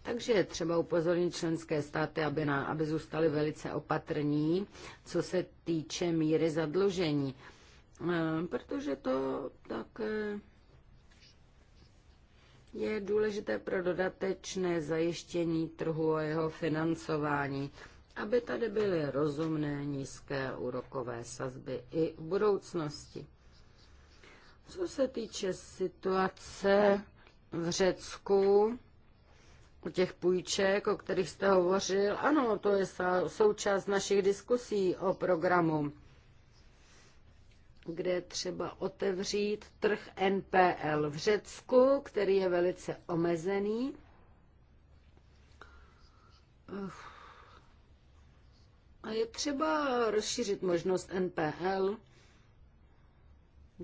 Takže je třeba upozornit členské státy, aby, na, aby zůstali velice opatrní, co se týče míry zadlužení Eh, protože to tak je důležité pro dodatečné zajištění trhu a jeho financování, aby tady byly rozumné nízké úrokové sazby i v budoucnosti. Co se týče situace v Řecku, u těch půjček, o kterých jste hovořil, ano, to je součást našich diskusí o programu kde je třeba otevřít trh NPL v Řecku, který je velice omezený. A je třeba rozšířit možnost NPL,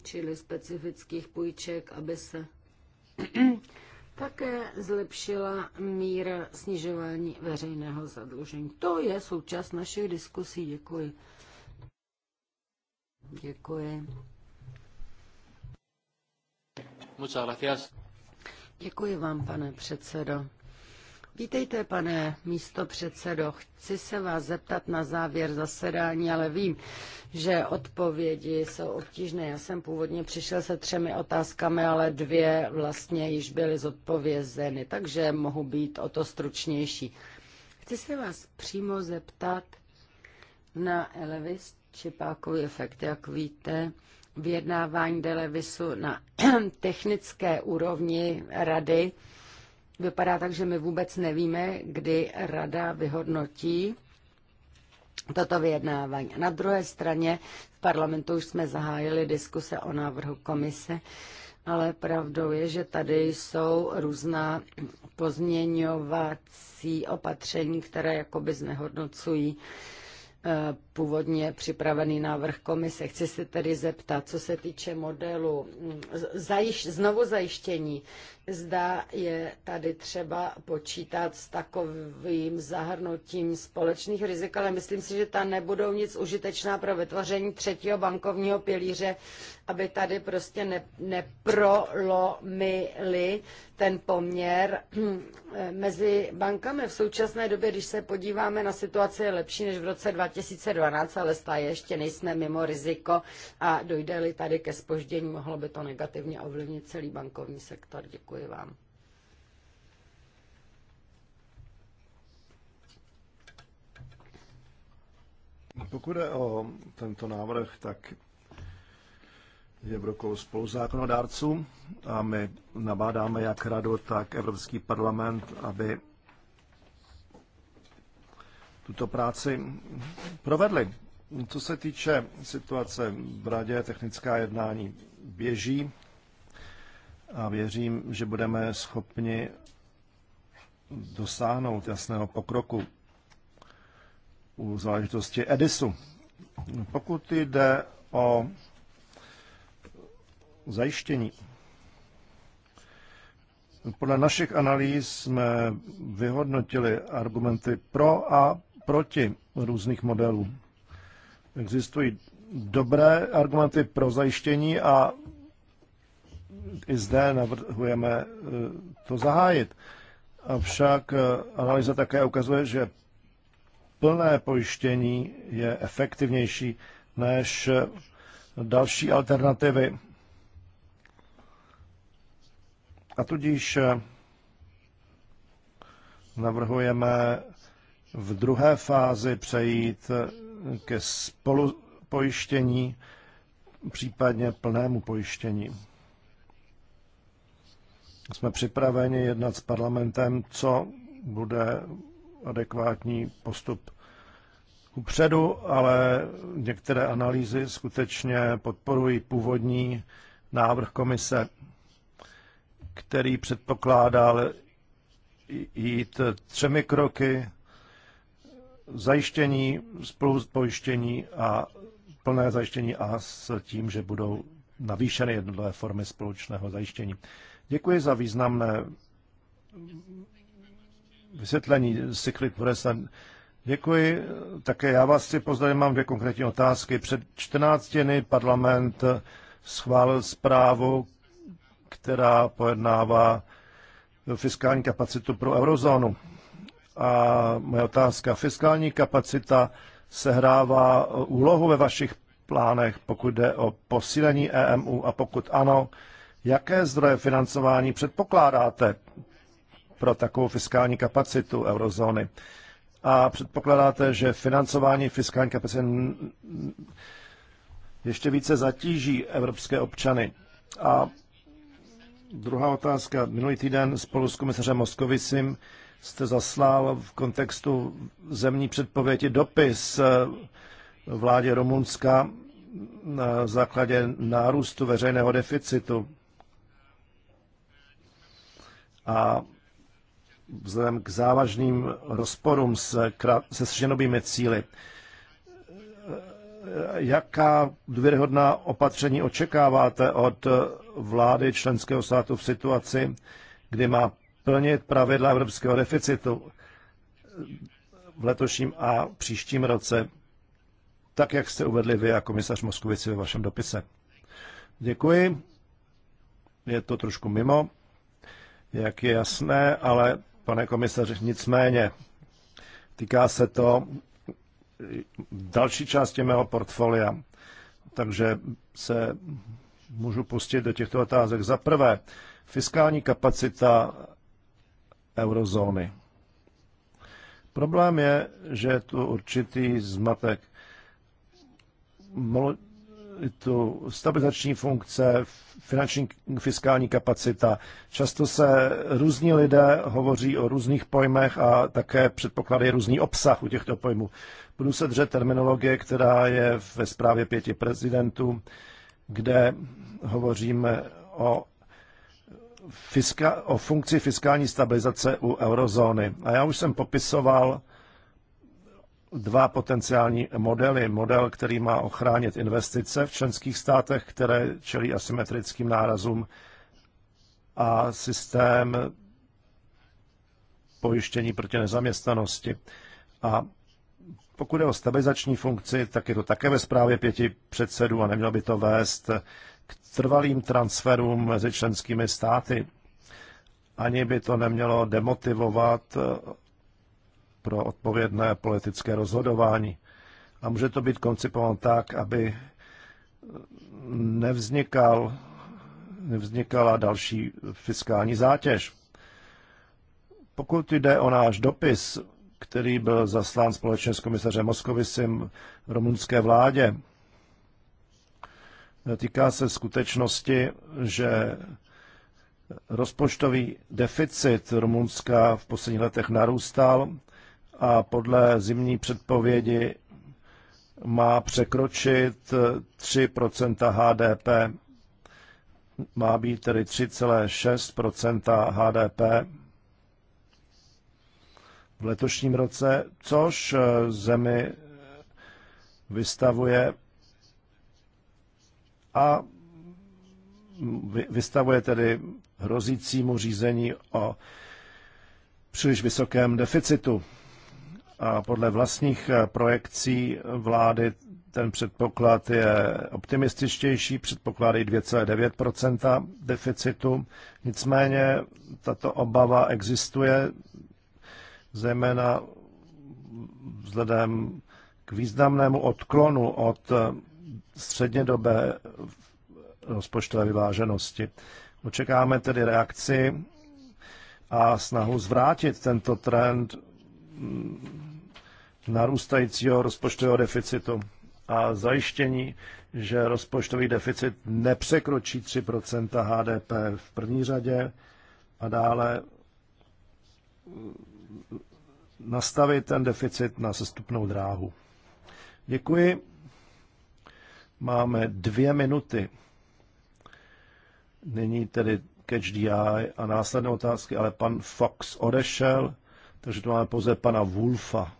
čili specifických půjček, aby se také zlepšila míra snižování veřejného zadlužení. To je součást našich diskusí. Děkuji. Děkuji. Děkuji vám, pane předsedo. Vítejte, pane místo předsedo. Chci se vás zeptat na závěr zasedání, ale vím, že odpovědi jsou obtížné. Já jsem původně přišel se třemi otázkami, ale dvě vlastně již byly zodpovězeny, takže mohu být o to stručnější. Chci se vás přímo zeptat na Elvis čipákový efekt, jak víte, vyjednávání delevisu na technické úrovni rady vypadá tak, že my vůbec nevíme, kdy rada vyhodnotí toto vyjednávání. na druhé straně v parlamentu už jsme zahájili diskuse o návrhu komise, ale pravdou je, že tady jsou různá pozměňovací opatření, které jakoby znehodnocují uh, Eh, původně připravený návrh komise. Chci se tedy zeptat, co se týče modelu mm, zajiš, znovu zajištění, Zda je tady třeba počítat s takovým zahrnutím společných rizik, ale myslím si, že ta nebudou nic užitečná pro vytvoření třetího bankovního pilíře, aby tady prostě ne, neprolomili ten poměr mezi bankami. V současné době, když se podíváme na situaci, je lepší než v roce 2012, ale stále ještě nejsme mimo riziko a dojde-li tady ke spoždění, mohlo by to negativně ovlivnit celý bankovní sektor. Děkuji. Děkuji vám. Pokud je o tento návrh, tak je v rukou spoluzákonodárců a my nabádáme jak radu, tak Evropský parlament, aby tuto práci provedli. Co se týče situace v radě, technická jednání běží a věřím, že budeme schopni dosáhnout jasného pokroku u záležitosti Edisu. Pokud jde o zajištění, podle našich analýz jsme vyhodnotili argumenty pro a proti různých modelů. Existují dobré argumenty pro zajištění a i zde navrhujeme eh, to zahájit. Avšak eh, analýza také ukazuje, že plné pojištění je efektivnější než eh, další alternativy. A tudíž navrhujeme v druhé fázi přejít ke spolupojištění, případně plnému pojištění jsme připraveni jednat s parlamentem, co bude adekvátní postup upředu, ale některé analýzy skutečně podporují původní návrh komise, který předpokládal jít třemi kroky zajištění, spolupojištění a plné zajištění a s tím, že budou navýšeny jednotlivé formy společného zajištění. Děkuji za významné vysvětlení Secret Forest. Děkuji. Také já vás chci pozdravit, mám dvě konkrétní otázky. Před 14 dny parlament schválil zprávu, která pojednává fiskální kapacitu pro eurozónu. A moje otázka, fiskální kapacita sehrává úlohu ve vašich plánech, pokud jde o posílení EMU a pokud ano, Jaké zdroje financování předpokládáte pro takovou fiskální kapacitu eurozóny? A předpokládáte, že financování fiskální kapacity ještě více zatíží evropské občany? A druhá otázka. Minulý týden spolu s komisařem Moskovicím jste zaslal v kontextu zemní předpovědi dopis eh, vládě Rumunska na základě nárůstu veřejného deficitu a vzhledem k závažným rozporům se, se cíly, jaká důvěryhodná opatření očekáváte od vlády členského státu v situaci, kdy má plnit pravidla evropského deficitu v letošním a příštím roce, tak jak jste uvedli vy a komisař Moskovici ve vašem dopise. Děkuji. Je to trošku mimo jak je jasné, ale pane komisaři, nicméně týká se to další části mého portfolia, takže se můžu pustit do těchto otázek. Za prvé, fiskální kapacita eurozóny. Problém je, že je tu určitý zmatek tu stabilizační funkce, finanční fiskální kapacita. Často se různí lidé hovoří o různých pojmech a také předpoklady různý obsah u těchto pojmů. Budu se držet terminologie, která je ve zprávě pěti prezidentů, kde hovoříme o, fiska, o funkci fiskální stabilizace u eurozóny. A já už jsem popisoval dva potenciální modely. Model, který má ochránit investice v členských státech, které čelí asymetrickým nárazům a systém pojištění proti nezaměstnanosti. A pokud je o stabilizační funkci, tak je to také ve zprávě pěti předsedů a nemělo by to vést k trvalým transferům mezi členskými státy. Ani by to nemělo demotivovat pro odpovědné politické rozhodování. A může to být koncipován tak, aby nevznikal, nevznikala další fiskální zátěž. Pokud jde o náš dopis, který byl zaslán společně s komisařem Moskovisem rumunské vládě, týká se skutečnosti, že rozpočtový deficit Rumunska v posledních letech narůstal a podle zimní předpovědi má překročit 3 HDP, má být tedy 3,6 HDP v letošním roce, což eh, zemi vystavuje a vystavuje tedy hrozícímu řízení o příliš vysokém deficitu. A podle vlastních eh, projekcí vlády ten předpoklad je optimističtější, předpokládají 2,9 deficitu. Nicméně tato obava existuje, zejména vzhledem k významnému odklonu od eh, střednědobé rozpočtové vyváženosti. Očekáme tedy reakci a snahu zvrátit tento trend narůstajícího rozpočtového deficitu a zajištění, že rozpočtový deficit nepřekročí 3 HDP v první řadě a dále nastavit ten deficit na sestupnou dráhu. Děkuji. Máme dvě minuty. Nyní tedy catch the eye a následné otázky, ale pan Fox odešel, takže to máme pouze pana Wulfa.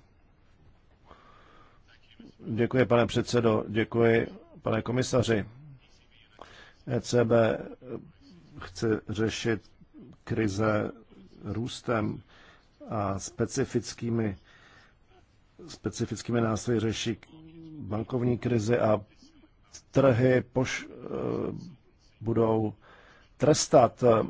Děkuji, pane předsedo, děkuji, pane komisaři. ECB chce řešit krize růstem a specifickými, specifickými nástroji řeší bankovní krizi a trhy poš, e, budou trestat e,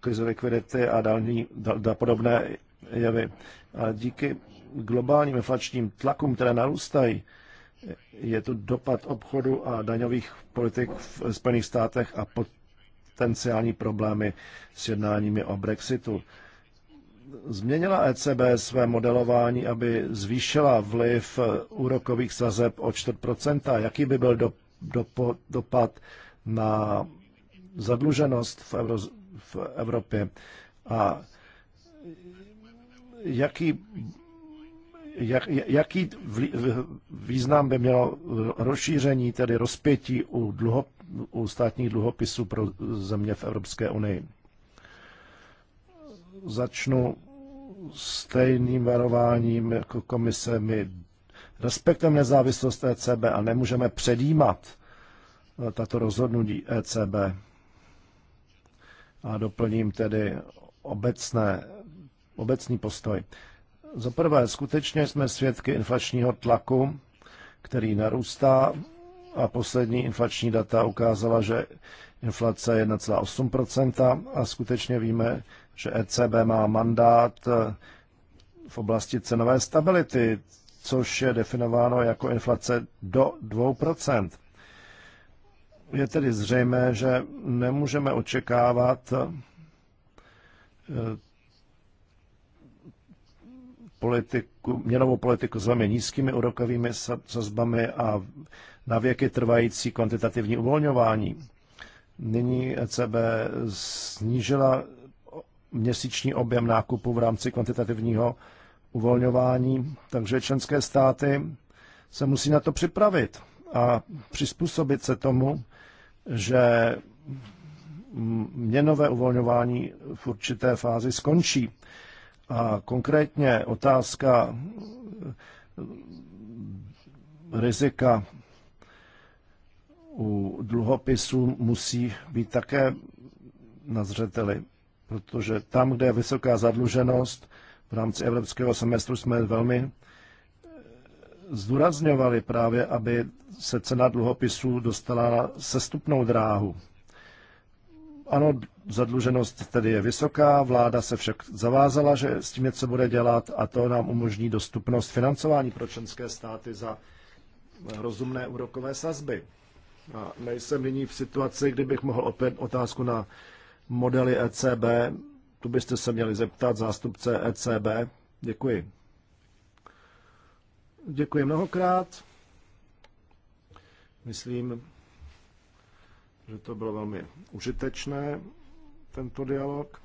krizu likvidity a dální, da, da podobné jevy. A díky globálním inflačním tlakům, které narůstají, je tu dopad obchodu a daňových politik v Spojených státech a potenciální problémy s jednáními o Brexitu. Změnila ECB své modelování, aby zvýšila vliv úrokových sazeb o 4%. Jaký by byl do, do, dopad na zadluženost v, Euro, v Evropě a jaký, jak, jaký význam by mělo rozšíření, tedy rozpětí u, dluho, u státních dluhopisů pro země v Evropské unii. Začnu stejným varováním jako komise. My respektujeme nezávislost ECB a nemůžeme předjímat tato rozhodnutí ECB a doplním tedy obecné, obecný postoj. Za prvé, skutečně jsme svědky inflačního tlaku, který narůstá a poslední inflační data ukázala, že inflace je 1,8% a skutečně víme, že ECB má mandát eh, v oblasti cenové stability, což je definováno jako inflace do 2%. Je tedy zřejmé, že nemůžeme očekávat eh, politiku, měnovou politiku s velmi nízkými úrokovými sazbami a navěky trvající kvantitativní uvolňování. Nyní ECB snížila měsíční objem nákupu v rámci kvantitativního uvolňování, takže členské státy se musí na to připravit a přizpůsobit se tomu, že měnové uvolňování v určité fázi skončí. A konkrétně otázka rizika u dluhopisů musí být také na zřeteli, protože tam, kde je vysoká zadluženost, v rámci evropského semestru jsme velmi zdůrazňovali právě, aby se cena dluhopisů dostala na sestupnou dráhu. Ano, zadluženost tedy je vysoká, vláda se však zavázala, že s tím něco bude dělat a to nám umožní dostupnost financování pro členské státy za rozumné úrokové sazby. A nejsem nyní v situaci, kdybych mohl opět otázku na modely ECB. Tu byste se měli zeptat zástupce ECB. Děkuji. Děkuji mnohokrát. Myslím, že to bylo velmi užitečné, tento dialog.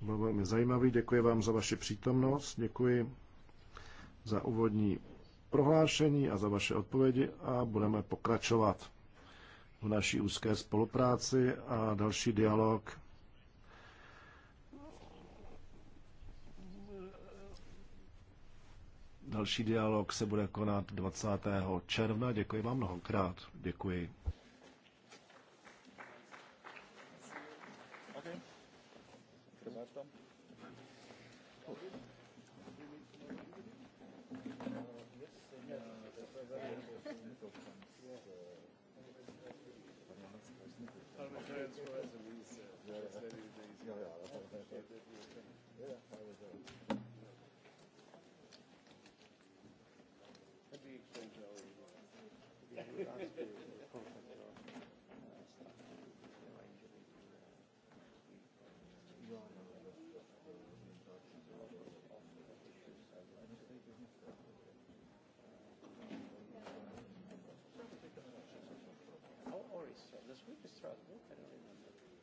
Byl velmi zajímavý. Děkuji vám za vaši přítomnost, děkuji za úvodní prohlášení a za vaše odpovědi a budeme pokračovat v naší úzké spolupráci a další dialog Další dialog se bude konat 20. června. Děkuji vám mnohokrát. Děkuji.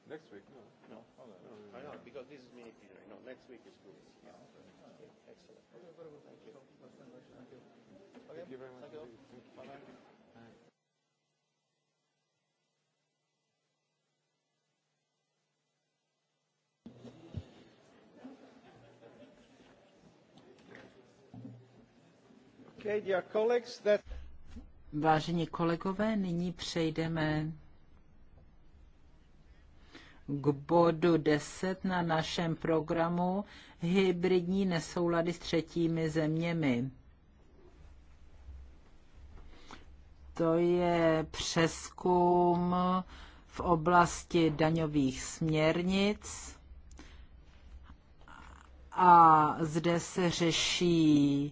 Next week, no. No. Oh, no. no, no, no. I know, because this is mini plenary. No, next week is good. Yeah. okay. Excellent. Okay, very good. Thank you. Thank you. Okay. Thank you very much. Thank you. Thank you. Bye-bye. Vážení kolegové, nyní přejdeme k bodu 10 na našem programu hybridní nesoulady s třetími zeměmi. To je přeskum v oblasti daňových směrnic a zde se řeší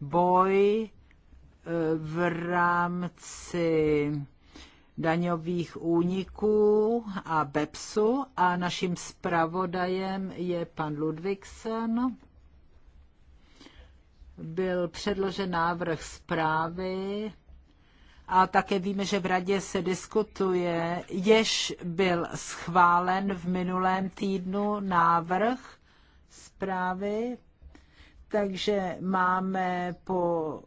boj eh, v rámci daňových úniků a BEPSu a naším zpravodajem je pan Ludvigsen. Byl předložen návrh zprávy a také víme, že v radě se diskutuje, jež byl schválen v minulém týdnu návrh zprávy, takže máme po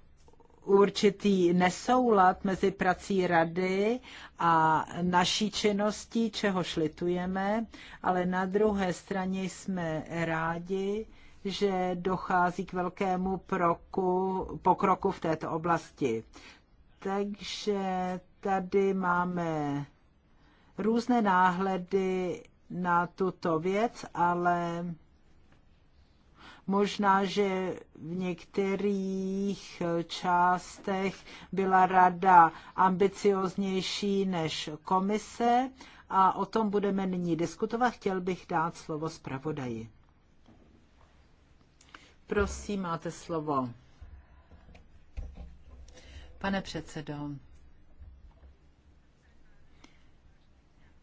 určitý nesoulad mezi prací rady a naší činností, čeho šlitujeme, ale na druhé straně jsme rádi, že dochází k velkému proku, pokroku v této oblasti. Takže tady máme různé náhledy na tuto věc, ale Možná, že v některých eh, částech byla rada ambicioznější než komise a o tom budeme nyní diskutovat. Chtěl bych dát slovo zpravodaji. Prosím, máte slovo. Pane předsedo,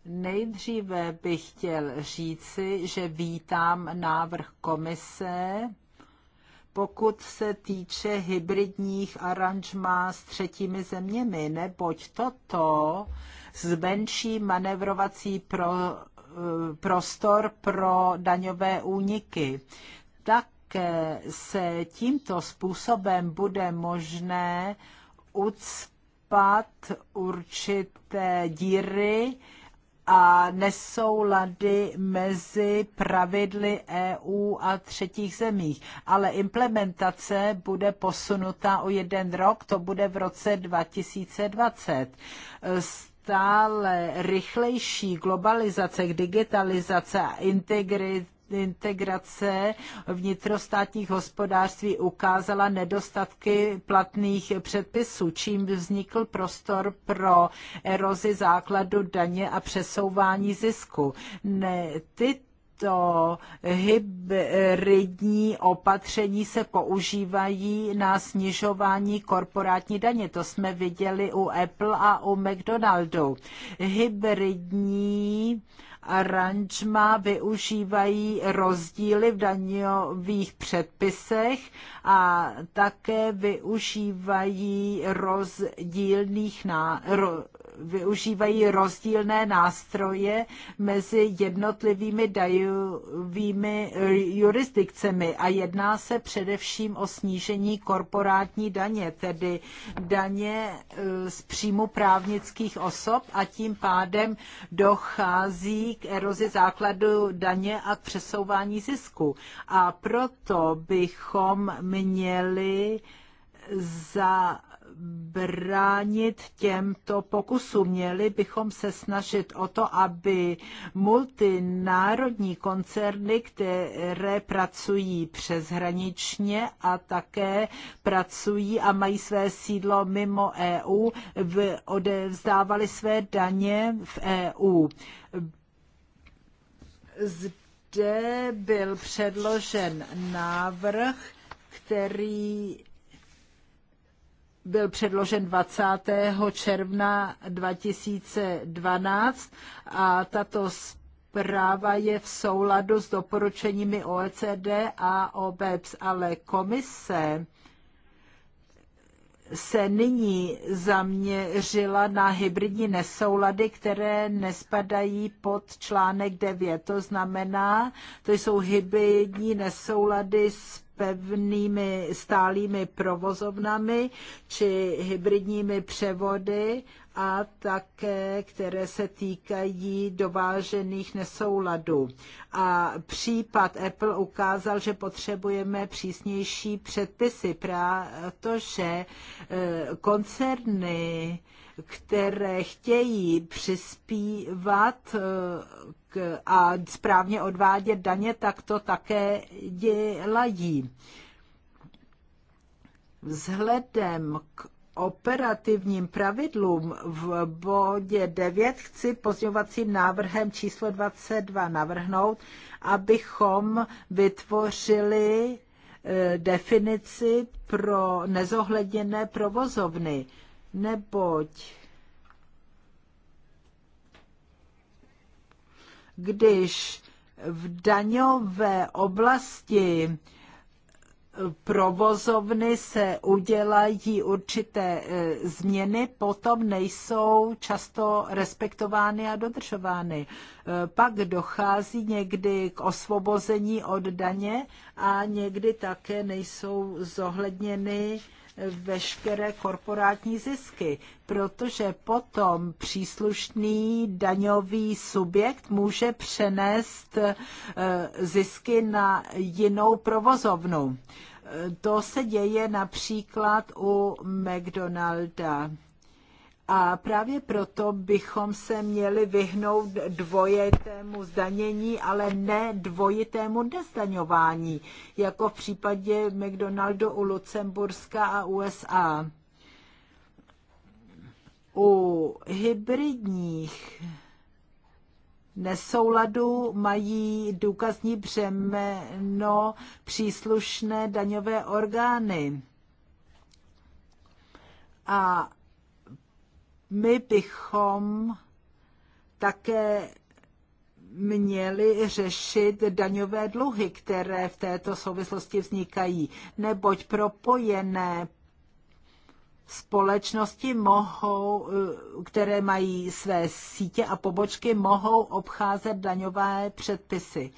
Nejdříve bych chtěl říci, že vítám návrh komise, pokud se týče hybridních aranžmá s třetími zeměmi, neboť toto zmenší manevrovací pro, eh, prostor pro daňové úniky. Také se tímto způsobem bude možné ucpat určité díry, a nesoulady mezi pravidly EU a třetích zemích. Ale implementace bude posunuta o jeden rok, to bude v roce 2020 stále rychlejší globalizace, digitalizace a integrit integrace vnitrostátních hospodářství ukázala nedostatky platných předpisů, čím vznikl prostor pro erozi základu daně a přesouvání zisku. Ne, ty to hybridní opatření se používají na snižování korporátní daně. To jsme viděli u Apple a u McDonaldu. Hybridní aranžma využívají rozdíly v daňových předpisech a také využívají rozdílných ná, ro, využívají rozdílné nástroje mezi jednotlivými dajovými eh, jurisdikcemi a jedná se především o snížení korporátní daně, tedy daně eh, z příjmu právnických osob a tím pádem dochází k erozi základu daně a k přesouvání zisku. A proto bychom měli za bránit těmto pokusům. Měli bychom se snažit o to, aby multinárodní koncerny, které pracují přeshraničně a také pracují a mají své sídlo mimo EU, odevzdávaly své daně v EU. Zde byl předložen návrh, který byl předložen 20. června 2012 a tato zpráva je v souladu s doporučeními OECD a OBEPS, ale komise se nyní zaměřila na hybridní nesoulady, které nespadají pod článek 9. To znamená, to jsou hybridní nesoulady s pevnými stálými provozovnami či hybridními převody a také, které se týkají dovážených nesouladů. A případ Apple ukázal, že potřebujeme přísnější předpisy, protože eh, koncerny, které chtějí přispívat eh, a správně odvádět daně, tak to také dělají. Vzhledem k operativním pravidlům v bodě 9 chci pozňovacím návrhem číslo 22 navrhnout, abychom vytvořili eh, definici pro nezohledněné provozovny, neboť když v daňové oblasti provozovny se udělají určité e, změny, potom nejsou často respektovány a dodržovány. E, pak dochází někdy k osvobození od daně a někdy také nejsou zohledněny veškeré korporátní zisky, protože potom příslušný daňový subjekt může přenést eh, zisky na jinou provozovnu. Eh, to se děje například u McDonalda a právě proto bychom se měli vyhnout dvojitému zdanění, ale ne dvojitému nezdaňování, jako v případě McDonaldu u Lucemburska a USA. U hybridních nesouladu mají důkazní břemeno příslušné daňové orgány. A my bychom také měli řešit daňové dluhy, které v této souvislosti vznikají, neboť propojené společnosti mohou, eh, které mají své sítě a pobočky, mohou obcházet daňové předpisy.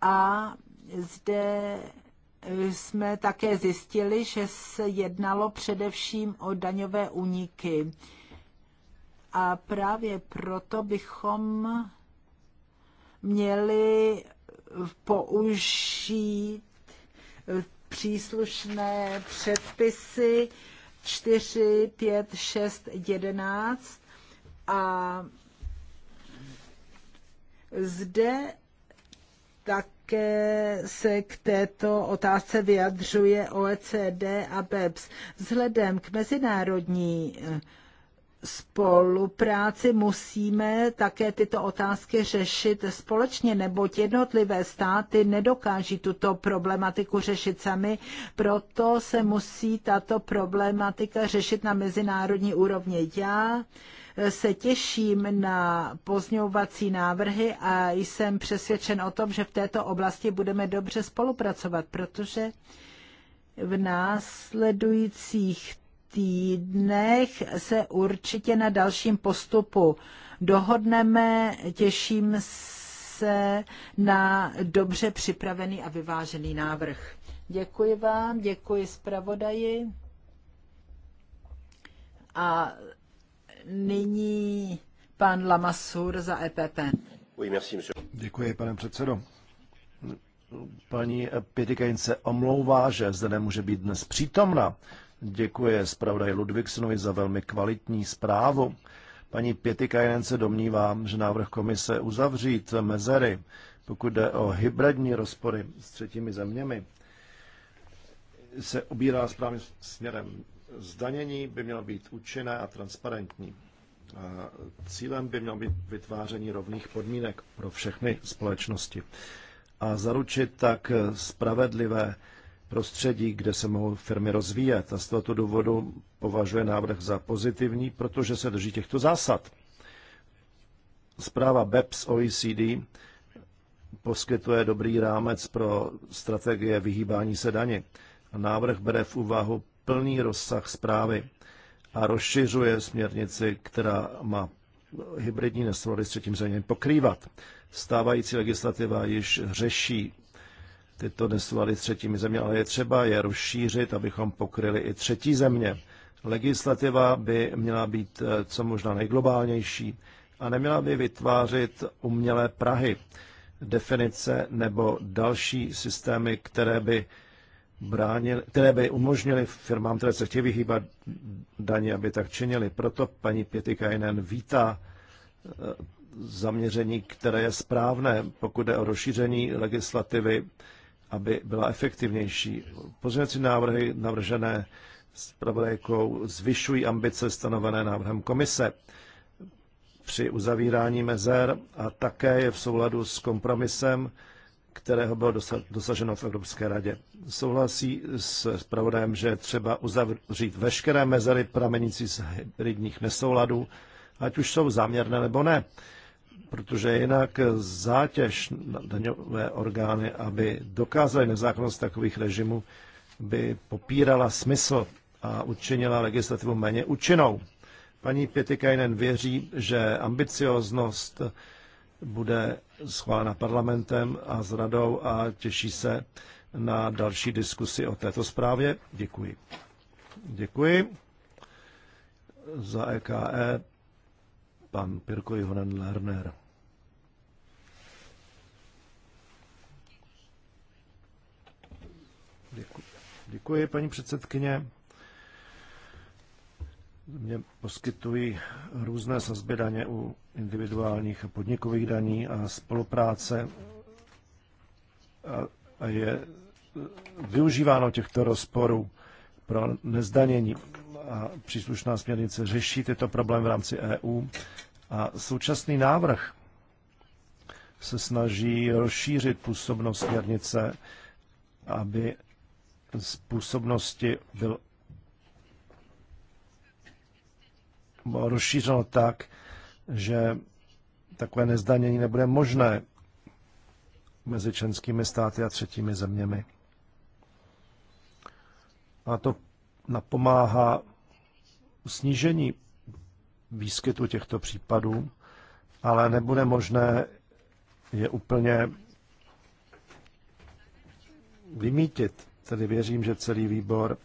A zde jsme také zjistili, že se jednalo především o daňové úniky. A právě proto bychom měli použít příslušné předpisy 4, 5, 6, 11 a zde tak také se k této otázce vyjadřuje OECD a BEPS. Vzhledem k mezinárodní eh, spolupráci musíme také tyto otázky řešit společně, neboť jednotlivé státy nedokáží tuto problematiku řešit sami, proto se musí tato problematika řešit na mezinárodní úrovni. Já se těším na pozňovací návrhy a jsem přesvědčen o tom, že v této oblasti budeme dobře spolupracovat, protože v následujících týdnech se určitě na dalším postupu dohodneme. Těším se na dobře připravený a vyvážený návrh. Děkuji vám, děkuji zpravodaji a Nyní pan Lamasur za EPP. Děkuji, pane předsedo. Paní Pětikajn se omlouvá, že zde nemůže být dnes přítomna. Děkuje zpravodaj Ludvigsonovi za velmi kvalitní zprávu. Paní Pětikajnen se domnívá, že návrh komise uzavřít mezery, pokud jde o hybridní rozpory s třetími zeměmi, se ubírá správným směrem. Zdanění by mělo být účinné a transparentní. cílem by mělo být vytváření rovných podmínek pro všechny společnosti a zaručit tak spravedlivé prostředí, kde se mohou firmy rozvíjet. A z tohoto důvodu považuje návrh za pozitivní, protože se drží těchto zásad. Zpráva BEPS OECD poskytuje dobrý rámec pro strategie vyhýbání se daně. Návrh bere v úvahu plný rozsah zprávy a rozšiřuje směrnici, která má hybridní nesvody s třetím zeměm pokrývat. Stávající legislativa již řeší tyto neslady s třetími země, ale je třeba je rozšířit, abychom pokryli i třetí země. Legislativa by měla být eh, co možná nejglobálnější a neměla by vytvářet umělé Prahy, definice nebo další systémy, které by bránil, které by umožnily firmám, které se chtějí vyhýbat daně, aby tak činili. Proto paní Pětikajnen vítá eh, zaměření, které je správné, pokud jde o rozšíření legislativy, aby byla efektivnější. Pozměňovací návrhy navržené zpravodajkou zvyšují ambice stanovené návrhem komise při uzavírání mezer a také je v souladu s kompromisem, kterého bylo dosaženo v Evropské radě. Souhlasí s zpravodajem, že třeba uzavřít veškeré mezery pramenící z hybridních nesouladů, ať už jsou záměrné nebo ne, protože jinak zátěž na daňové orgány, aby dokázaly nezákonnost takových režimů, by popírala smysl a učinila legislativu méně účinnou. Paní Pětikajnen věří, že ambicioznost bude schválena parlamentem a s radou a těší se na další diskusi o této zprávě. Děkuji. Děkuji. Za EKE e pan Pirko Johan Lerner. Děkuji. Děkuji, paní předsedkyně. Mě poskytují různé sazby daně u individuálních a podnikových daní a spolupráce a je využíváno těchto rozporů pro nezdanění a příslušná směrnice řeší tyto problémy v rámci EU a současný návrh se snaží rozšířit působnost směrnice, aby z působnosti byl rozšířeno tak, že takové nezdanění nebude možné mezi členskými státy a třetími zeměmi. A to napomáhá snížení výskytu těchto případů, ale nebude možné je úplně vymítit. Tedy věřím, že celý výbor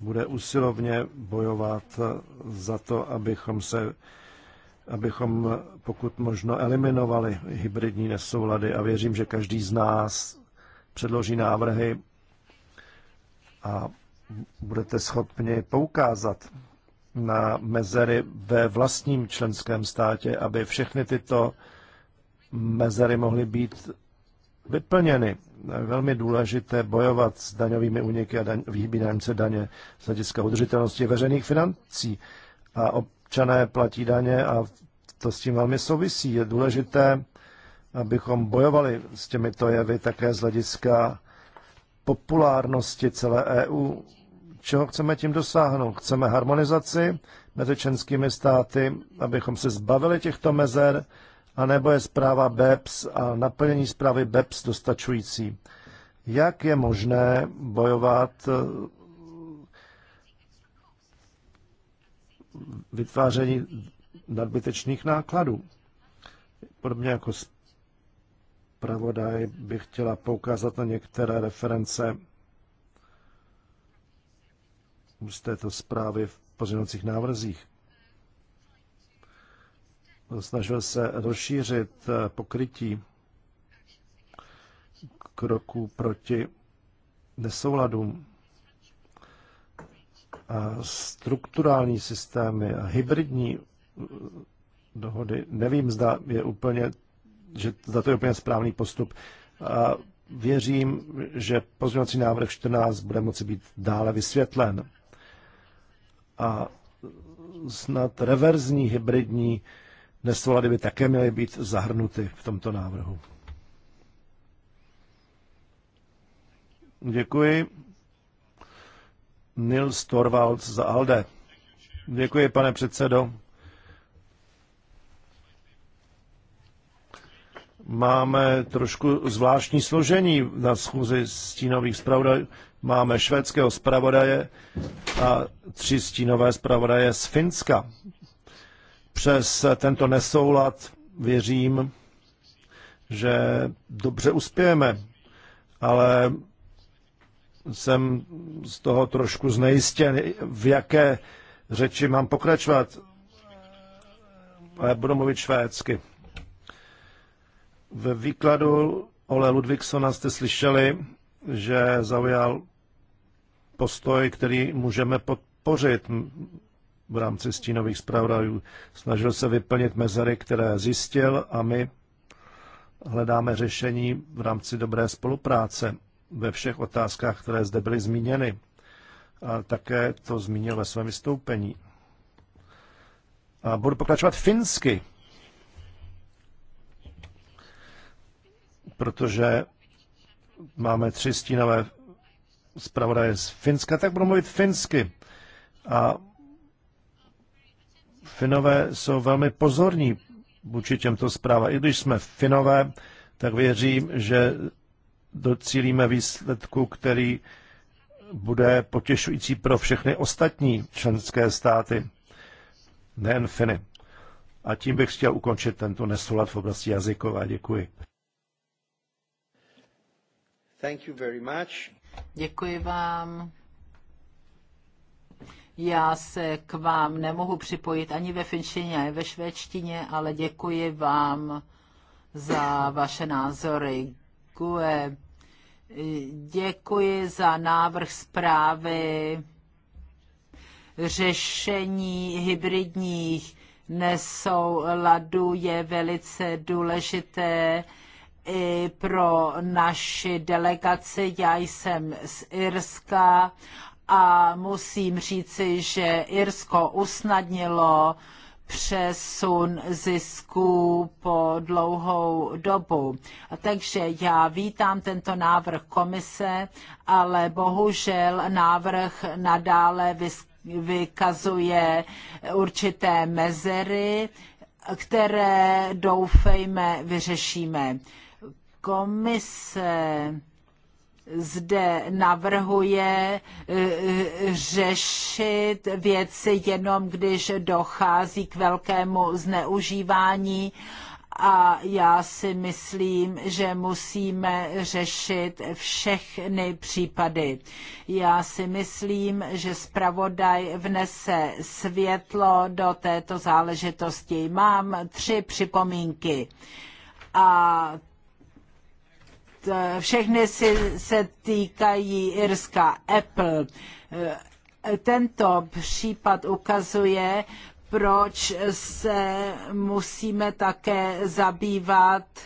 bude usilovně bojovat za to, abychom se abychom pokud možno eliminovali hybridní nesoulady a věřím, že každý z nás předloží návrhy a budete schopni poukázat na mezery ve vlastním členském státě, aby všechny tyto mezery mohly být vyplněny. velmi důležité bojovat s daňovými úniky a daň, výbíránce daně z hlediska udržitelnosti veřejných financí. A občané platí daně a to s tím velmi souvisí. Je důležité, abychom bojovali s těmito jevy také z hlediska populárnosti celé EU. Čeho chceme tím dosáhnout? Chceme harmonizaci mezi členskými státy, abychom se zbavili těchto mezer, anebo je zpráva BEPS a naplnění zprávy BEPS dostačující. Jak je možné bojovat vytváření nadbytečných nákladů. Podobně jako zpravodaj bych chtěla poukázat na některé reference z této zprávy v pozměňovacích návrzích. Snažil se rozšířit eh, pokrytí kroků proti nesouladům strukturální systémy a hybridní uh, dohody, nevím, zda je úplně, že za to je úplně správný postup. A věřím, že pozměňovací návrh 14 bude moci být dále vysvětlen. A snad reverzní, hybridní nesvolady by také měly být zahrnuty v tomto návrhu. Děkuji. Nils Torvalds za ALDE. Děkuji, pane předsedo. Máme trošku zvláštní složení na schůzi stínových zpravodajů. Máme švédského zpravodaje a tři stínové zpravodaje z Finska. Přes tento nesoulad věřím, že dobře uspějeme, ale jsem z toho trošku znejistěn, v jaké řeči mám pokračovat, ale budu mluvit švédsky. Ve výkladu Ole Ludvíksona jste slyšeli, že zaujal postoj, který můžeme podpořit v rámci stínových zpravodajů. Snažil se vyplnit mezery, které zjistil a my hledáme řešení v rámci dobré spolupráce ve všech otázkách, které zde byly zmíněny. A také to zmínil ve svém vystoupení. A budu pokračovat finsky, protože máme tři stínové zpravodaje z Finska, tak budu mluvit finsky. A Finové jsou velmi pozorní vůči těmto zprávám. I když jsme Finové, tak věřím, že docílíme výsledku, který bude potěšující pro všechny ostatní členské státy, nejen Finy. A tím bych chtěl ukončit tento nesoulad v oblasti jazykové. Děkuji. Thank you very much. Děkuji vám. Já se k vám nemohu připojit ani ve finštině, ani ve švédštině, ale děkuji vám za vaše názory. GUE. Děkuji za návrh zprávy řešení hybridních nesouladů je velice důležité i pro naši delegaci. Já jsem z Irska a musím říci, že Irsko usnadnilo uh, přesun zisků po dlouhou dobu. Takže já vítám tento návrh komise, ale bohužel návrh nadále vykazuje určité mezery, které doufejme vyřešíme. Komise zde navrhuje e, e, řešit věci jenom, když dochází k velkému zneužívání a já si myslím, že musíme řešit všechny případy. Já si myslím, že zpravodaj vnese světlo do této záležitosti. Mám tři připomínky. A všechny si, se týkají Irska Apple. E, tento případ ukazuje, proč se musíme také zabývat e,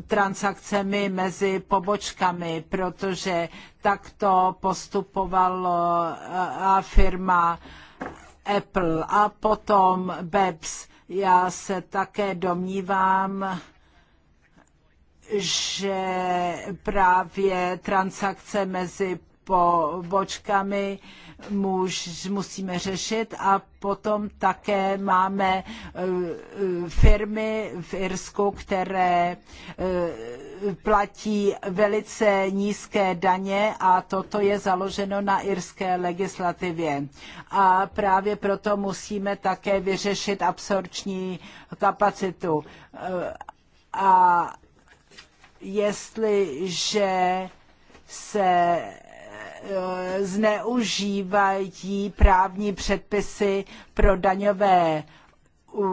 transakcemi mezi pobočkami, protože takto postupovala e, firma Apple a potom BEPS. Já se také domnívám, že právě transakce mezi pobočkami muž, musíme řešit a potom také máme e, e, firmy v Irsku, které e, platí velice nízké daně a toto je založeno na irské legislativě. A právě proto musíme také vyřešit absorpční kapacitu. A jestliže se eh, zneužívají právní předpisy pro daňové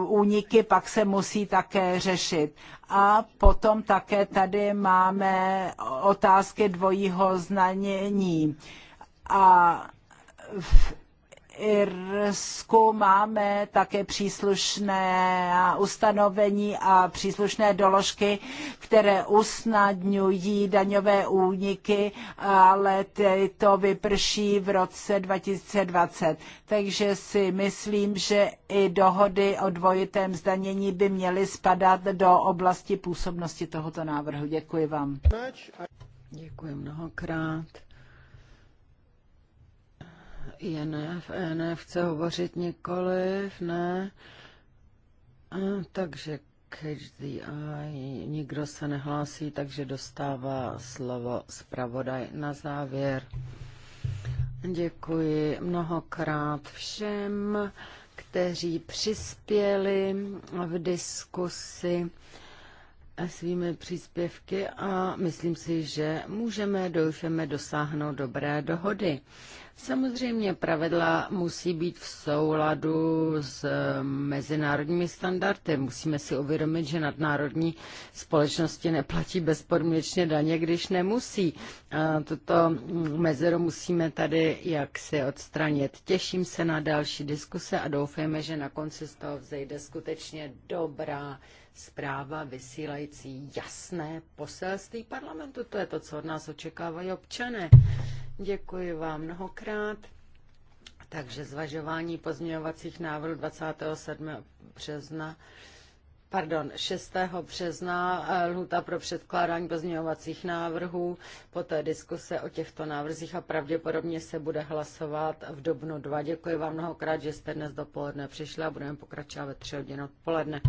úniky pak se musí také řešit. A potom také tady máme otázky dvojího znanění. A v Irsku máme také příslušné ustanovení a příslušné doložky, které usnadňují daňové úniky, ale to vyprší v roce 2020. Takže si myslím, že i dohody o dvojitém zdanění by měly spadat do oblasti působnosti tohoto návrhu. Děkuji vám. Děkuji mnohokrát. INF, ENF chce hovořit nikoliv, ne. A, takže Catch the Eye, nikdo se nehlásí, takže dostává slovo zpravodaj na závěr. Děkuji mnohokrát všem, kteří přispěli v diskusi svými příspěvky a myslím si, že můžeme, doufáme, dosáhnout dobré dohody. Samozřejmě pravidla musí být v souladu s eh, mezinárodními standardy. Musíme si uvědomit, že nadnárodní společnosti neplatí bezpodmínečně daně, když nemusí. A tuto mm, mezeru musíme tady jaksi odstranit. Těším se na další diskuse a doufejme, že na konci z toho vzejde skutečně dobrá zpráva vysílající jasné poselství parlamentu. To je to, co od nás očekávají občané. Děkuji vám mnohokrát. Takže zvažování pozměňovacích návrhů 27. března pardon, 6. března eh, lhuta pro předkládání pozměňovacích návrhů, poté diskuse o těchto návrzích a pravděpodobně se bude hlasovat v dobnu 2. Děkuji vám mnohokrát, že jste dnes dopoledne přišli a budeme pokračovat ve 3 hodin odpoledne.